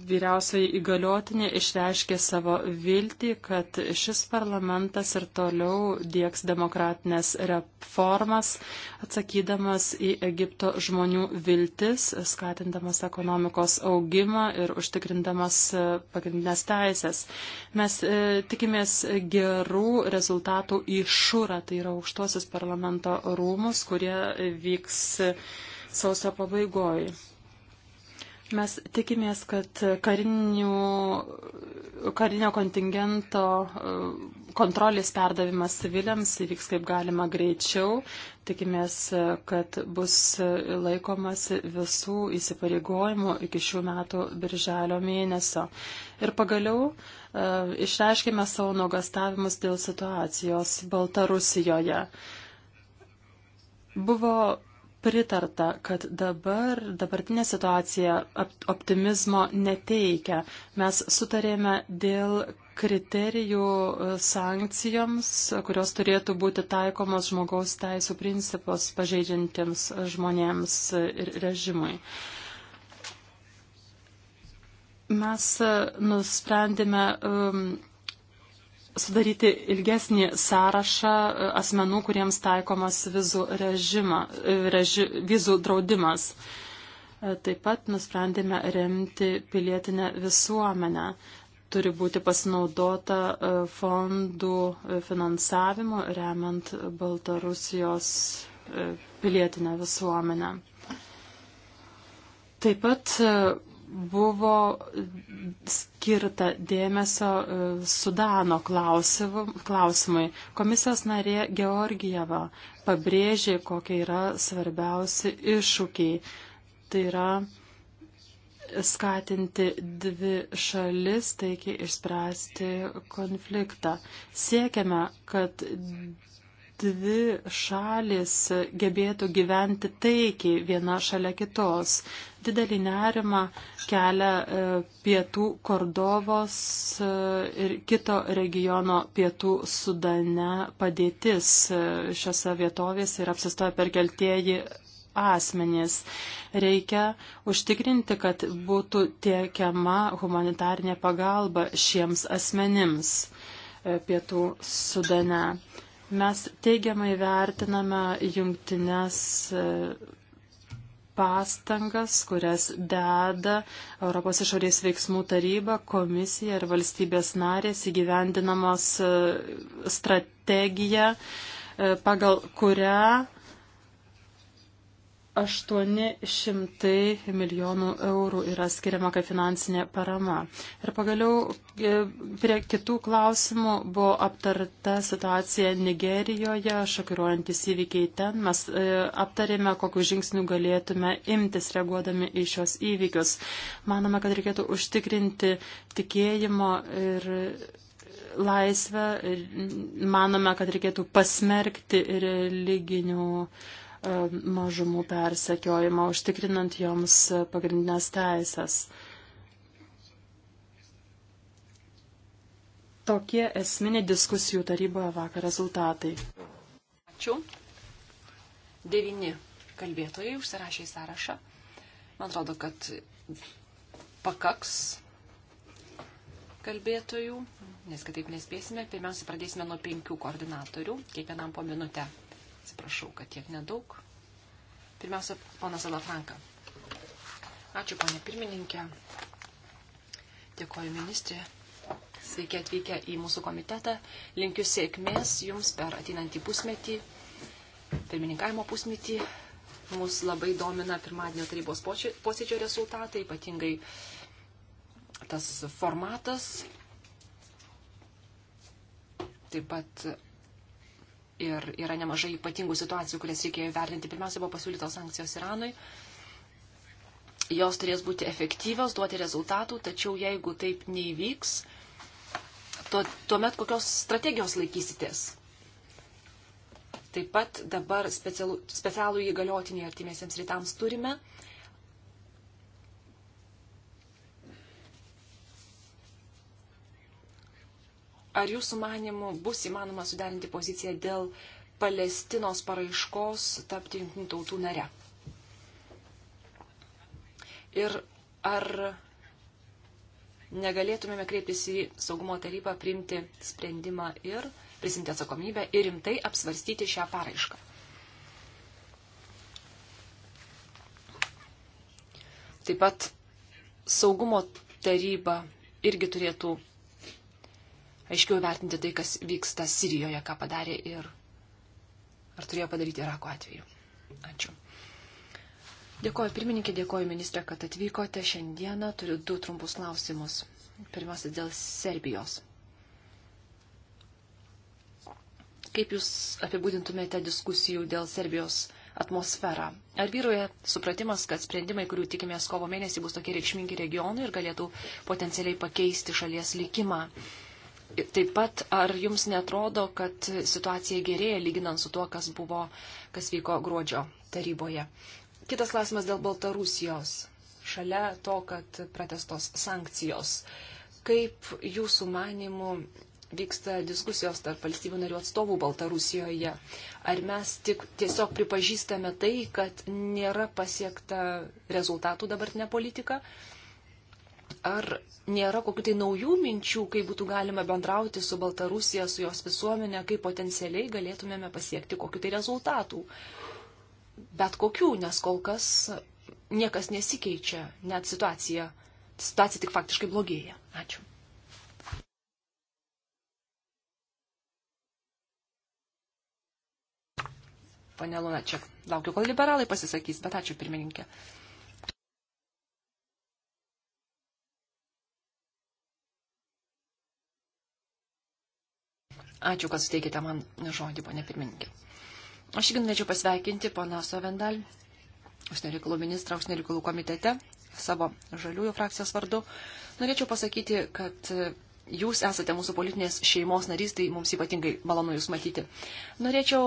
vyriausiai įgaliotinė išreiškė savo viltį, kad šis parlamentas ir toliau dieks demokratinės reformas, atsakydamas į Egipto žmonių viltis, skatindamas ekonomikos augimą ir užtikrindamas pagrindinės teisės. Mes e, tikimės gerų rezultatų į šūrą, tai yra aukštosios parlamento rūmus, kurie vyks sausio pabaigoje. Mes tikimės, kad karinių, karinio kontingento e, kontrolės perdavimas civiliams įvyks kaip galima greičiau. Tikimės, e, kad bus laikomas visų įsipareigojimų iki šių metų birželio mėnesio. Ir pagaliau e, išreiškime savo nuogastavimus dėl situacijos Baltarusijoje. Buvo pritarta, kad dabar, dabartinė situacija optimizmo neteikia. Mes sutarėme dėl kriterijų e, sankcijoms, kurios turėtų būti taikomos žmogaus teisų principos pažeidžiantiems žmonėms ir režimui. Mes e, nusprendėme um, sudaryti ilgesnį sąrašą e, asmenų, kuriems taikomas vizų, režima, e, reži, vizų draudimas. E, taip pat nusprendėme remti pilietinę visuomenę. Turi būti pasinaudota fondų finansavimo remiant Baltarusijos pilietinę visuomenę. Taip pat buvo skirta dėmesio e, Sudano klausimai. Komisijos narė Georgieva pabrėžė, kokie yra svarbiausi iššūkiai. Tai yra skatinti dvi šalis taikiai išspręsti konfliktą. Siekiame, kad dvi šalis gebėtų gyventi taikiai viena šalia kitos. Didelį nerimą kelia e, pietų Kordovos e, ir kito regiono pietų Sudane padėtis. E, šiose vietovėse ir apsistoja perkeltieji asmenys. Reikia užtikrinti, kad būtų tiekiama humanitarinė pagalba šiems asmenims pietų sudane. Mes teigiamai vertiname jungtinės e, pastangas, kurias deda Europos išorės veiksmų taryba, komisija ir valstybės narės įgyvendinamos e, strategiją, e, pagal kurią 800 milijonų eurų yra skiriama kaip finansinė parama. Ir pagaliau e, prie kitų klausimų buvo aptarta situacija Nigerijoje, šokiruojantis įvykiai ten. Mes e, aptarėme, kokiu žingsniu galėtume imtis reaguodami į šios įvykius. Manome, kad reikėtų užtikrinti tikėjimo ir laisvę. Manome, kad reikėtų pasmerkti religinių E, mažumų persekiojimą, užtikrinant joms pagrindinės teisės. Tokie esminiai diskusijų taryboje vakar rezultatai. Ačiū. Devini kalbėtojai užsirašė į sąrašą. Man atrodo, kad pakaks kalbėtojų, nes kitaip nespėsime. Pirmiausia, pradėsime nuo penkių koordinatorių, kiekvienam po minutę Atsiprašau, kad tiek nedaug. Pirmiausia, ponas Alafranka. Ačiū, ponė pirmininkė. Dėkoju, ministrė. Sveiki atvykę į mūsų komitetą. Linkiu sėkmės jums per ateinantį pusmetį, pirmininkavimo pusmetį. Mūsų labai domina pirmadienio tarybos posėdžio rezultatai, ypatingai tas formatas. Taip pat ir yra nemažai ypatingų situacijų, kurias reikėjo įvertinti. Pirmiausia, buvo pasiūlytos sankcijos Iranui. Jos turės būti efektyvios, duoti rezultatų, tačiau jeigu taip neįvyks, to, tuomet kokios strategijos laikysitės? Taip pat dabar specialų, specialų įgaliotinį artimiesiems rytams turime Ar jūsų manimu bus įmanoma suderinti poziciją dėl Palestinos paraiškos tapti jungtinių tautų nare? Ir ar negalėtumėme kreiptis į saugumo tarybą, priimti sprendimą ir prisimti atsakomybę ir rimtai apsvarstyti šią paraišką? Taip pat saugumo taryba irgi turėtų aiškiau vertinti tai, kas vyksta Sirijoje, ką padarė ir ar turėjo padaryti Irako atveju. Ačiū. Dėkoju pirmininkė, dėkoju ministrė, kad atvykote. Šiandieną turiu du trumpus klausimus. Pirmasis dėl Serbijos. Kaip Jūs apibūdintumėte diskusijų dėl Serbijos atmosferą? Ar vyroje supratimas, kad sprendimai, kurių tikimės kovo mėnesį, bus tokie reikšmingi regionui ir galėtų potencialiai pakeisti šalies likimą? Taip pat, ar jums netrodo, kad situacija gerėja lyginant su tuo, kas, buvo, kas vyko gruodžio taryboje? Kitas klausimas dėl Baltarusijos. Šalia to, kad pratestos sankcijos. Kaip jūsų manimų vyksta diskusijos tarp valstybių narių atstovų Baltarusijoje. Ar mes tik tiesiog pripažįstame tai, kad nėra pasiekta rezultatų dabartinė politika, ar nėra kokių tai naujų minčių, kaip būtų galima bendrauti su Baltarusija, su jos visuomenė, kaip potencialiai galėtumėme pasiekti kokiu tai rezultatų. Bet kokių, nes kol kas niekas nesikeičia, net situacija, situacija tik faktiškai blogėja. Ačiū. Pane Lunačiak, laukiu, kol liberalai pasisakys, bet ačiū pirmininkė. Uh, Ačiū, kad suteikite man žodį, ponė pirmininkė. Aš irgi norėčiau pasveikinti poną Sovendal, užsienio reikalų ministrą, užsienio reikalų komitete, savo žaliųjų frakcijos vardu. Norėčiau pasakyti, kad jūs esate mūsų politinės šeimos narys, tai mums ypatingai malonu jūs matyti. Norėčiau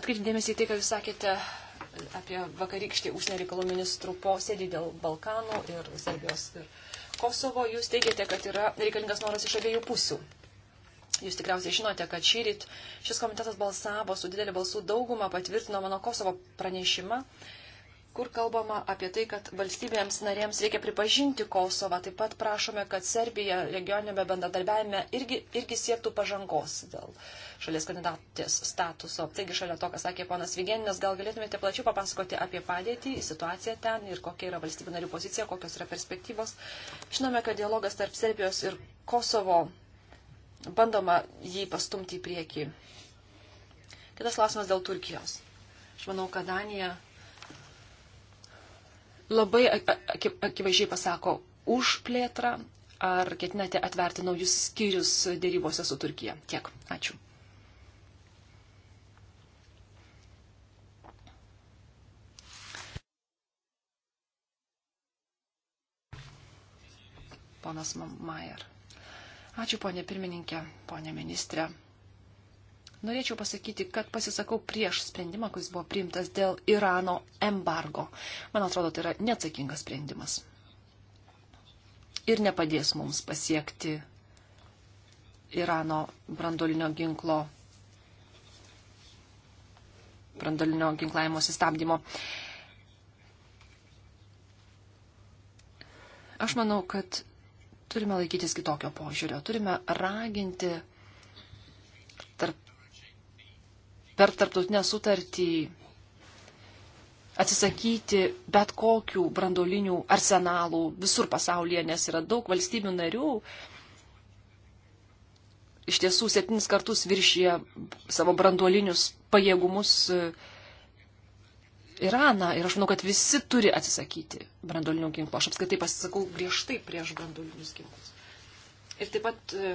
atkreipti dėmesį į tai, ką jūs sakėte apie vakarykštį užsienio reikalų ministrų posėdį dėl Balkanų ir Serbijos ir Kosovo. Jūs teigiate, kad yra reikalingas noras iš abiejų pusių Jūs tikriausiai žinote, kad šyryt šis komitetas balsavo su didelė balsų dauguma, patvirtino mano Kosovo pranešimą, kur kalbama apie tai, kad valstybėms narėms reikia pripažinti Kosovą. Taip pat prašome, kad Serbija regioninėme bendradarbiavime irgi, irgi siektų pažangos dėl šalies kandidatės statuso. Taigi šalia to, ką sakė ponas Vigeninas, gal galėtumėte plačiau papasakoti apie padėtį, situaciją ten ir kokia yra valstybių narių pozicija, kokios yra perspektyvos. Žinome, kad dialogas tarp Serbijos ir Kosovo bandoma jį pastumti į priekį. Kitas klausimas dėl Turkijos. Aš manau, kad Danija labai akivaizdžiai pasako už plėtrą, ar ketinate atverti naujus skyrius dėrybose su Turkija. Tiek. Ačiū. Ponas Mayer. Ačiū, ponė pirmininkė, ponė ministrė. Norėčiau pasakyti, kad pasisakau prieš sprendimą, kuris buvo priimtas dėl Irano embargo. Man atrodo, tai yra neatsakingas sprendimas. Ir nepadės mums pasiekti Irano brandolinio ginklo, brandolinio ginklavimo sustabdymo. Aš manau, kad turime laikytis kitokio požiūrio, turime raginti tarp, per tarptautinę sutartį atsisakyti bet kokių brandolinių arsenalų visur pasaulyje, nes yra daug valstybių narių, iš tiesų septynis kartus viršyje savo brandolinius pajėgumus Iraną ir aš manau, kad visi turi atsisakyti brandolinių ginklų. Aš apskaitai pasisakau griežtai prieš brandolinius ginklus. Ir taip pat e,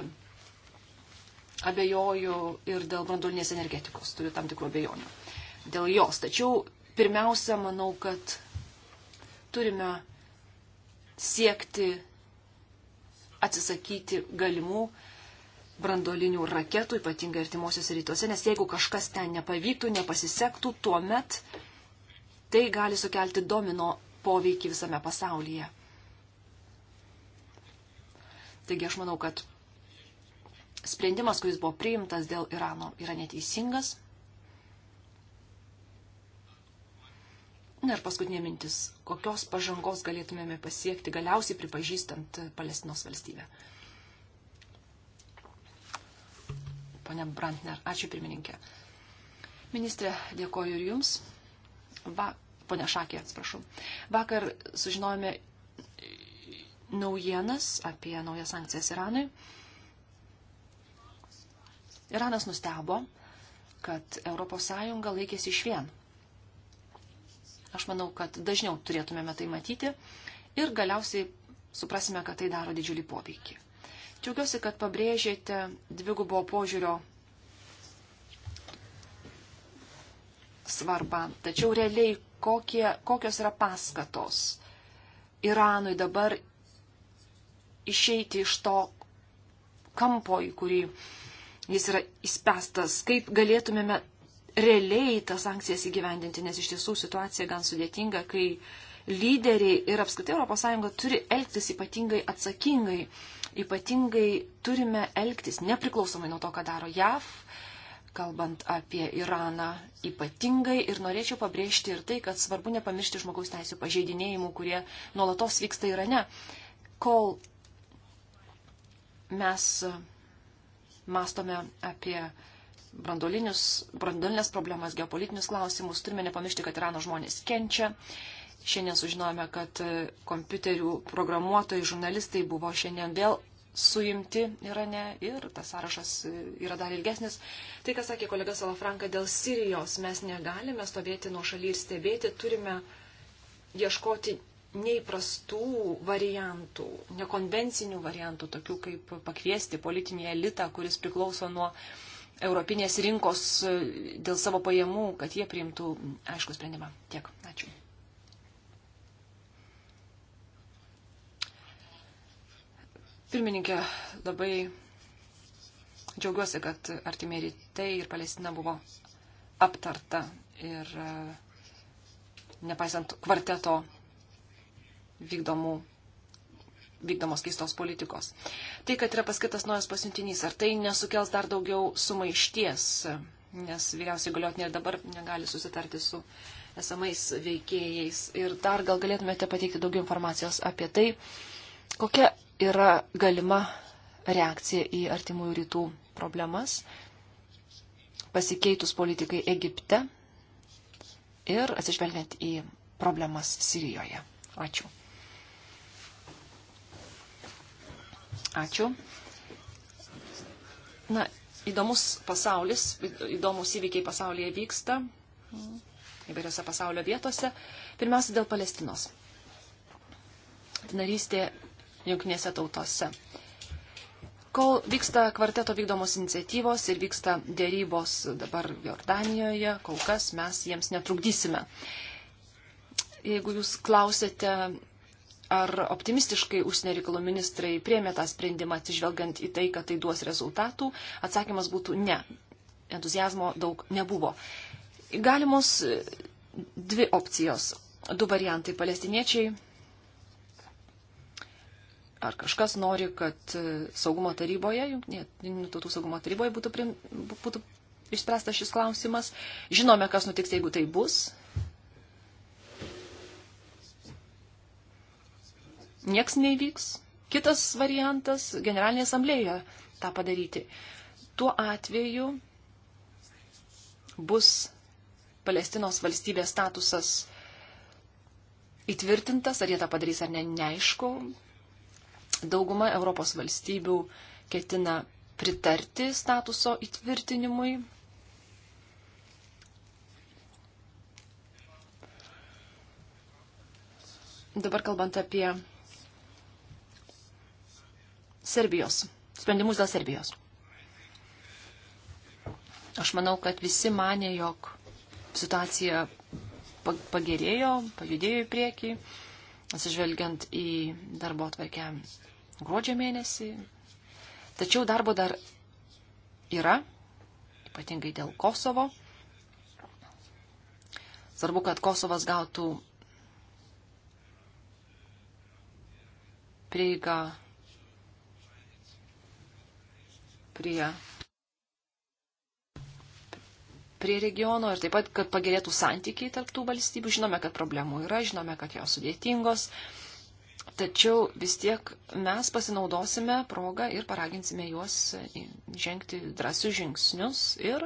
abejoju ir dėl brandolinės energetikos, turiu tam tikrų abejonių. Dėl jos. Tačiau pirmiausia, manau, kad turime siekti atsisakyti galimų brandolinių raketų, ypatingai artimuosiuose rytuose, nes jeigu kažkas ten nepavyktų, nepasisektų, tuomet tai gali sukelti domino poveikį visame pasaulyje. Taigi aš manau, kad sprendimas, kuris buvo priimtas dėl Irano, yra neteisingas. Na ir paskutinė mintis, kokios pažangos galėtumėme pasiekti galiausiai pripažįstant Palestinos valstybę. Pane Brantner, ačiū pirmininkė. Ministrė, dėkoju ir Jums. Va, ponia Šakė, atsiprašau. Vakar sužinojome naujienas apie naujas sankcijas Iranui. Iranas nustebo, kad ES laikėsi iš vien. Aš manau, kad dažniau turėtumėme tai matyti ir galiausiai suprasime, kad tai daro didžiulį poveikį. Džiaugiuosi, kad pabrėžėte dvigubo požiūrio svarbą, tačiau realiai kokie, kokios yra paskatos Iranui dabar išeiti iš to kampo, į kurį jis yra įspestas, kaip galėtumėme realiai tas sankcijas įgyvendinti, nes iš tiesų situacija gan sudėtinga, kai lyderiai ir apskritai ES turi elgtis ypatingai atsakingai, ypatingai turime elgtis nepriklausomai nuo to, ką daro JAV, kalbant apie Iraną ypatingai. Ir norėčiau pabrėžti ir tai, kad svarbu nepamiršti žmogaus teisų pažeidinėjimų, kurie nuolatos vyksta Irane. Kol mes mastome apie brandolinės problemas, geopolitinius klausimus, turime nepamiršti, kad Irano žmonės kenčia. Šiandien sužinojome, kad kompiuterių programuotojai, žurnalistai buvo šiandien vėl suimti Irane ir tas sąrašas yra dar ilgesnis. Tai, ką sakė kolega Salafranka dėl Sirijos, mes negalime stovėti nuo šaly ir stebėti, turime ieškoti neįprastų variantų, nekonvencinių variantų, tokių kaip pakviesti politinį elitą, kuris priklauso nuo europinės rinkos e, dėl savo pajamų, kad jie priimtų aišku sprendimą. Tiek. Ačiū. Pirmininkė, labai džiaugiuosi, kad artimieji rytai ir Palestina buvo aptarta ir e, nepaisant kvarteto vykdomų, vykdomos keistos politikos. Tai, kad yra paskirtas naujas pasiuntinys, ar tai nesukels dar daugiau sumaišties, nes vyriausiai galiotinė ir dabar negali susitarti su esamais veikėjais. Ir dar gal galėtumėte pateikti daugiau informacijos apie tai, kokia yra galima reakcija į artimųjų rytų problemas, pasikeitus politikai Egipte ir atsižvelgiant į problemas Sirijoje. Ačiū. Ačiū. Na, įdomus pasaulis, įdomus įvykiai pasaulyje vyksta įvairiose pasaulio vietose. Pirmiausia, dėl Palestinos. Narystė jungtinėse tautose. Kol vyksta kvarteto vykdomos iniciatyvos ir vyksta dėrybos dabar Jordanijoje, kol kas mes jiems netrukdysime. Jeigu jūs klausėte, ar optimistiškai užsienio reikalų ministrai priemė tą sprendimą atsižvelgiant į tai, kad tai duos rezultatų, atsakymas būtų ne. Entuzijazmo daug nebuvo. Galimos dvi opcijos, du variantai - palestiniečiai ar kažkas nori, kad e, saugumo taryboje, jungtinių tautų saugumo taryboje būtų, prim, būtų išspręstas šis klausimas. Žinome, kas nutiks, jeigu tai bus. Nieks nevyks. Kitas variantas - generalinė asamblėja tą padaryti. Tuo atveju bus Palestinos valstybės statusas įtvirtintas, ar jie tą padarys ar ne, neaišku, Dauguma Europos valstybių ketina pritarti statuso įtvirtinimui. Dabar kalbant apie Serbijos, sprendimus dėl Serbijos. Aš manau, kad visi mane, jog situacija pagerėjo, pajudėjo į priekį, atsižvelgiant į darbo atvarkę gruodžio mėnesį. Tačiau darbo dar yra, ypatingai dėl Kosovo. Svarbu, kad Kosovas gautų prieigą prie, prie regiono ir taip pat, kad pagerėtų santykiai tarptų valstybių. Žinome, kad problemų yra, žinome, kad jos sudėtingos. Uh, Tačiau vis tiek mes pasinaudosime progą ir paraginsime juos žengti drąsius žingsnius ir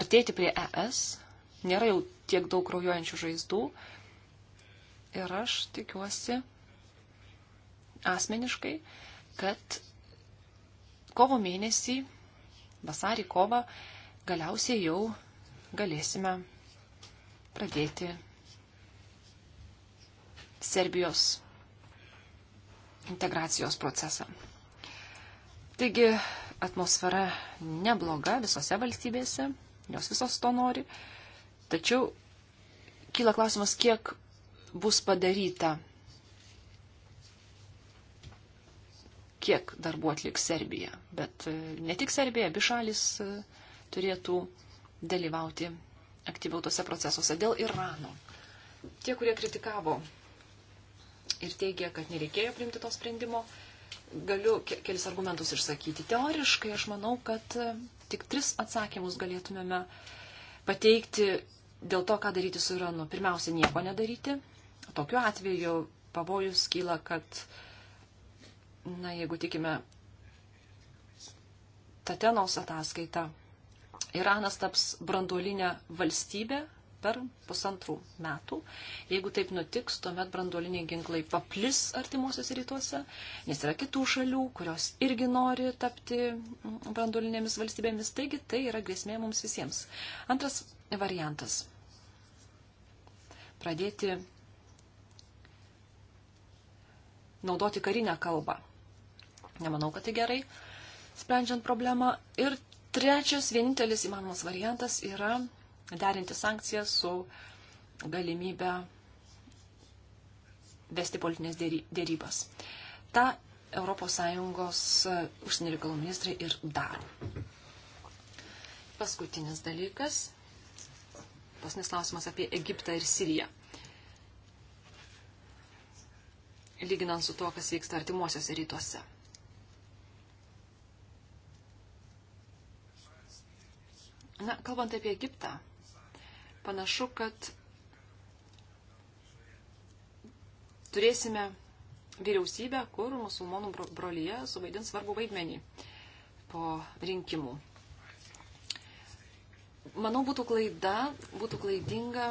artėti prie ES. Nėra jau tiek daug kraujuojančių žaizdų. Ir aš tikiuosi asmeniškai, kad kovo mėnesį, vasarį kovą, galiausiai jau galėsime pradėti Serbijos integracijos procesą. Taigi atmosfera nebloga visose valstybėse, jos visos to nori, tačiau kyla klausimas, kiek bus padaryta, kiek darbų atliks Serbija. Bet e, ne tik Serbija, abi šalis e, turėtų dalyvauti aktyviau tose procesuose dėl Irano. Tie, kurie kritikavo ir teigia, kad nereikėjo priimti to sprendimo. Galiu kelis argumentus išsakyti. Teoriškai aš manau, kad e, tik tris atsakymus galėtumėme pateikti dėl to, ką daryti su Iranu. Pirmiausia, nieko nedaryti. Tokiu atveju pavojus kyla, kad, na, jeigu tikime Tatenos ataskaitą, Iranas taps branduolinę valstybę, per pusantrų metų. Jeigu taip nutiks, tuomet branduoliniai ginklai paplis artimuosiuose rytuose, nes yra kitų šalių, kurios irgi nori tapti branduolinėmis valstybėmis, taigi tai yra grėsmė mums visiems. Antras variantas. Pradėti naudoti karinę kalbą. Nemanau, kad tai gerai, sprendžiant problemą. Ir trečias, vienintelis įmanomas variantas yra derinti sankcijas su galimybę vesti politinės dėrybas. Ta ES e, užsienio reikalų ministrai ir daro. Paskutinis dalykas. Paskutinis klausimas apie Egiptą ir Siriją. Lyginant su to, kas vyksta artimuosiuose rytuose. Na, kalbant apie Egiptą, panašu, kad turėsime vyriausybę, kur musulmonų brolyje suvaidins svarbu vaidmenį po rinkimų. Manau, būtų klaida, būtų klaidinga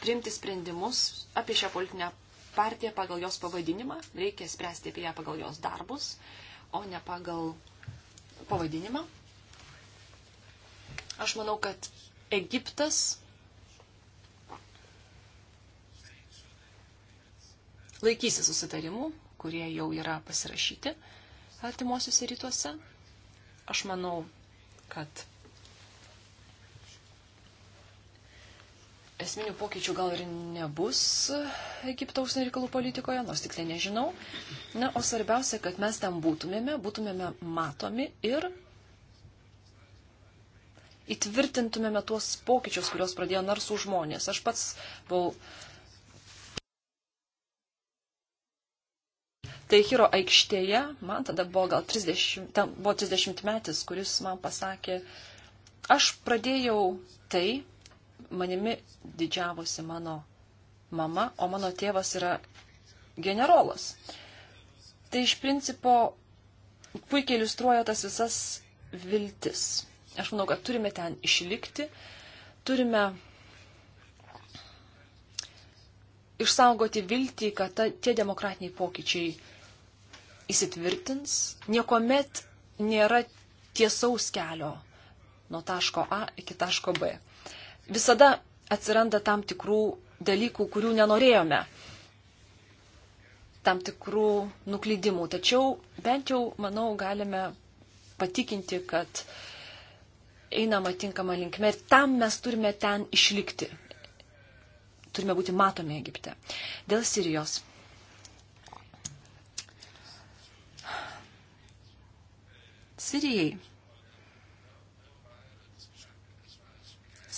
priimti sprendimus apie šią politinę partiją pagal jos pavadinimą. Reikia spręsti apie ją pagal jos darbus, o ne pagal pavadinimą. Aš manau, kad Egiptas laikysi susitarimų, kurie jau yra pasirašyti artimuosiuose rytuose. Aš manau, kad esminių pokyčių gal ir nebus Egipto užsienio reikalų politikoje, nors tiksliai nežinau. Na, o svarbiausia, kad mes ten būtumėme, būtumėme matomi ir įtvirtintumėme tuos pokyčius, kuriuos pradėjo narsų žmonės. Aš pats buvau Teichiro aikštėje, man tada buvo gal 30, ten buvo 30 metis, kuris man pasakė, aš pradėjau tai, manimi didžiavosi mano mama, o mano tėvas yra generolas. Tai iš principo puikiai iliustruoja tas visas viltis. Aš manau, kad turime ten išlikti, turime išsaugoti viltį, kad ta, tie demokratiniai pokyčiai įsitvirtins, niekuomet nėra tiesaus kelio nuo taško A iki taško B. Visada atsiranda tam tikrų dalykų, kurių nenorėjome, tam tikrų nuklydimų. Tačiau bent jau, manau, galime patikinti, kad uh, einama tinkama linkme ir tam mes turime ten išlikti. Turime būti matomi Egipte. Dėl Sirijos. Sirijai.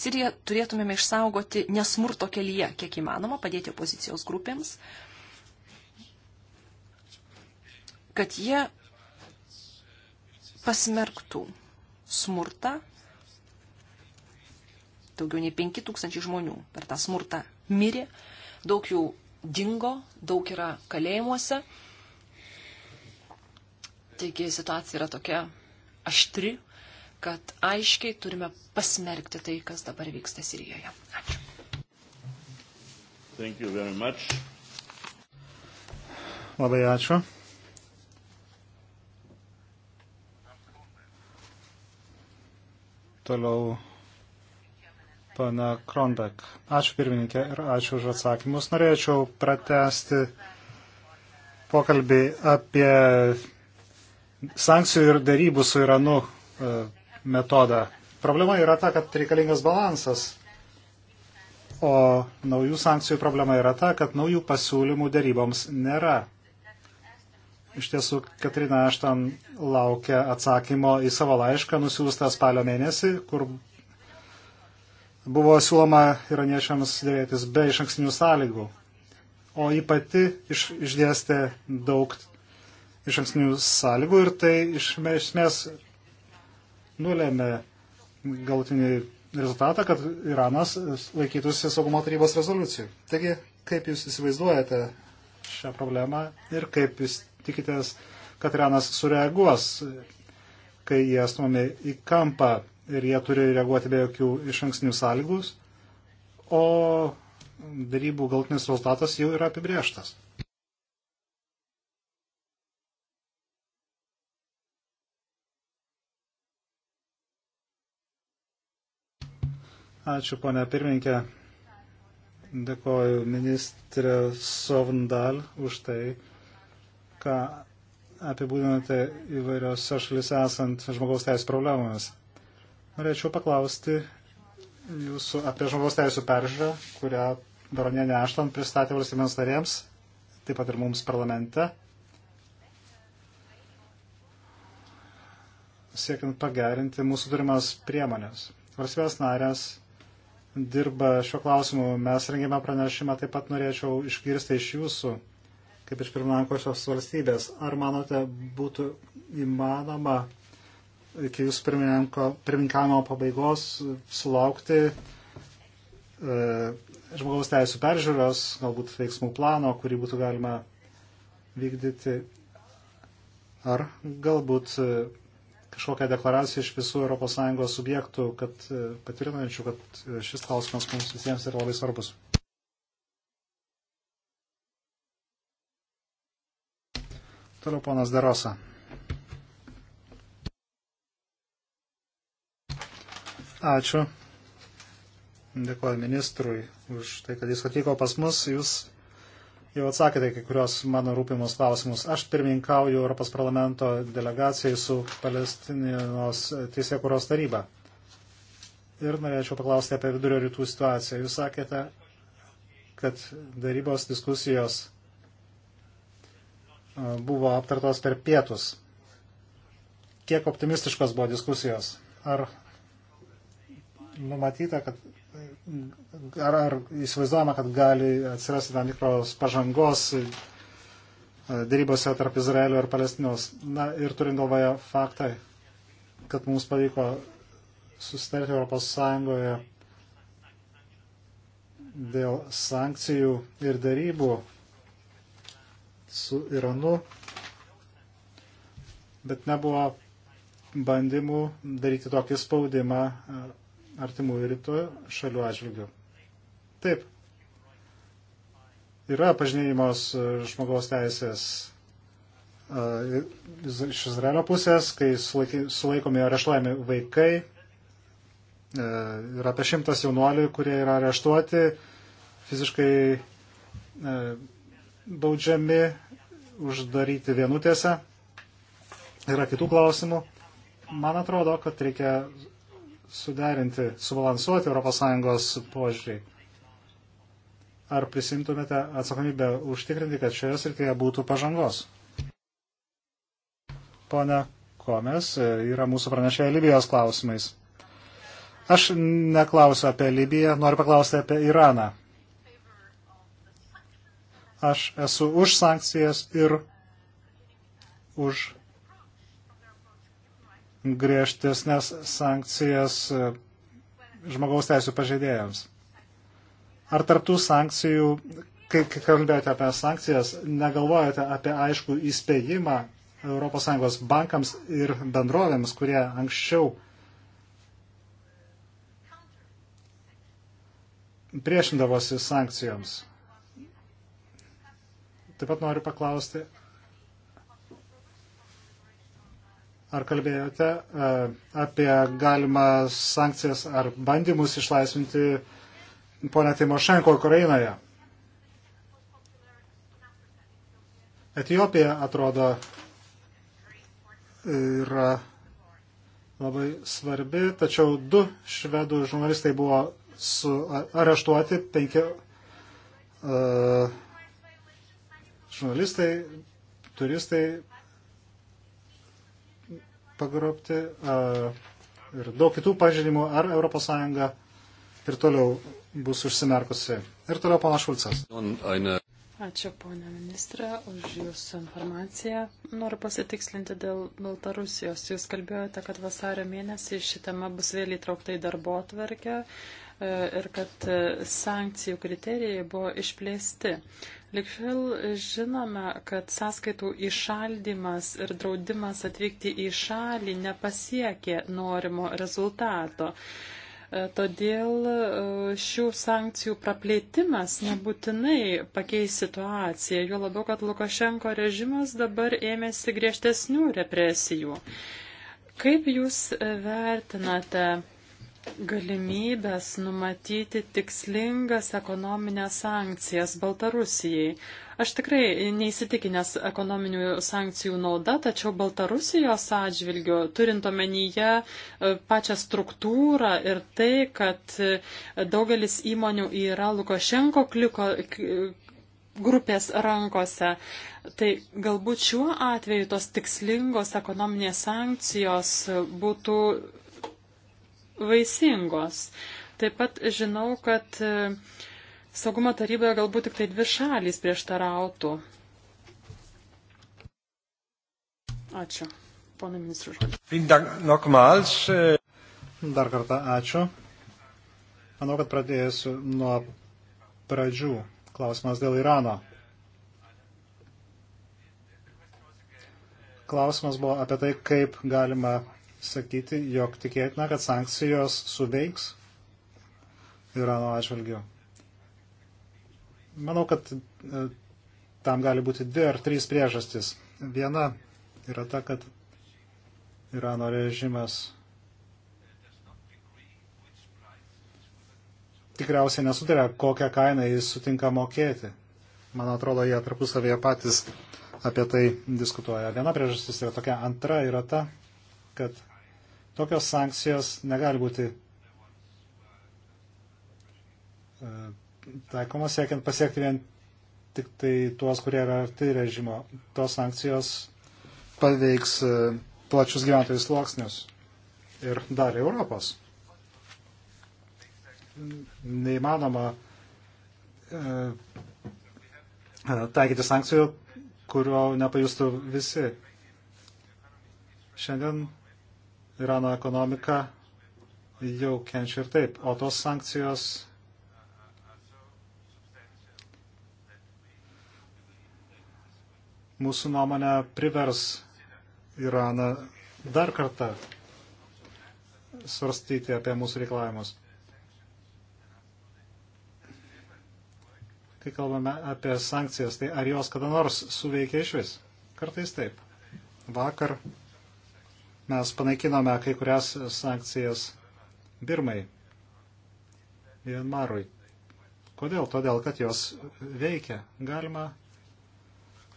Siriją turėtumėme išsaugoti nesmurto kelyje, kiek įmanoma, padėti opozicijos grupėms, kad jie pasmerktų smurtą. Daugiau nei 5 tūkstančiai žmonių per tą smurtą mirė, daug jų dingo, daug yra kalėjimuose. Taigi situacija yra tokia aštri, kad aiškiai turime pasmerkti tai, kas dabar vyksta Sirijoje. Ačiū. Labai ačiū. Toliau pana Krondak. Ačiū pirmininkė ir ačiū už atsakymus. Norėčiau pratesti pokalbį apie sankcijų ir darybų su Iranu e, metodą. Problema yra ta, kad reikalingas balansas, o naujų sankcijų problema yra ta, kad naujų pasiūlymų daryboms nėra iš tiesų Katrina Aštan laukia atsakymo į savo laišką nusiųstą spalio mėnesį, kur buvo siūloma iraniečiams dėrėtis be iš anksnių sąlygų. O ji pati iš, išdėstė daug iš anksnių sąlygų ir tai iš esmės nulėmė galutinį rezultatą, kad Iranas laikytųsi saugumo tarybos rezoliucijų. Taigi, kaip jūs įsivaizduojate šią problemą ir kaip jūs tikitės, kad Iranas sureaguos, kai jie stumiami į kampą ir jie turi reaguoti be jokių iš ankstinių sąlygus, o darybų galtinis rezultatas jau yra apibrieštas. Ačiū, ponia pirmininkė. Dėkoju ministrė Sovndal už tai, ką apibūdinate įvairiose šalise esant žmogaus teisų problemomis. Norėčiau paklausti jūsų apie žmogaus teisų peržiūrą, kurią Baronienė Ašton pristatė valstybėms narėms, taip pat ir mums parlamente, siekiant pagerinti mūsų turimas priemonės. Valstybės narės dirba šiuo klausimu, mes rengėme pranešimą, taip pat norėčiau išgirsti iš jūsų kaip iš pirmininkosios valstybės. Ar manote, būtų įmanoma iki jūsų pirmininkavimo pabaigos sulaukti e, žmogaus teisų peržiūros, galbūt veiksmų plano, kurį būtų galima vykdyti, ar galbūt e, kažkokią deklaraciją iš visų ES subjektų, kad e, patvirtinančių, kad e, šis klausimas mums visiems yra labai svarbus. Toliau ponas Darosa. Ačiū. Dėkuoju ministrui už tai, kad jis atvyko pas mus. Jūs jau atsakėte kai kurios mano rūpimus klausimus. Aš pirmininkauju Europos parlamento delegacijai su Palestinos teisėkuros taryba. Ir norėčiau paklausti apie vidurio rytų situaciją. Jūs sakėte, kad darybos diskusijos buvo aptartos per pietus. Kiek optimistiškos buvo diskusijos? Ar numatyta, kad ar, ar įsivaizduojama, kad gali atsirasti tam tikros pažangos e, dėrybose tarp Izraelio ir Palestinos. Na ir turint galvoje faktą, kad mums pavyko susitarti Europos Sąjungoje dėl sankcijų ir dėrybų su Iranu, bet nebuvo bandymų daryti tokį spaudimą e, artimųjų rytų šalių atžvilgių. Taip. Yra pažinėjimos e, žmogaus teisės e, iš Izraelio pusės, kai sulaikomi areštuojami vaikai. Yra apie šimtas jaunuolių, kurie yra areštuoti, fiziškai baudžiami, uždaryti vienutėse. Yra kitų klausimų. Man atrodo, kad reikia suderinti, subalansuoti ES požiūrį. Ar prisimtumėte atsakomybę užtikrinti, kad šioje srityje būtų pažangos? Pone Komes yra mūsų pranešėja Libijos klausimais. Aš neklausiu apie Libiją, noriu paklausti apie Iraną. Aš esu už sankcijas ir už griežtesnės sankcijas e, žmogaus teisų pažeidėjams. Ar tarptų sankcijų, kai kalbėjote apie sankcijas, negalvojate apie aišku įspėjimą ES bankams ir bendrovėms, kurie anksčiau priešindavosi sankcijoms? Taip pat noriu paklausti, ar kalbėjote e, apie galimą sankcijas ar bandymus išlaisvinti ponę Timošenko Ukrainoje? Etijopija atrodo yra labai svarbi, tačiau du švedų žurnalistai buvo areštuoti, penki uh, žurnalistai, turistai pagrobti ir daug kitų pažinimų, ar ES ir toliau bus užsimerkusi. Ir toliau pana Šulcas. Ačiū, ponė ministrė, už Jūsų informaciją. Noriu pasitikslinti dėl Baltarusijos. Jūs kalbėjote, kad vasario mėnesį ši tema bus vėl įtraukta į darbo atvarkę ir kad e, sankcijų kriterijai buvo išplėsti. Likšėl žinome, kad sąskaitų išaldymas ir draudimas atvykti į šalį nepasiekė norimo rezultato. E, todėl e, šių sankcijų praplėtimas nebūtinai pakeis situaciją, jo labiau, kad Lukašenko režimas dabar ėmėsi griežtesnių represijų. Kaip Jūs vertinate galimybės numatyti tikslingas ekonominės sankcijas Baltarusijai. Aš tikrai neįsitikinęs ekonominių sankcijų nauda, tačiau Baltarusijos atžvilgiu, turint omenyje e, pačią struktūrą ir tai, kad e, daugelis įmonių yra Lukašenko kliko, grupės rankose. Tai galbūt šiuo atveju tos tikslingos ekonominės sankcijos būtų vaisingos. Taip pat žinau, kad e, saugumo taryboje galbūt tik tai dvi šalys prieštarautų. Ačiū. Pone ministrų žodžiu. Äh, Dar kartą ačiū. Manau, kad pradėsiu nuo pradžių. Klausimas dėl Irano. Klausimas buvo apie tai, kaip galima sakyti, jog tikėtina, kad sankcijos suveiks Irano atžvilgiu. Manau, kad e, tam gali būti dvi ar trys priežastys. Viena yra ta, kad Irano režimas tikriausiai nesutarė, kokią kainą jis sutinka mokėti. Man atrodo, jie tarpusavėje patys apie tai diskutuoja. Viena priežastis yra tokia, antra yra ta, kad Tokios sankcijos negali būti e, taikomos siekiant pasiekti vien tik tai tuos, kurie yra arti režimo. Tos sankcijos paveiks e, plačius gyventojų sluoksnius ir dalį Europos. Neįmanoma e, taikyti sankcijų, kurio nepajustų visi. Šiandien Irano ekonomika jau kenčia ir taip, o tos sankcijos mūsų nuomonė privers Iraną dar kartą svarstyti apie mūsų reikalavimus. Kai kalbame apie sankcijas, tai ar jos kada nors suveikia iš vis? Kartais taip. Vakar mes panaikinome kai kurias sankcijas Birmai, Mienmarui. Kodėl? Todėl, kad jos veikia. Galima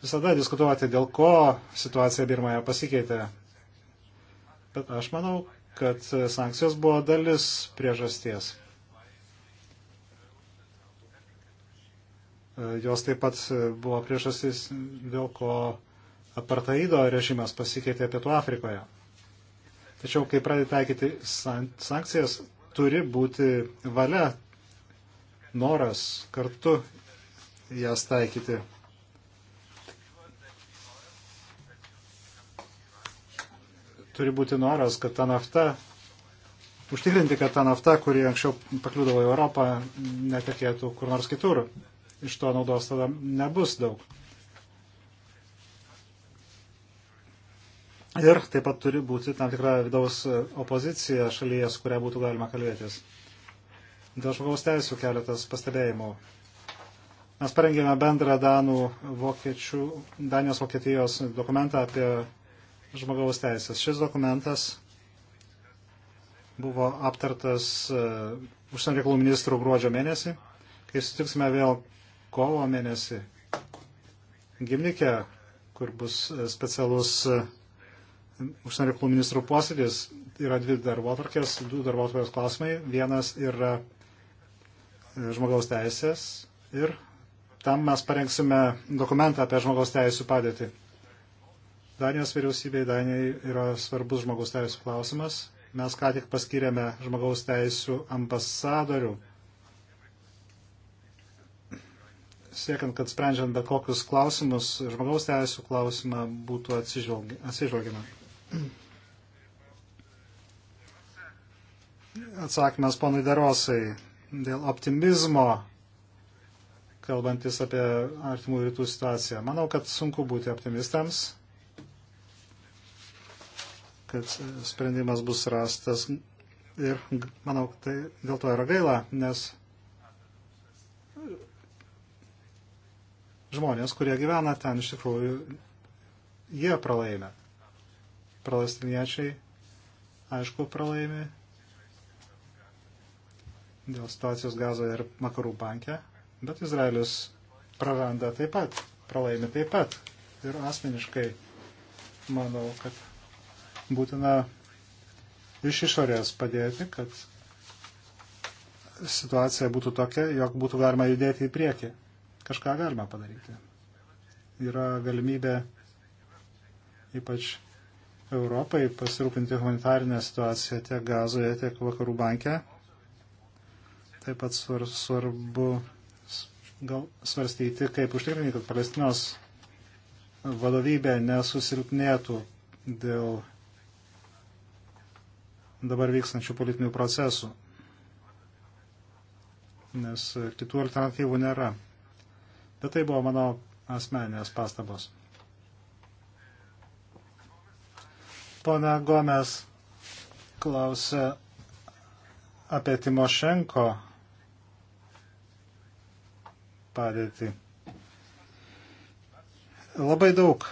visada diskutuoti, dėl ko situacija Birmoje pasikeitė. Bet aš manau, kad sankcijos buvo dalis priežasties. Jos taip pat buvo priežastis, dėl ko apartaido režimas pasikeitė Pietų Afrikoje. Tačiau, kai pradedi taikyti sankcijas, turi būti valia, noras kartu jas taikyti. Turi būti noras, kad ta nafta, užtikrinti, kad ta nafta, kuri anksčiau pakliūdavo į Europą, netekėtų kur nors kitur. Iš to naudos tada nebus daug. Ir taip pat turi būti tam tikra vidaus e, opozicija šalyje, su kuria būtų galima kalbėtis. Dėl žmogaus teisų keletas pastebėjimų. Mes parengėme bendrą Danų, Vokiečių, Danijos Vokietijos dokumentą apie žmogaus teisės. Šis dokumentas buvo aptartas uh, užsienio reikalų ministrų gruodžio mėnesį, kai sutiksime vėl kovo mėnesį Gimnikė, kur bus e, specialus uh, užsienio reikalų ministrų posėdis yra dvi darbotvarkės, du darbotvarkės klausimai. Vienas yra e, žmogaus teisės ir tam mes parengsime dokumentą apie žmogaus teisų padėtį. Danijos vyriausybei Danijai yra svarbus žmogaus teisų klausimas. Mes ką tik paskyrėme žmogaus teisų ambasadorių. Siekiant, kad sprendžiant bet kokius klausimus, žmogaus teisų klausimą būtų atsižvelgiama. Atsakymas ponui Darosai dėl optimizmo, kalbantis apie artimų rytų situaciją. Manau, kad sunku būti optimistams, kad sprendimas bus rastas ir manau, tai dėl to yra gaila, nes žmonės, kurie gyvena ten, iš tikrųjų, jie pralaimė palestiniečiai, aišku, pralaimi dėl situacijos gazoje ir makarų banke, bet Izraelis praranda taip pat, pralaimi taip pat. Ir asmeniškai manau, kad būtina iš išorės padėti, kad situacija būtų tokia, jog būtų galima judėti į priekį. Kažką galima padaryti. Yra galimybė, ypač Europai pasirūpinti humanitarinę situaciją tiek gazoje, tiek vakarų banke. Taip pat svar, svarbu gal svarstyti, kaip užtikrinti, kad Palestinos vadovybė nesusilpnėtų dėl dabar vykstančių politinių procesų, nes kitų alternatyvų nėra. Bet tai buvo mano asmeninės pastabos. Pana Gomes klausė apie Timošenko padėtį. Labai daug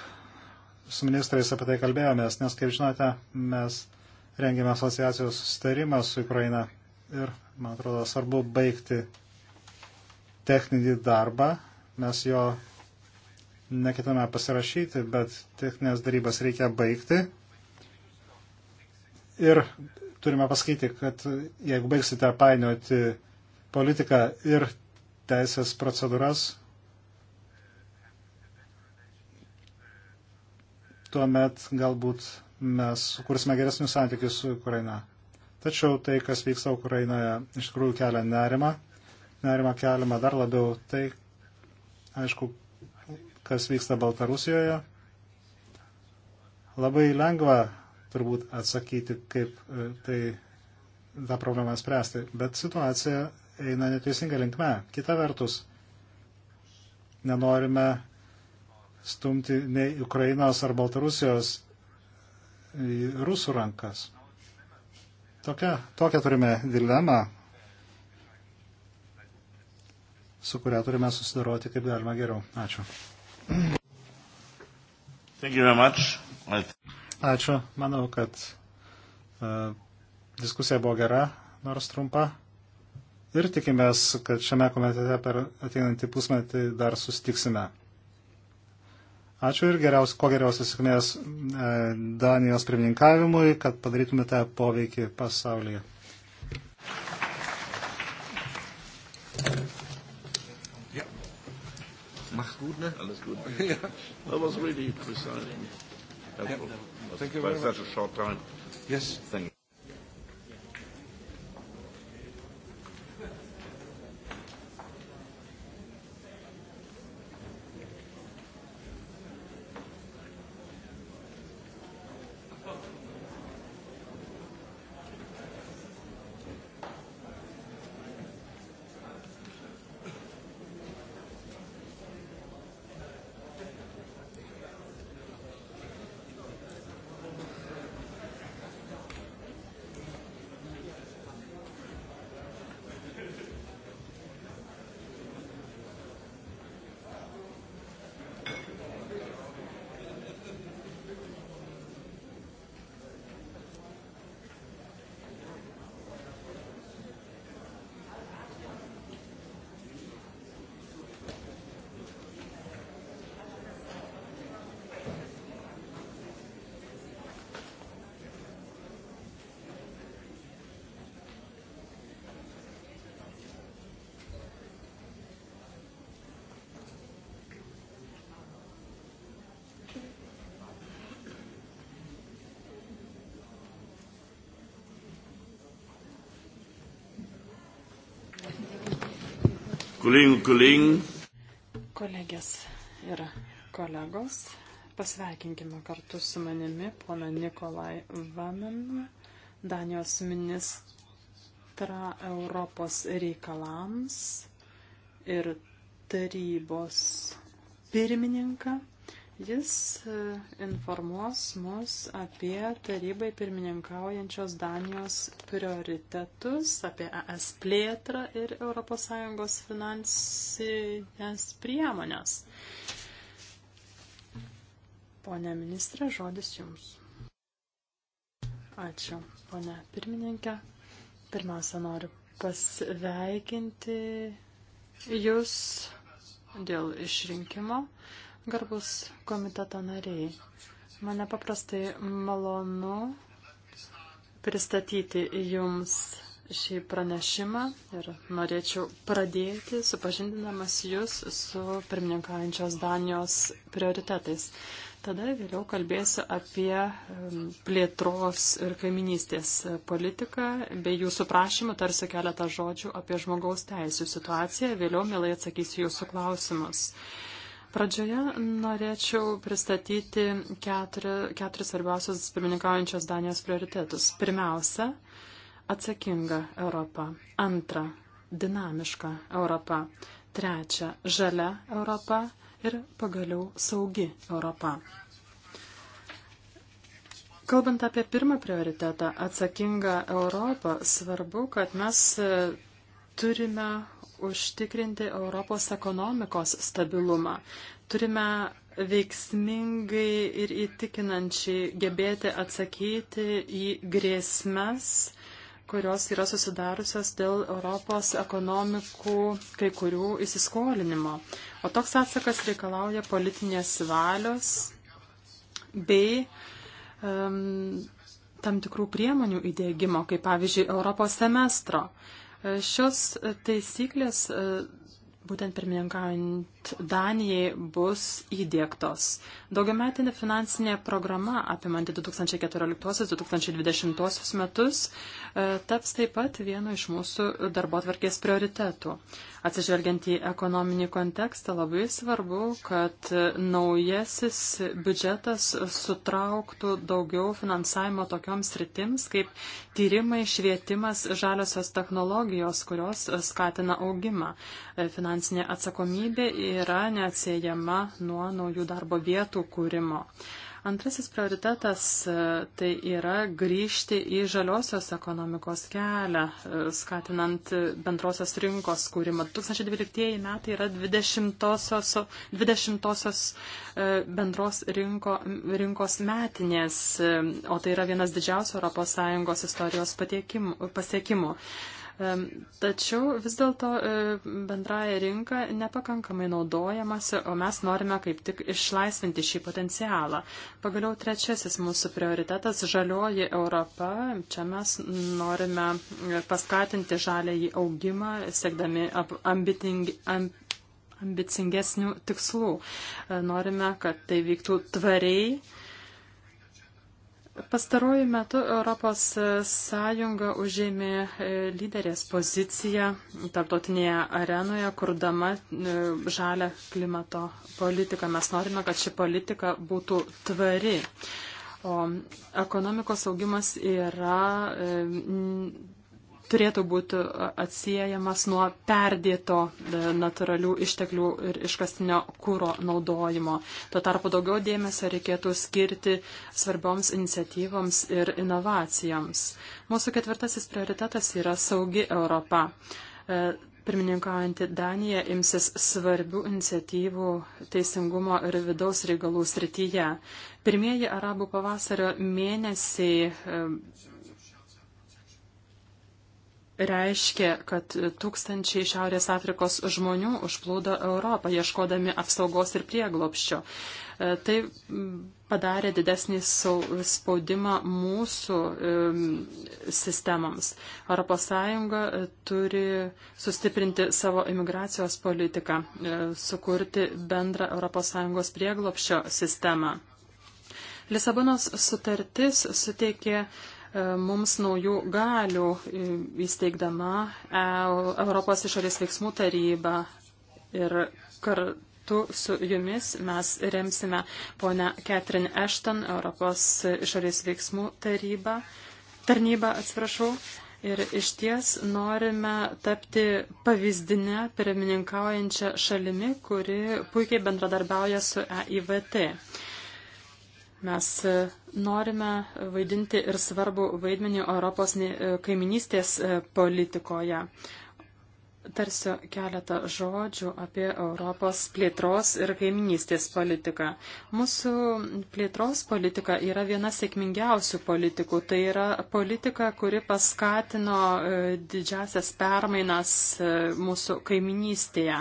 su ministrais apie tai kalbėjomės, nes, kaip žinote, mes rengėme asociacijos sustarimą su Ukraina ir, man atrodo, svarbu baigti techninį darbą. Mes jo neketame pasirašyti, bet techninės darybas reikia baigti Ir turime pasakyti, kad jeigu baigsite painioti politiką ir teisės procedūras, tuomet galbūt mes kursime geresnius santykius su Ukraina. Tačiau tai, kas vyksta Ukrainoje, iš tikrųjų kelia nerimą. Nerimą keliama dar labiau tai, aišku, kas vyksta Baltarusijoje. Labai lengva turbūt atsakyti, kaip e, tai tą problemą spręsti. Bet situacija eina neteisinga linkme. Kita vertus, nenorime stumti nei Ukrainos ar Baltarusijos į rusų rankas. Tokia, tokia turime dilemą, su kuria turime susidaroti kaip galima geriau. Ačiū. Thank you very much. I... Ačiū. Manau, kad uh, diskusija buvo gera, nors trumpa. Ir tikimės, kad šiame komitete per ateinantį pusmetį dar sustiksime. Ačiū ir geriaus, ko geriausios sėkmės e, Danijos pirmininkavimui, kad padarytumėte poveikį pasaulyje. Ja. Mach gut, ne? Alles gut. Ne? Ja. That was really exciting. Helpful. Thank you very much. Such a short time. Yes. Thank you. Kolegų, kolegų. Kolegės ir kolegos, pasveikinkime kartu su manimi poną Nikolai Vameną, Danijos ministrą Europos reikalams ir tarybos pirmininką Jis e, informuos mus apie tarybai pirmininkaujančios Danijos prioritetus, apie ES plėtrą ir ES finansinės priemonės. Pone ministrė, žodis jums. Ačiū, pone pirmininkė. Pirmiausia, noriu pasveikinti jūs dėl išrinkimo. Garbus komiteto nariai, mane paprastai malonu pristatyti jums šį pranešimą ir norėčiau pradėti supažindinamas jūs su pirmininkaujančios Danijos prioritetais. Tada vėliau kalbėsiu apie plėtros ir kaiminystės politiką, bei jūsų prašymą tarsi keletą žodžių apie žmogaus teisų situaciją. Vėliau mielai atsakysiu jūsų klausimus. Pradžioje norėčiau pristatyti keturi, keturis svarbiausius pirmininkaujančios Danijos prioritetus. Pirmiausia, atsakinga Europa. Antra, dinamiška Europa. Trečia, žalia Europa. Ir pagaliau saugi Europa. Kalbant apie pirmą prioritetą, atsakingą Europą, svarbu, kad mes e, turime užtikrinti Europos ekonomikos stabilumą. Turime veiksmingai ir įtikinančiai gebėti atsakyti į grėsmes, kurios yra susidariusios dėl Europos ekonomikų kai kurių įsiskolinimo. O toks atsakas reikalauja politinės valios bei um, tam tikrų priemonių įdėgymo, kaip pavyzdžiui Europos semestro. Uh, Šios taisyklės būtent pirmininkaujant Danijai bus įdėktos. Daugiametinė finansinė programa apimanti 2014-2020 metus e, taps taip pat vienu iš mūsų darbo atvarkės prioritetų. Atsižvelgiant į ekonominį kontekstą, labai svarbu, kad naujasis biudžetas sutrauktų daugiau finansavimo tokioms sritims kaip tyrimai, švietimas, žaliosios technologijos, kurios skatina augimą, e, finansinė atsakomybė yra neatsiejama nuo naujų darbo vietų kūrimo. Antrasis prioritetas e, tai yra grįžti į žaliosios ekonomikos kelią, e, skatinant bendrosios rinkos kūrimą. 2012 metai yra 20-osios 20 e, bendros rinko, rinkos metinės, o tai yra vienas didžiausių ES istorijos pasiekimų. Tačiau vis dėlto bendraja rinka nepakankamai naudojamasi, o mes norime kaip tik išlaisvinti šį potencialą. Pagaliau trečiasis mūsų prioritetas - žalioji Europa. Čia mes norime paskatinti žalėjį augimą, siekdami ambitingi. Amb ambicingesnių tikslų. Norime, kad tai vyktų tvariai, Pastaruoju metu Europos Sąjunga užėmė e, lyderės poziciją tarptautinėje arenoje, kurdama e, žalę klimato politiką. Mes norime, kad ši politika būtų tvari. O ekonomikos augimas yra e, turėtų būti atsiejamas nuo perdėto e, natūralių išteklių ir iškastinio kūro naudojimo. Tuo tarpu daugiau dėmesio reikėtų skirti svarbioms iniciatyvoms ir inovacijoms. Mūsų ketvirtasis prioritetas yra saugi Europa. E, Pirmininkaujantį Daniją imsis svarbių iniciatyvų teisingumo ir vidaus reikalų srityje. Pirmieji arabų pavasario mėnesiai e, reiškia, kad tūkstančiai Šiaurės Afrikos žmonių užplūdo Europą, ieškodami apsaugos ir prieglopščio. E, tai padarė didesnį spaudimą mūsų sistemams. ES e, turi sustiprinti savo imigracijos politiką, e, sukurti bendrą ES prieglopščio sistemą. Lisabonos sutartis suteikė uh, E, mums naujų galių e, įsteigdama e, Europos išorės veiksmų tarybą ir kartu su jumis mes remsime ponę Catherine Ashton, Europos išorės veiksmų tarybą, tarnybą, atsiprašau. Ir iš ties norime tapti pavyzdinę pirmininkaujančią šalimi, kuri puikiai bendradarbiauja su EIVT. Mes e, norime vaidinti ir svarbu vaidmenį Europos e, kaiminystės e, politikoje. Tarsiu keletą žodžių apie Europos plėtros ir kaiminystės politiką. Mūsų plėtros politika yra viena sėkmingiausių politikų. Tai yra politika, kuri paskatino didžiasias permainas mūsų kaiminystėje.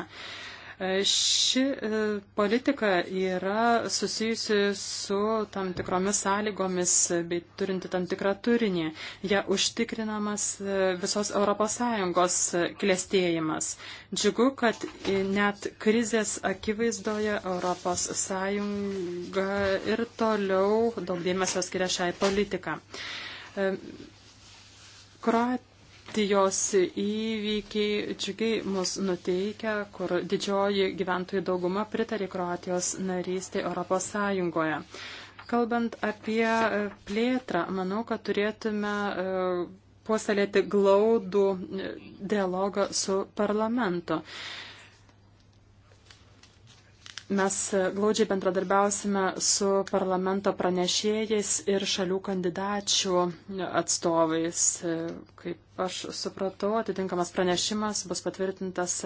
Ši e, politika yra susijusi su tam tikromis sąlygomis, bei turinti tam tikrą turinį. Ja užtikrinamas e, visos ES e, klėstėjimas. Džiugu, kad net krizės akivaizdoje ES ir toliau daug dėmesio skiria šiai politiką. Kroatija Kroatijos įvykiai džiugiai mus nuteikia, kur didžioji gyventojų dauguma pritarė Kroatijos narystė Europos Sąjungoje. Kalbant apie e, plėtrą, manau, kad turėtume e, puoselėti glaudų e, dialogą su parlamentu. Mes e, glaudžiai bendradarbiausime su parlamento pranešėjais ir šalių kandidačių atstovais. E, kaip aš supratau, atitinkamas pranešimas bus patvirtintas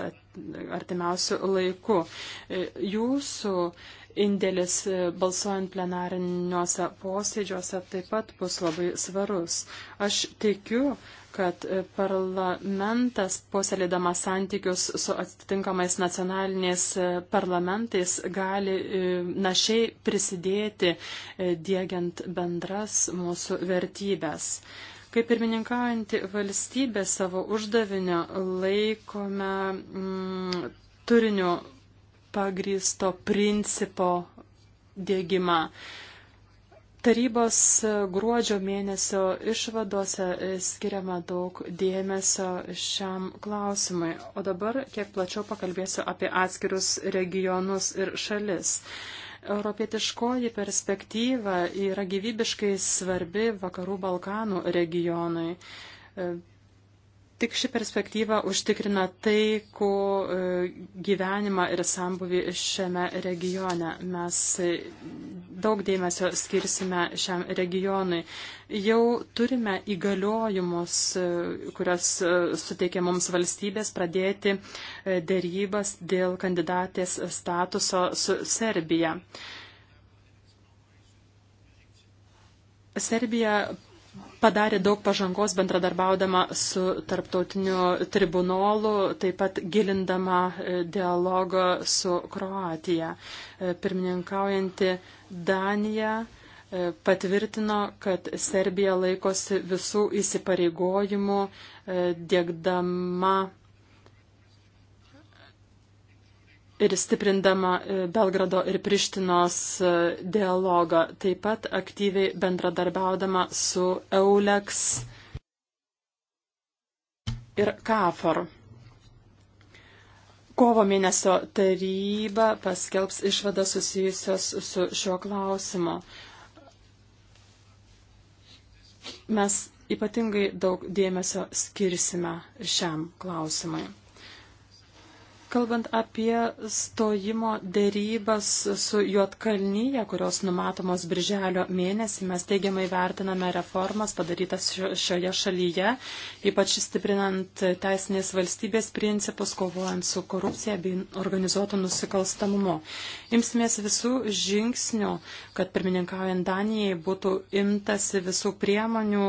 artimiausių laikų. E, jūsų indėlis balsuojant plenariniuose posėdžiuose taip pat bus labai svarus. Aš tikiu, kad e, parlamentas, posėlėdamas santykius su atitinkamais nacionaliniais e, parlamentais, gali e, našiai prisidėti dėgiant bendras mūsų vertybės. Kaip pirmininkaujanti valstybė savo uždavinio laikome mm, turinio pagrysto principo dėgymą. Mm, Tarybos gruodžio mėnesio išvadose skiriama daug dėmesio šiam klausimui. O dabar kiek plačiau pakalbėsiu apie atskirus regionus ir šalis. Europietiškoji perspektyva yra gyvybiškai svarbi Vakarų Balkanų regionui. Tik ši perspektyva užtikrina tai, ko e, gyvenimą ir sambuvį šiame regione. Mes e, daug dėmesio skirsime šiam regionui. Jau turime įgaliojimus, e, kurias suteikė mums valstybės pradėti dėrybas dėl kandidatės statuso su Serbija. Serbija padarė daug pažangos bendradarbiaudama su tarptautiniu tribunolu, taip pat gilindama e, dialogą su Kroatija. E, pirmininkaujanti Danija e, patvirtino, kad Serbija laikosi visų įsipareigojimų, dėkdama ir stiprindama e, Belgrado ir Prištinos e, dialogą, taip pat aktyviai bendradarbiaudama su EULEX ir KAFOR. Kovo mėnesio taryba paskelbs išvadas susijusios su šiuo klausimu. Mes ypatingai daug dėmesio skirsime šiam klausimui. Kalbant apie stojimo dėrybas su Juotkalnyje, kurios numatomos birželio mėnesį, mes teigiamai vertiname reformas padarytas šioje šalyje, ypač stiprinant teisinės valstybės principus, kovojant su korupcija bei organizuotu nusikalstamumu. Imsimės visų žingsnių, kad pirmininkaujant Danijai būtų imtasi visų priemonių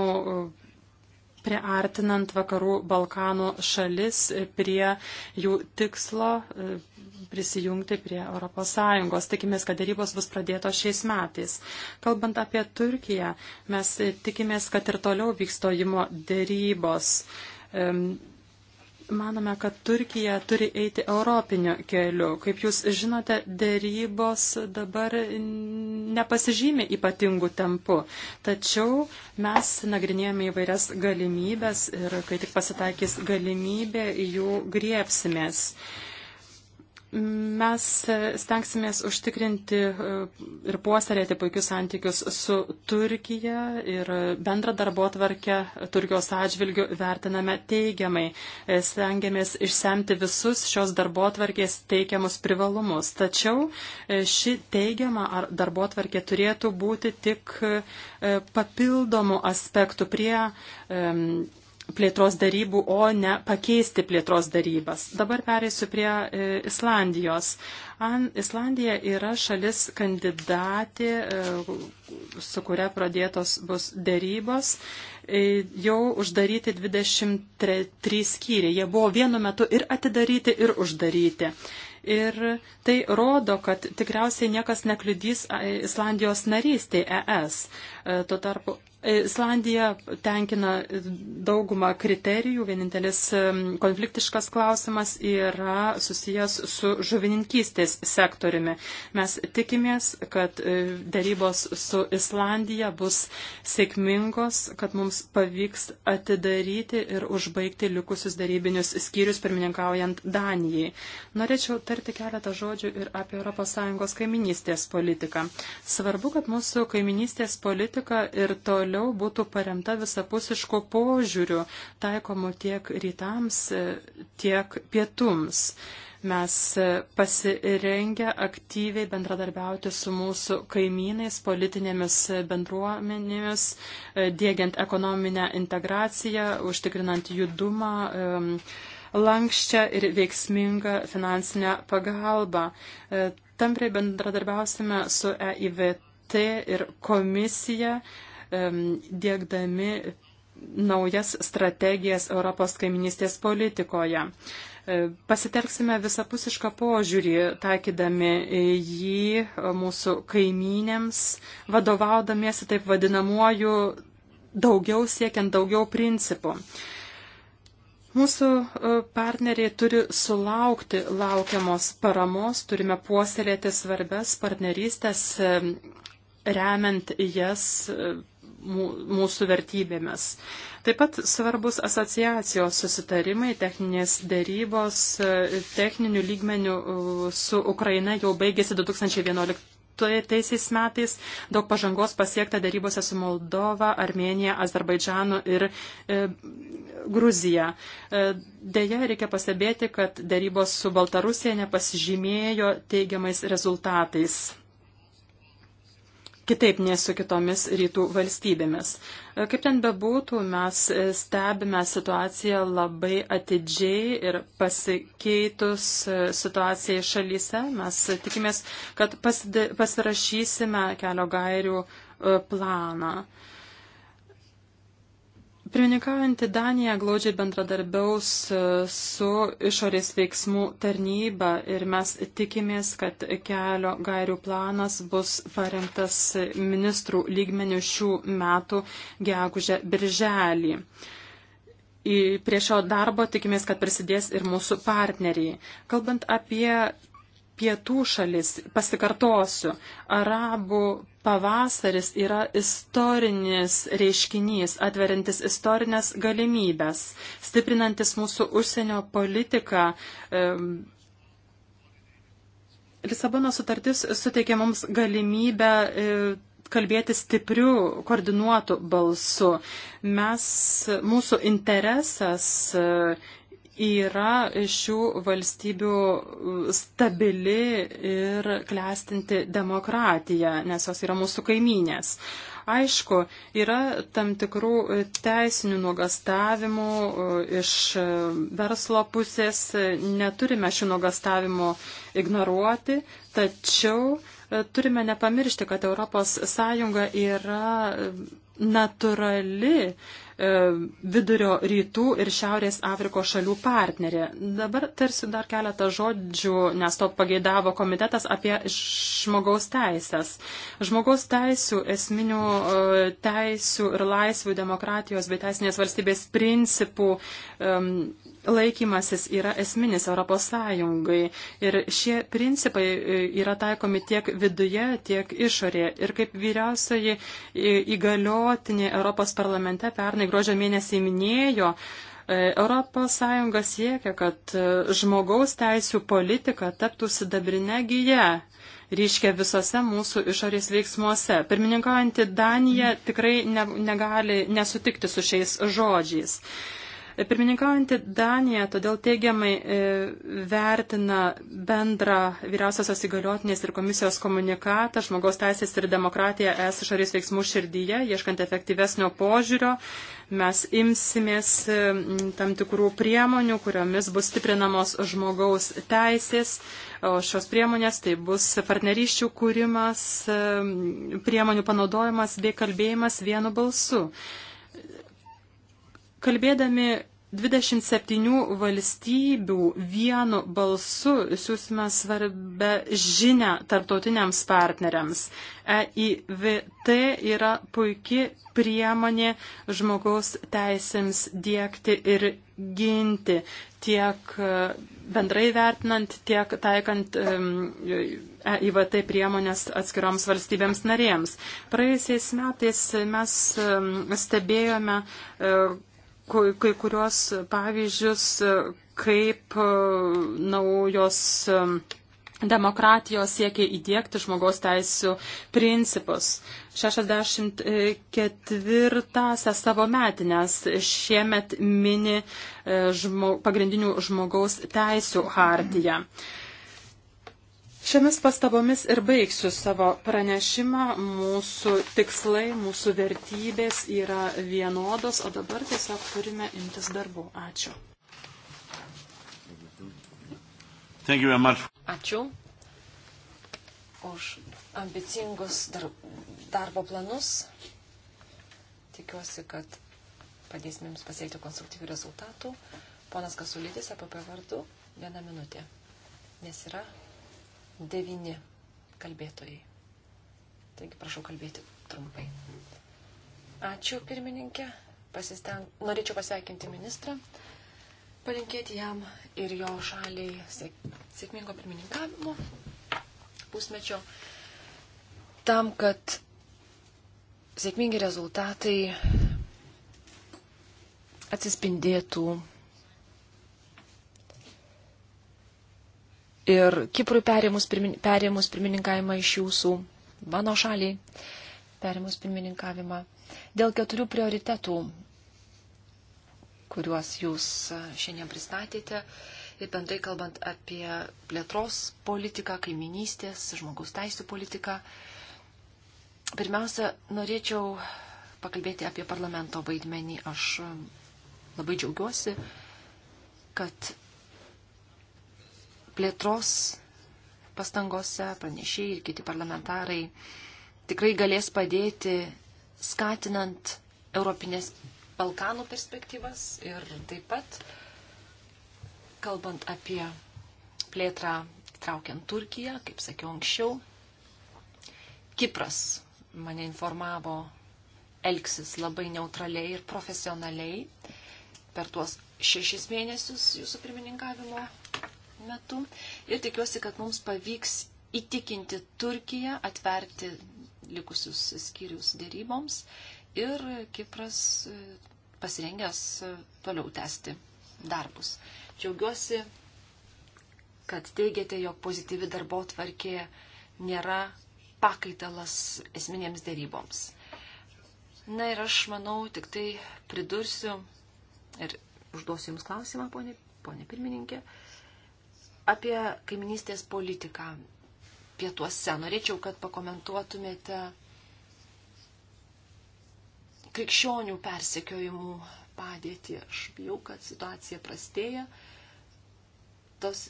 priartinant vakarų Balkanų šalis prie jų tikslo e, prisijungti prie ES. Tikimės, kad darybos bus pradėtos šiais metais. Kalbant apie Turkiją, mes tikimės, kad ir toliau vyks stojimo darybos. Manome, kad Turkija turi eiti europiniu keliu. Kaip jūs žinote, dėrybos dabar nepasižymė ypatingų tempų. Tačiau mes nagrinėjame įvairias galimybės ir kai tik pasitaikys galimybė, jų griepsimės. Uh, Mes e, stengsimės užtikrinti e, ir puoselėti puikius santykius su Turkija ir bendrą darbo tvarkę Turkijos atžvilgių vertiname teigiamai. E, stengiamės išsemti visus šios darbo tvarkės teikiamus privalumus. Tačiau ši teigiama darbo tvarkė turėtų būti tik papildomų aspektų prie plėtros darybų, o ne pakeisti plėtros darybas. Dabar pereisiu prie e, Islandijos. Islandija yra šalis kandidatė, e, su kuria pradėtos bus darybos. E, jau uždaryti 23 skyriai. Jie buvo vienu metu ir atidaryti, ir uždaryti. Ir tai rodo, kad tikriausiai niekas nekliudys Islandijos narystiai ES. Tuo tarpu Islandija tenkina daugumą kriterijų, vienintelis konfliktiškas klausimas yra susijęs su žuvininkystės sektoriumi. Mes tikimės, kad e, darybos su Islandija bus sėkmingos, kad mums pavyks atidaryti ir užbaigti likusius darybinius skyrius pirmininkaujant Danijai. Norėčiau tarti keletą žodžių ir apie ES kaiminystės politiką. Svarbu, kad mūsų kaiminystės politika ir toliau toliau būtų paremta visapusiško požiūriu, taikomu tiek rytams, e, tiek pietums. Mes e, pasirengę aktyviai bendradarbiauti su mūsų kaimynais, politinėmis bendruomenėmis, e, dėgiant ekonominę integraciją, užtikrinant judumą. Lankščią ir veiksmingą finansinę pagalbą. Tampriai bendradarbiausime su EIVT ir komisija dėkdami naujas strategijas Europos kaiminystės politikoje. E, pasitelksime visapusišką požiūrį, taikydami jį mūsų kaimynėms, vadovaudamiesi taip vadinamuoju daugiau siekiant daugiau principų. Mūsų e, partneriai turi sulaukti laukiamos paramos, turime puoselėti svarbes partnerystės, e, remiant jas mūsų vertybėmis. Taip pat svarbus asociacijos susitarimai, techninės dėrybos, e, techninių lygmenių e, su Ukraina jau baigėsi 2011 2015 metais daug pažangos pasiekta darybose su Moldova, Armenija, Azerbaidžanu ir e, Gruzija. E, deja, reikia pastebėti, kad darybos su Baltarusija nepasižymėjo teigiamais rezultatais kitaip nei su kitomis rytų valstybėmis. E, kaip ten bebūtų, mes stebime situaciją labai atidžiai ir pasikeitus e, situacijai šalyse. Mes tikimės, kad pasirašysime kelio gairių e, planą. Pirmininkaujantį Daniją glaudžiai bendradarbiaus e, su išorės veiksmų tarnyba ir mes tikimės, kad kelio gairių planas bus parengtas ministrų lygmenių šių metų gegužę birželį. Prie šio darbo tikimės, kad prisidės ir mūsų partneriai. Kalbant apie pietų šalis, pasikartosiu, arabų pavasaris yra istorinis reiškinys, atverintis istorinės galimybės, stiprinantis mūsų užsienio politiką. Lisabono sutartis suteikia mums galimybę e, kalbėti stipriu, koordinuotu balsu. Mes, mūsų interesas e, yra šių valstybių stabili ir klestinti demokratija, nes jos yra mūsų kaiminės. Aišku, yra tam tikrų teisinių nuogastavimų e, iš e, verslo pusės, neturime šių nuogastavimų ignoruoti, tačiau e, turime nepamiršti, kad ES yra natūrali E, vidurio rytų ir šiaurės Afrikos šalių partnerė. Dabar tarsi dar keletą žodžių, nes to pageidavo komitetas apie žmogaus teisės. Žmogaus teisų, esminių e, teisų ir laisvių demokratijos bei teisinės valstybės principų um, laikymasis yra esminis Europos Sąjungai ir šie principai e, yra taikomi tiek viduje, tiek išorėje. Ir kaip vyriausioji e, įgaliotinė Europos parlamente pernai gruodžio mėnesį minėjo, e, Europos Sąjunga siekia, kad žmogaus teisų politika taptų sidabrinę giją ryškia visose mūsų išorės veiksmuose. Pirmininkaujanti Danija tikrai ne, negali nesutikti su šiais žodžiais. Uh, Pirmininkaujantį Daniją todėl teigiamai e, vertina bendrą vyriausiosios įgaliotinės ir komisijos komunikatą žmogaus teisės ir demokratija es išorės veiksmų širdyje, ieškant efektyvesnio požiūrio. Mes imsimės e, tam tikrų priemonių, kuriomis bus stiprinamos žmogaus teisės. O šios priemonės tai bus partnerysčių kūrimas, e, priemonių panaudojimas bei kalbėjimas vienu balsu kalbėdami 27 valstybių vienu balsu siūsime svarbę žinę tarptautiniams partneriams. EIVT yra puikia priemonė žmogaus teisėms dėkti ir ginti tiek e, bendrai vertinant, tiek taikant EIVT e priemonės atskiroms valstybėms narėms. Praėjusiais metais mes stebėjome e, kai kuriuos pavyzdžius, kaip e, naujos e, demokratijos siekia įdėkti žmogaus teisų principus. 64-ąją savo metinės šiemet mini e, žmo, pagrindinių žmogaus teisų hartiją. Mm. Šiomis pastabomis ir baigsiu savo pranešimą. Mūsų tikslai, mūsų vertybės yra vienodos, o dabar tiesiog turime imtis darbų. Ačiū. Ačiū už ambicingus dar, darbo planus. Tikiuosi, kad padėsime jums pasiekti konstruktyvių rezultatų. Ponas Kasulytis, apie pavardu, vieną minutę. Nes yra devyni kalbėtojai. Taigi prašau kalbėti trumpai. Ačiū pirmininkė. Pasisteng... Norėčiau pasveikinti ministrą, palinkėti jam ir jo šaliai sėk... sėkmingo pirmininkavimo pusmečio, tam, kad sėkmingi rezultatai atsispindėtų ir Kiprui perėmus, pirmin, perėmus pirmininkavimą iš jūsų, mano šaliai perėmus pirmininkavimą, dėl keturių prioritetų, kuriuos jūs e, šiandien pristatėte ir bendrai kalbant apie plėtros politiką, kaiminystės, žmogaus teisų politiką. Pirmiausia, norėčiau pakalbėti apie parlamento vaidmenį. Aš e, labai džiaugiuosi, kad plėtros pastangose pranešėjai ir kiti parlamentarai tikrai galės padėti skatinant Europinės Balkanų perspektyvas ir taip pat kalbant apie plėtrą traukiant Turkiją, kaip sakiau anksčiau, Kipras mane informavo, elgsis labai neutraliai ir profesionaliai per tuos šešis mėnesius jūsų pirmininkavimo metu ir tikiuosi, kad mums pavyks įtikinti Turkiją atverti likusius skyrius dėryboms ir Kipras e, pasirengęs e, toliau tęsti darbus. Džiaugiuosi, kad teigiate, jog pozityvi darbo tvarkė nėra pakaitalas esminėms dėryboms. Na ir aš manau, tik tai pridursiu ir užduosiu Jums klausimą, ponė, ponė pirmininkė. Uh, apie kaiminystės politiką pietuose. Norėčiau, kad pakomentuotumėte krikščionių persekiojimų padėtį. Aš bijau, kad situacija prastėja. Tos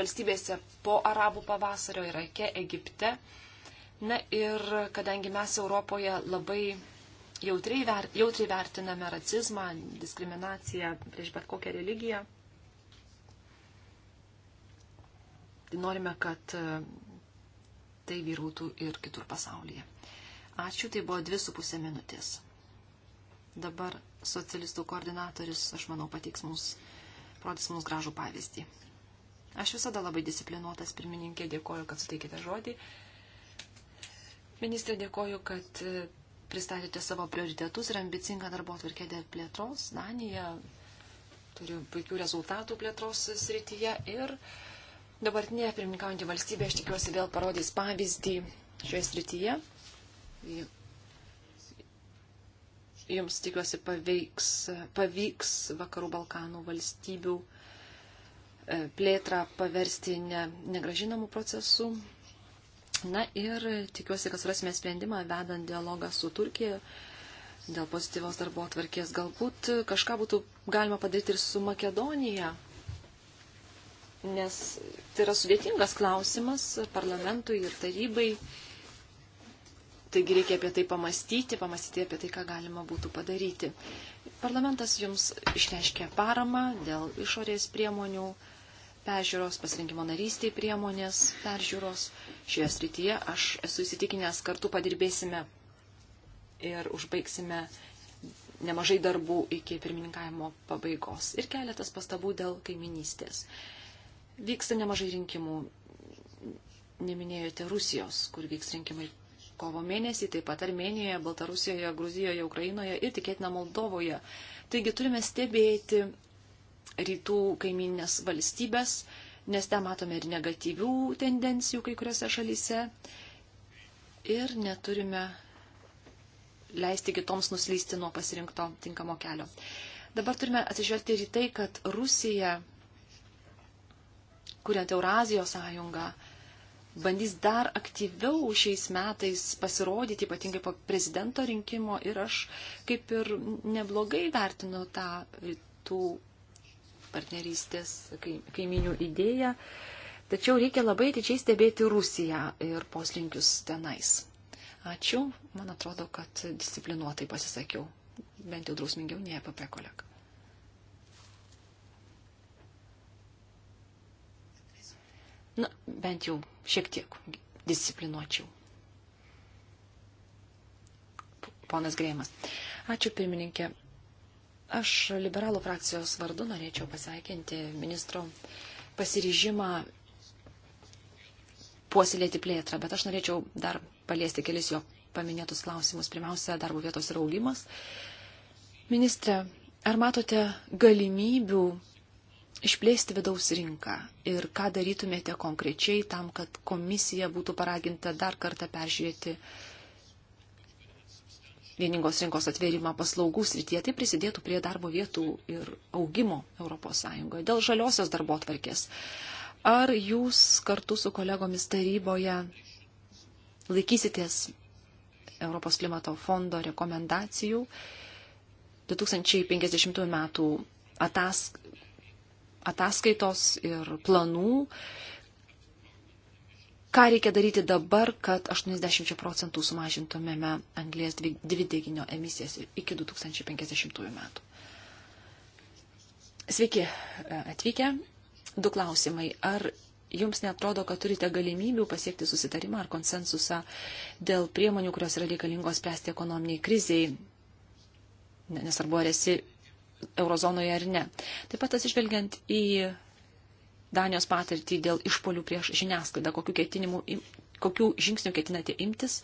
valstybėse po arabų pavasario Irake, Egipte. Na ir kadangi mes Europoje labai jautriai, ver, jautriai vertiname racizmą, diskriminaciją prieš bet kokią religiją, norime, kad e, tai vyrautų ir kitur pasaulyje. Ačiū, tai buvo dvi su pusė minutės. Dabar socialistų koordinatorius, aš manau, patiks mums, rodys mums gražų pavyzdį. Aš visada labai disciplinuotas pirmininkė, dėkoju, kad suteikite žodį. Ministrė, dėkoju, kad e, pristatėte savo prioritetus ir ambicingą darbo atvarkę dėl plėtros. Danija turi puikių rezultatų plėtros srityje ir uh, Dabartinė pirmininkaujantį valstybę, aš tikiuosi, vėl parodys pavyzdį šioje srityje. Jums tikiuosi paveiks, pavyks vakarų Balkanų valstybių e, plėtrą paversti ne, negražinamų procesų. Na ir tikiuosi, kad surasime sprendimą, vedant dialogą su Turkija dėl pozityvios darbo atvarkės. Galbūt kažką būtų galima padaryti ir su Makedonija, nes tai yra sudėtingas klausimas parlamentui ir tarybai. Taigi reikia apie tai pamastyti, pamastyti apie tai, ką galima būtų padaryti. Parlamentas jums išreiškė paramą dėl išorės priemonių peržiūros, pasirinkimo narystiai priemonės peržiūros. Šioje srityje aš esu įsitikinęs, kartu padirbėsime ir užbaigsime nemažai darbų iki pirmininkavimo pabaigos. Ir keletas pastabų dėl kaiminystės. Vyksta nemažai rinkimų. Neminėjote Rusijos, kur vyks rinkimai kovo mėnesį, taip pat Armenijoje, Baltarusijoje, Gruzijoje, Ukrainoje ir tikėtina Moldovoje. Taigi turime stebėti rytų kaiminės valstybės, nes ten matome ir negatyvių tendencijų kai kuriuose šalyse ir neturime leisti kitoms nuslysti nuo pasirinkto tinkamo kelio. Dabar turime atsižvelgti ir į tai, kad Rusija kuriant Eurazijos sąjungą, bandys dar aktyviau šiais metais pasirodyti, ypatingai po prezidento rinkimo. Ir aš kaip ir neblogai vertinu tą rytų e, partnerystės kaiminių idėją. Tačiau reikia labai atidžiai stebėti Rusiją ir poslinkius tenais. Ačiū, man atrodo, kad disciplinuotai pasisakiau, bent jau drausmingiau nei apie kolega. na, bent jau šiek tiek disciplinuočiau. Ponas Grėjimas. Ačiū pirmininkė. Aš liberalų frakcijos vardu norėčiau pasveikinti ministro pasiryžimą puoselėti plėtrą, bet aš norėčiau dar paliesti kelis jo paminėtus klausimus. Pirmiausia, darbo vietos ir augimas. Ministre, ar matote galimybių išplėsti vidaus rinką ir ką darytumėte konkrečiai tam, kad komisija būtų paraginta dar kartą peržiūrėti vieningos rinkos atvėrimą paslaugų srityje, tai prisidėtų prie darbo vietų ir augimo ES dėl žaliosios darbo tvarkės. Ar jūs kartu su kolegomis taryboje laikysitės Europos klimato fondo rekomendacijų 2050 metų ataskaitą? ataskaitos ir planų, ką reikia daryti dabar, kad 80 procentų sumažintumėme anglės dvideginio emisijas iki 2050 metų. Sveiki e, atvykę. Du klausimai. Ar jums netrodo, kad turite galimybių pasiekti susitarimą ar konsensusą dėl priemonių, kurios yra reikalingos spręsti ekonominiai kriziai? Nesvarbu, ar esi eurozonoje ar ne. Taip pat atsižvelgiant į Danijos patirtį dėl išpolių prieš žiniasklaidą, kokiu ketinimu, kokiu žingsniu ketinate imtis,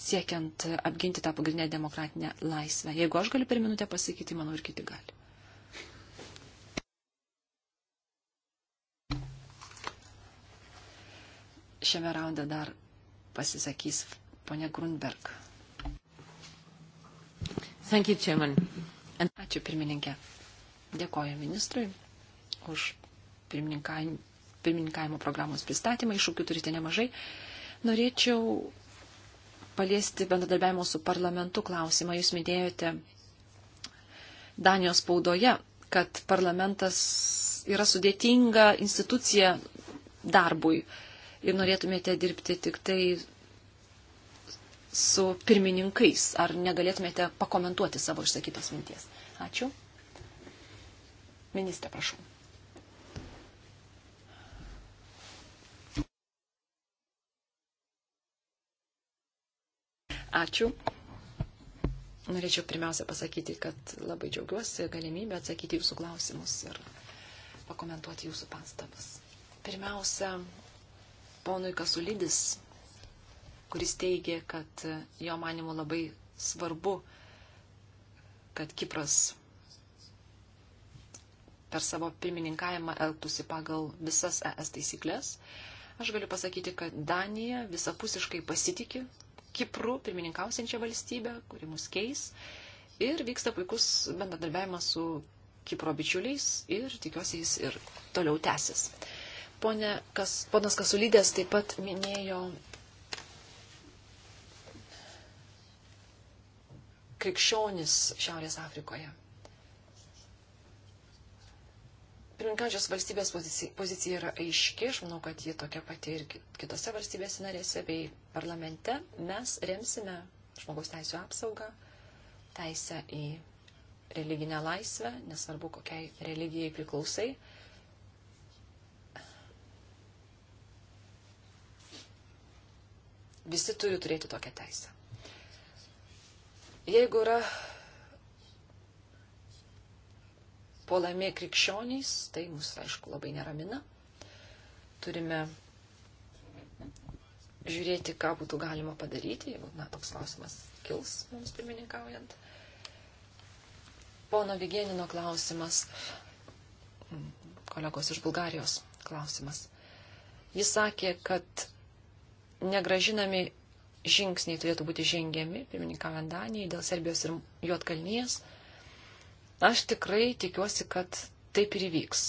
siekiant apginti tą pagrindinę demokratinę laisvę. Jeigu aš galiu per minutę pasakyti, manau ir kiti gali. Šiame raunde dar pasisakys ponia Grunberg. Thank you, Chairman. Ačiū pirmininkė. Dėkoju ministrui už pirmininkavimo programos pristatymą. Iššūkių turite nemažai. Norėčiau paliesti bendradarbiavimo su parlamentu klausimą. Jūs minėjote Danijos spaudoje, kad parlamentas yra sudėtinga institucija darbui ir norėtumėte dirbti tik tai su pirmininkais. Ar negalėtumėte pakomentuoti savo išsakytos minties? Ačiū. Ministrė, prašau. Ačiū. Norėčiau pirmiausia pasakyti, kad labai džiaugiuosi galimybę atsakyti jūsų klausimus ir pakomentuoti jūsų pastabas. Pirmiausia, ponui Kasulidis kuris teigė, kad jo manimu labai svarbu, kad Kipras per savo pirmininkavimą elgtųsi pagal visas ES taisyklės. Aš galiu pasakyti, kad Danija visapusiškai pasitikė Kipru, pirmininkausiančią valstybę, kuri mus keis. Ir vyksta puikus bendradarbiavimas su Kipro bičiuliais ir tikiuosi jis ir toliau tęsis. Pone, kas, ponas Kasulydės taip pat minėjo krikščionis Šiaurės Afrikoje. Pirminkančios valstybės pozicija, pozicija yra aiški, aš manau, kad ji tokia pati ir kitose valstybėse narėse bei parlamente. Mes remsime žmogaus teisų apsaugą, teisę į religinę laisvę, nesvarbu, kokiai religijai priklausai. Visi turi turėti tokią teisę. Jeigu yra puolami krikščionys, tai mus, aišku, labai neramina. Turime žiūrėti, ką būtų galima padaryti, jeigu na, toks klausimas kils mums pirmininkaujant. Pono Vigenino klausimas, kolegos iš Bulgarijos klausimas. Jis sakė, kad negražinami žingsniai turėtų būti žengiami, pirmininkavant Danijai, dėl Serbijos ir Juotkalnyjas. Aš tikrai tikiuosi, kad taip ir įvyks.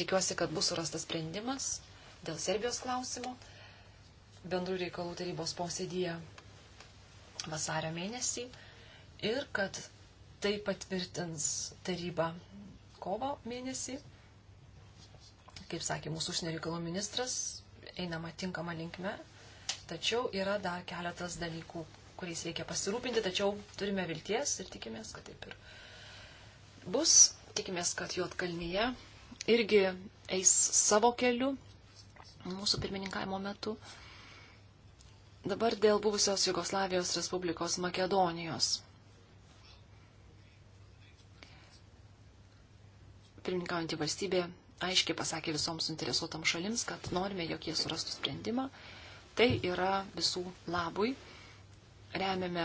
Tikiuosi, kad bus surastas sprendimas dėl Serbijos klausimo bendrų reikalų tarybos posėdėje vasario mėnesį ir kad tai patvirtins taryba kovo mėnesį. Kaip sakė mūsų užsienio reikalų ministras, einama tinkama linkme, Tačiau yra dar keletas dalykų, kuriais reikia pasirūpinti, tačiau turime vilties ir tikimės, kad taip ir bus. Tikimės, kad Juotkalnyje irgi eis savo keliu mūsų pirmininkavimo metu. Dabar dėl buvusios Jugoslavijos Respublikos Makedonijos. Pirmininkaujantį valstybę aiškiai pasakė visoms suinteresuotams šalims, kad norime, jog jie surastų sprendimą Tai yra visų labui. Remiame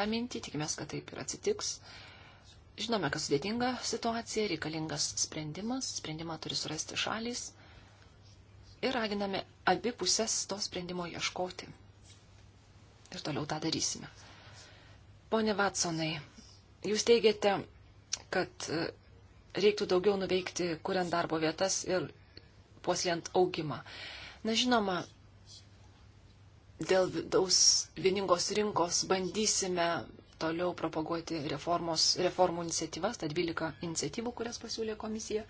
tą mintį, tikimės, kad taip ir atsitiks. Žinome, kad sudėtinga situacija, reikalingas sprendimas, sprendimą turi surasti šalis ir raginame abi pusės to sprendimo ieškoti. Ir toliau tą darysime. Pone Vatsonai, jūs teigiate, kad reiktų daugiau nuveikti, kuriant darbo vietas ir puosliant augimą. Na žinoma, dėl vidaus vieningos rinkos bandysime toliau propaguoti reformos, reformų iniciatyvas, tad 12 iniciatyvų, kurias pasiūlė komisija.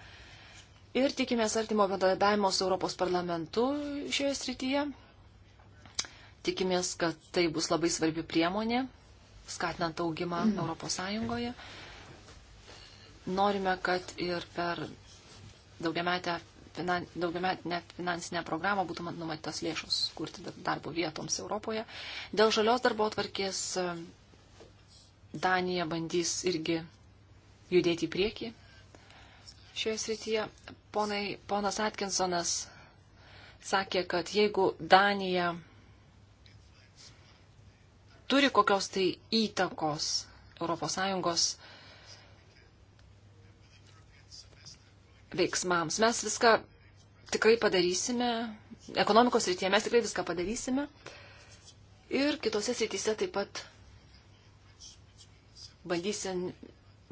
Ir tikimės artimo bendradarbiavimo su Europos parlamentu šioje srityje. Tikimės, kad tai bus labai svarbi priemonė, skatinant augimą mm. Europos Sąjungoje. Mm norime, kad ir per daugiametę finan, daugiametinę finansinę programą būtų numatytas lėšos kurti darbo vietoms Europoje. Dėl žalios darbo atvarkės e, Danija bandys irgi judėti į priekį šioje srityje. Ponai, ponas Atkinsonas sakė, kad jeigu Danija turi kokios tai įtakos ES veiksmams. Mes viską tikrai padarysime, ekonomikos rytyje mes tikrai viską padarysime ir kitose srityse taip pat bandysim,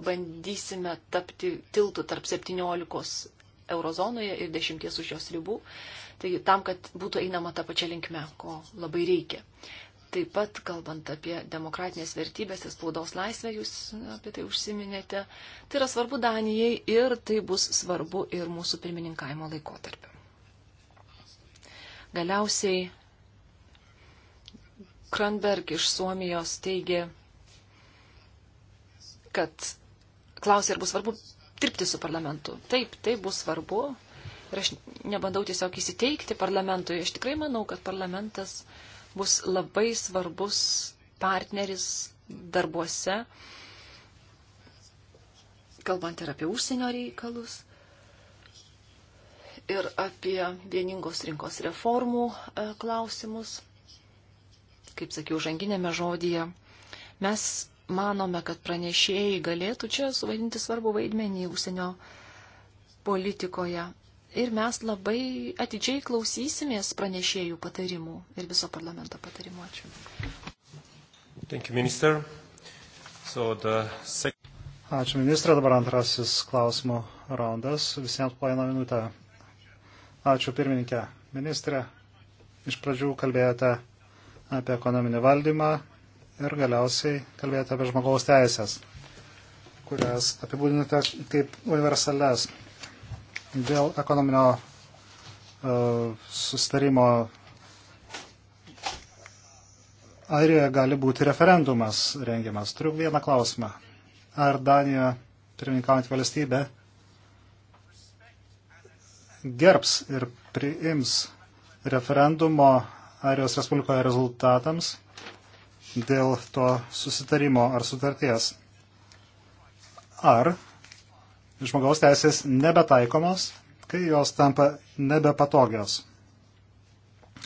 bandysime tapti tiltų tarp 17 eurozonoje ir 10 už jos ribų. Taigi tam, kad būtų einama tą pačią linkmę, ko labai reikia. Taip pat, kalbant apie demokratinės vertybės ir spaudos laisvę, jūs apie tai užsiminėte, tai yra svarbu Danijai ir tai bus svarbu ir mūsų pirmininkavimo laikotarpiu. Galiausiai Kranberg iš Suomijos teigė, kad klausė, ar bus svarbu dirbti su parlamentu. Taip, tai bus svarbu. Ir aš nebandau tiesiog įsiteikti parlamentui. Aš tikrai manau, kad parlamentas uh, bus labai svarbus partneris darbuose, kalbant ir apie užsienio reikalus, ir apie vieningos rinkos reformų e, klausimus. Kaip sakiau, žanginėme žodyje. Mes manome, kad pranešėjai galėtų čia suvaidinti svarbu vaidmenį užsienio politikoje ir mes labai atidžiai klausysimės pranešėjų patarimų ir viso parlamento patarimų. Ačiū. Thank you, minister. So the sec... Ačiū, ministra. Dabar antrasis klausimų raundas. Visiems po vieną minutę. Ačiū, pirmininkė. Ministrė, iš pradžių kalbėjote apie ekonominį valdymą ir galiausiai kalbėjote apie žmogaus teisės, kurias apibūdinote kaip universales. Dėl ekonominio e, sustarimo Airijoje gali būti referendumas rengiamas. Turiu vieną klausimą. Ar Danija, pirmininkaujant valstybė, gerbs ir priims referendumo Airijos Respublikoje rezultatams dėl to susitarimo ar sutarties? Ar žmogaus teisės nebetaikomos, kai jos tampa nebepatogios.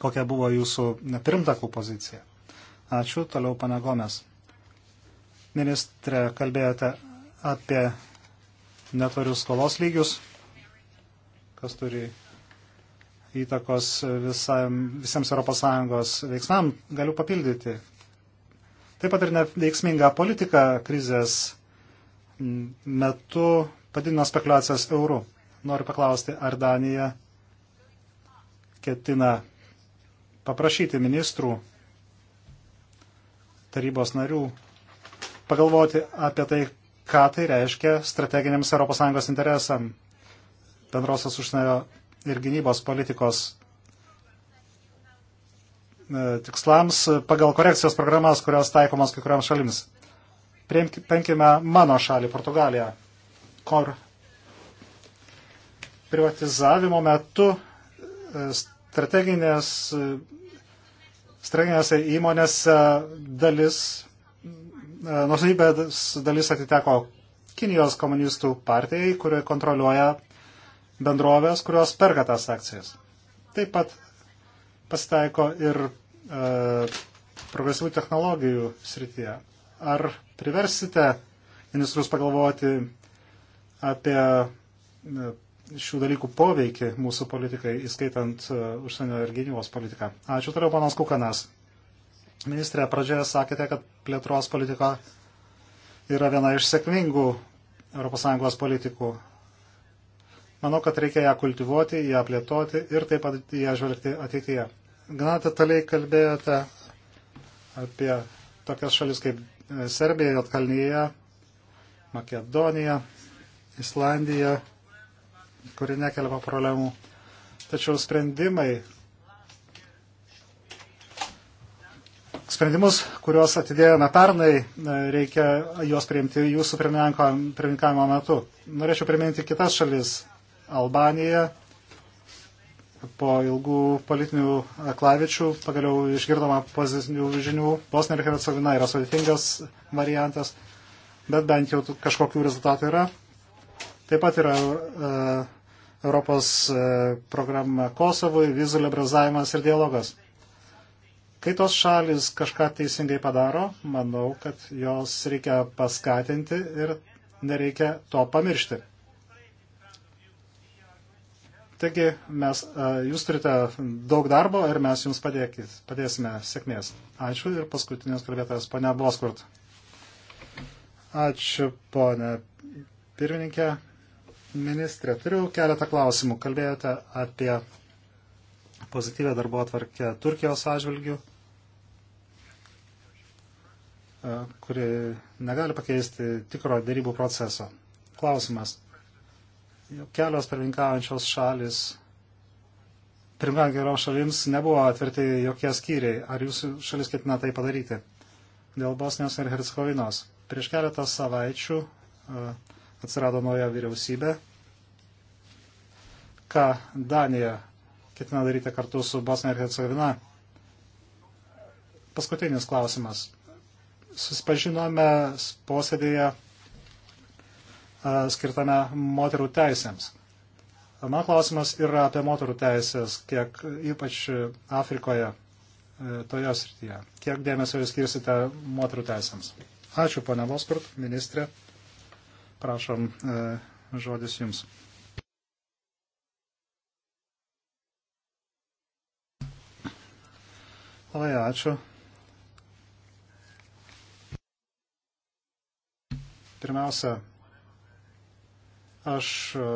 Kokia buvo jūsų pirmtakų pozicija? Ačiū, toliau panagomės. Ministre, kalbėjote apie netvarius skolos lygius, kas turi įtakos visam, visiems ES veiksmam, galiu papildyti. Taip pat ir neveiksminga politika krizės metu padidino spekulacijas eurų. Noriu paklausti, ar Danija ketina paprašyti ministrų tarybos narių pagalvoti apie tai, ką tai reiškia strateginiams ES interesam bendrosios užsienio ir gynybos politikos e, tikslams pagal korekcijos programas, kurios taikomos kai kuriams šalims. Paimkime mano šalį, Portugaliją. Kor privatizavimo metu e, strateginės, e, strateginėse įmonėse dalis, e, nusavybės dalis atiteko Kinijos komunistų partijai, kurioje kontroliuoja bendrovės, kurios perka tas akcijas. Taip pat pasitaiko ir e, progresyvių technologijų srityje. Ar priversite ministrus pagalvoti apie e, šių dalykų poveikį mūsų politikai, įskaitant e, užsienio ir gynybos politiką. Ačiū toliau, panas Kukanas. Ministrė, pradžioje sakėte, kad plėtros politika yra viena iš sėkmingų ES politikų. Manau, kad reikia ją kultivuoti, ją plėtoti ir taip pat ją žvelgti ateityje. Gana detaliai kalbėjote apie tokias šalis kaip e, Serbija, Jotkalnyje, Makedonija, Islandija, kuri nekeliama problemų. Tačiau sprendimai, sprendimus, kuriuos atidėjome pernai, e, reikia juos priimti jūsų pirmininkavimo metu. Norėčiau priminti kitas šalis - Albaniją. Po ilgų politinių klavičių pagaliau išgirdoma pozityvių žinių. Bosnija ir Hercegovina yra sudėtingas variantas, bet bent jau kažkokių rezultatų yra. Taip pat yra e, Europos e, programa Kosovui, vizų liberalizavimas ir dialogas. Kai tos šalis kažką teisingai padaro, manau, kad jos reikia paskatinti ir nereikia to pamiršti. Taigi, mes, e, jūs turite daug darbo ir mes jums padėkit, padėsime sėkmės. Ačiū ir paskutinės kalbėtojas, ponia Boskurt. Ačiū, ponia pirmininkė ministrė, turiu keletą klausimų. Kalbėjote apie pozityvę darbo atvarkę Turkijos atžvilgių, e, kuri negali pakeisti tikro dėrybų proceso. Klausimas. Kelios pirmininkaujančios šalis, pirmininkaujančios šalims nebuvo atverti jokie skyriai. Ar jūsų šalis ketina tai padaryti? Dėl Bosnijos ir Hercegovinos. Prieš keletą savaičių uh, atsirado nauja vyriausybė. Ką Danija ketina daryti kartu su Bosnija ir Hercegovina? Paskutinis klausimas. Susipažinome posėdėje skirtame moterų teisėms. Mano klausimas yra apie moterų teisės, kiek ypač Afrikoje e, toje srityje. Kiek dėmesio jūs skirsite moterų teisėms? Ačiū, ponia Voskurt, ministrė. Prašom, e, žodis jums. Labai ačiū. Pirmiausia, aš e,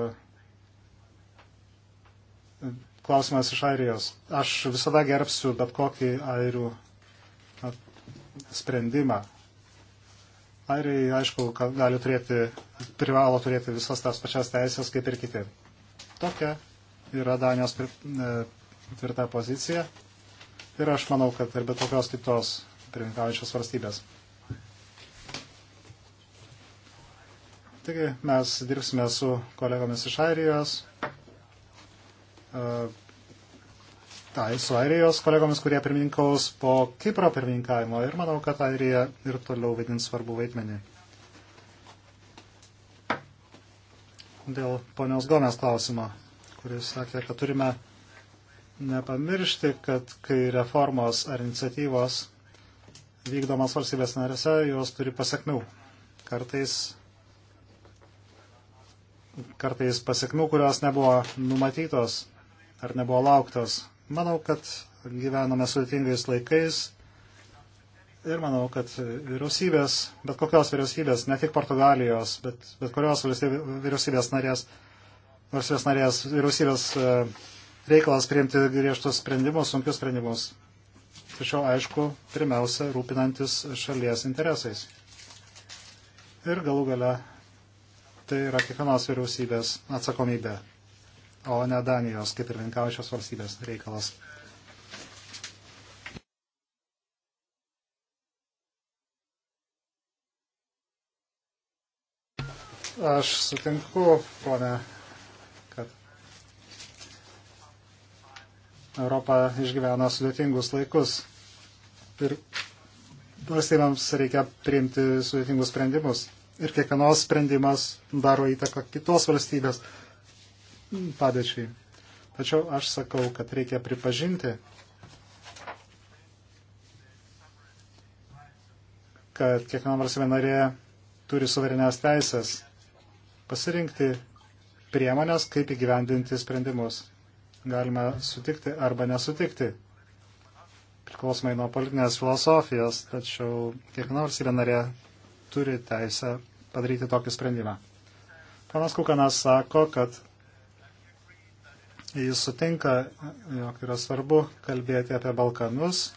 klausimas iš Airijos. Aš visada gerbsiu bet kokį airių sprendimą. Airiai, aišku, gali turėti, privalo turėti visas tas pačias teisės kaip ir kiti. Tokia yra Danijos e, tvirta pozicija ir aš manau, kad ir bet kokios kitos pirmininkaujančios valstybės. Taigi mes dirbsime su kolegomis iš Airijos, e, tai, su Airijos kolegomis, kurie pirmininkaus po Kipro pirmininkavimo ir manau, kad Airija ir toliau vaidins svarbu vaidmenį. Dėl ponios Gomės klausimo, kuris sakė, kad turime nepamiršti, kad kai reformos ar iniciatyvos vykdomas valstybės narėse, jos turi pasiekmių. Kartais kartais pasiekmių, kurios nebuvo numatytos ar nebuvo lauktos. Manau, kad gyvename sudėtingais laikais ir manau, kad vyriausybės, bet kokios vyriausybės, ne tik Portugalijos, bet, bet kurios vyriausybės narės, valstybės narės, vyriausybės e, reikalas priimti griežtus sprendimus, sunkius sprendimus. Tačiau, aišku, pirmiausia, rūpinantis šalies interesais. Ir galų gale tai yra kiekvienos vyriausybės atsakomybė o ne Danijos, kaip ir linkaujančios valstybės reikalas. Aš sutinku, ponė, kad Europa išgyvena sudėtingus laikus ir valstybėms reikia priimti sudėtingus sprendimus. Ir kiekvienos sprendimas daro įtaką kitos valstybės padėčiai. Tačiau aš sakau, kad reikia pripažinti, kad kiekviena valstybė narė turi suverenės teisės pasirinkti priemonės, kaip įgyvendinti sprendimus. Galime sutikti arba nesutikti, priklausomai nuo politinės filosofijos, tačiau kiekviena valstybė narė turi teisę padaryti tokį sprendimą. Panas Kukanas sako, kad jis sutinka, jog yra svarbu kalbėti apie Balkanus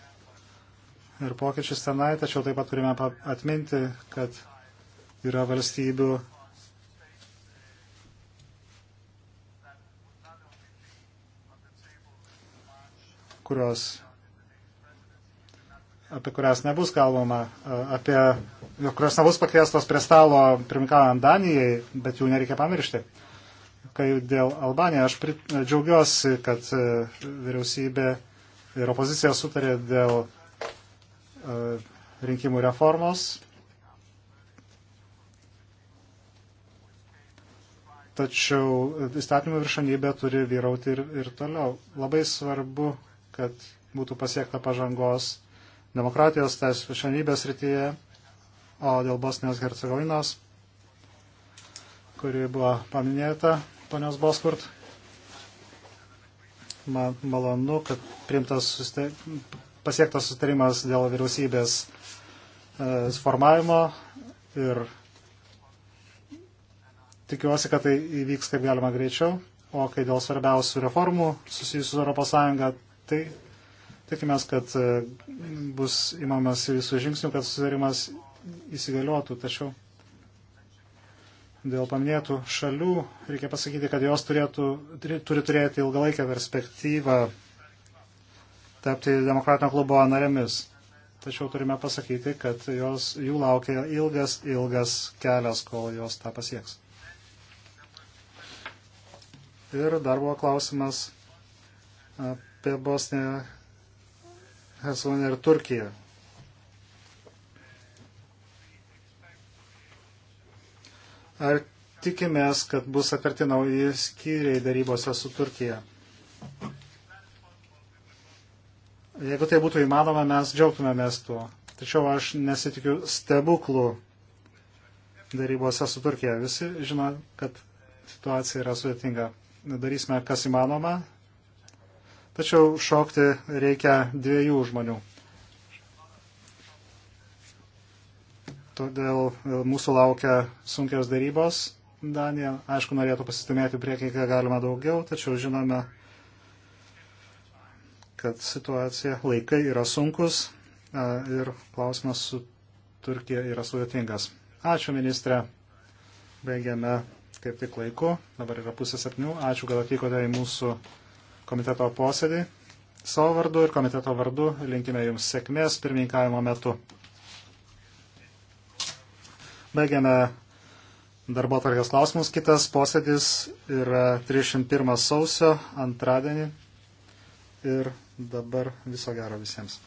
ir pokyčius tenai, tačiau taip pat turime atminti, kad yra valstybių, kurios, apie kurias nebus kalbama, apie, kurios nebus pakviestos prie stalo primkavant Danijai, bet jų nereikia pamiršti kai dėl Albanijos, aš prit, džiaugiuosi, kad e, vyriausybė ir opozicija sutarė dėl e, rinkimų reformos. Tačiau įstatymų viršanybė turi vyrauti ir, ir toliau. Labai svarbu, kad būtų pasiekta pažangos demokratijos teisų viršanybės rytyje, o dėl Bosnijos Hercegovinos, kuri buvo paminėta, ponios Boskurt. Man malonu, kad priimtas susite... pasiektas sustarimas dėl vyriausybės e, formavimo ir tikiuosi, kad tai įvyks kaip galima greičiau. O kai dėl svarbiausių reformų susijusių su ES, tai tikimės, kad e, bus įmamas visų žingsnių, kad susitarimas įsigaliotų. Tačiau Dėl paminėtų šalių reikia pasakyti, kad jos turėtų, turi turėti ilgalaikę perspektyvą tapti demokratinio klubo narėmis. Tačiau turime pasakyti, kad jos, jų laukia ilgas, ilgas kelias, kol jos tą pasieks. Ir dar buvo klausimas apie Bosniją, Hesvoniją ir Turkiją. Ar tikimės, kad bus atverti nauji skyriai darybose su Turkija? Jeigu tai būtų įmanoma, mes džiaugtumėmės tuo. Tačiau aš nesitikiu stebuklų darybose su Turkija. Visi žino, kad situacija yra sudėtinga. Darysime, kas įmanoma. Tačiau šokti reikia dviejų žmonių. todėl e, mūsų laukia sunkios darybos. Danija, aišku, norėtų pasistumėti priekį, kiek galima daugiau, tačiau žinome, kad situacija laikai yra sunkus e, ir klausimas su Turkija yra sudėtingas. Ačiū, ministrė. Baigiame kaip tik laiku. Dabar yra pusė septynių. Ačiū, kad atvykote į mūsų komiteto posėdį. Savo vardu ir komiteto vardu linkime Jums sėkmės pirmininkavimo metu. Baigiame darbo tvarkės klausimus. Kitas posėdis yra 31 sausio antradienį. Ir dabar viso gero visiems.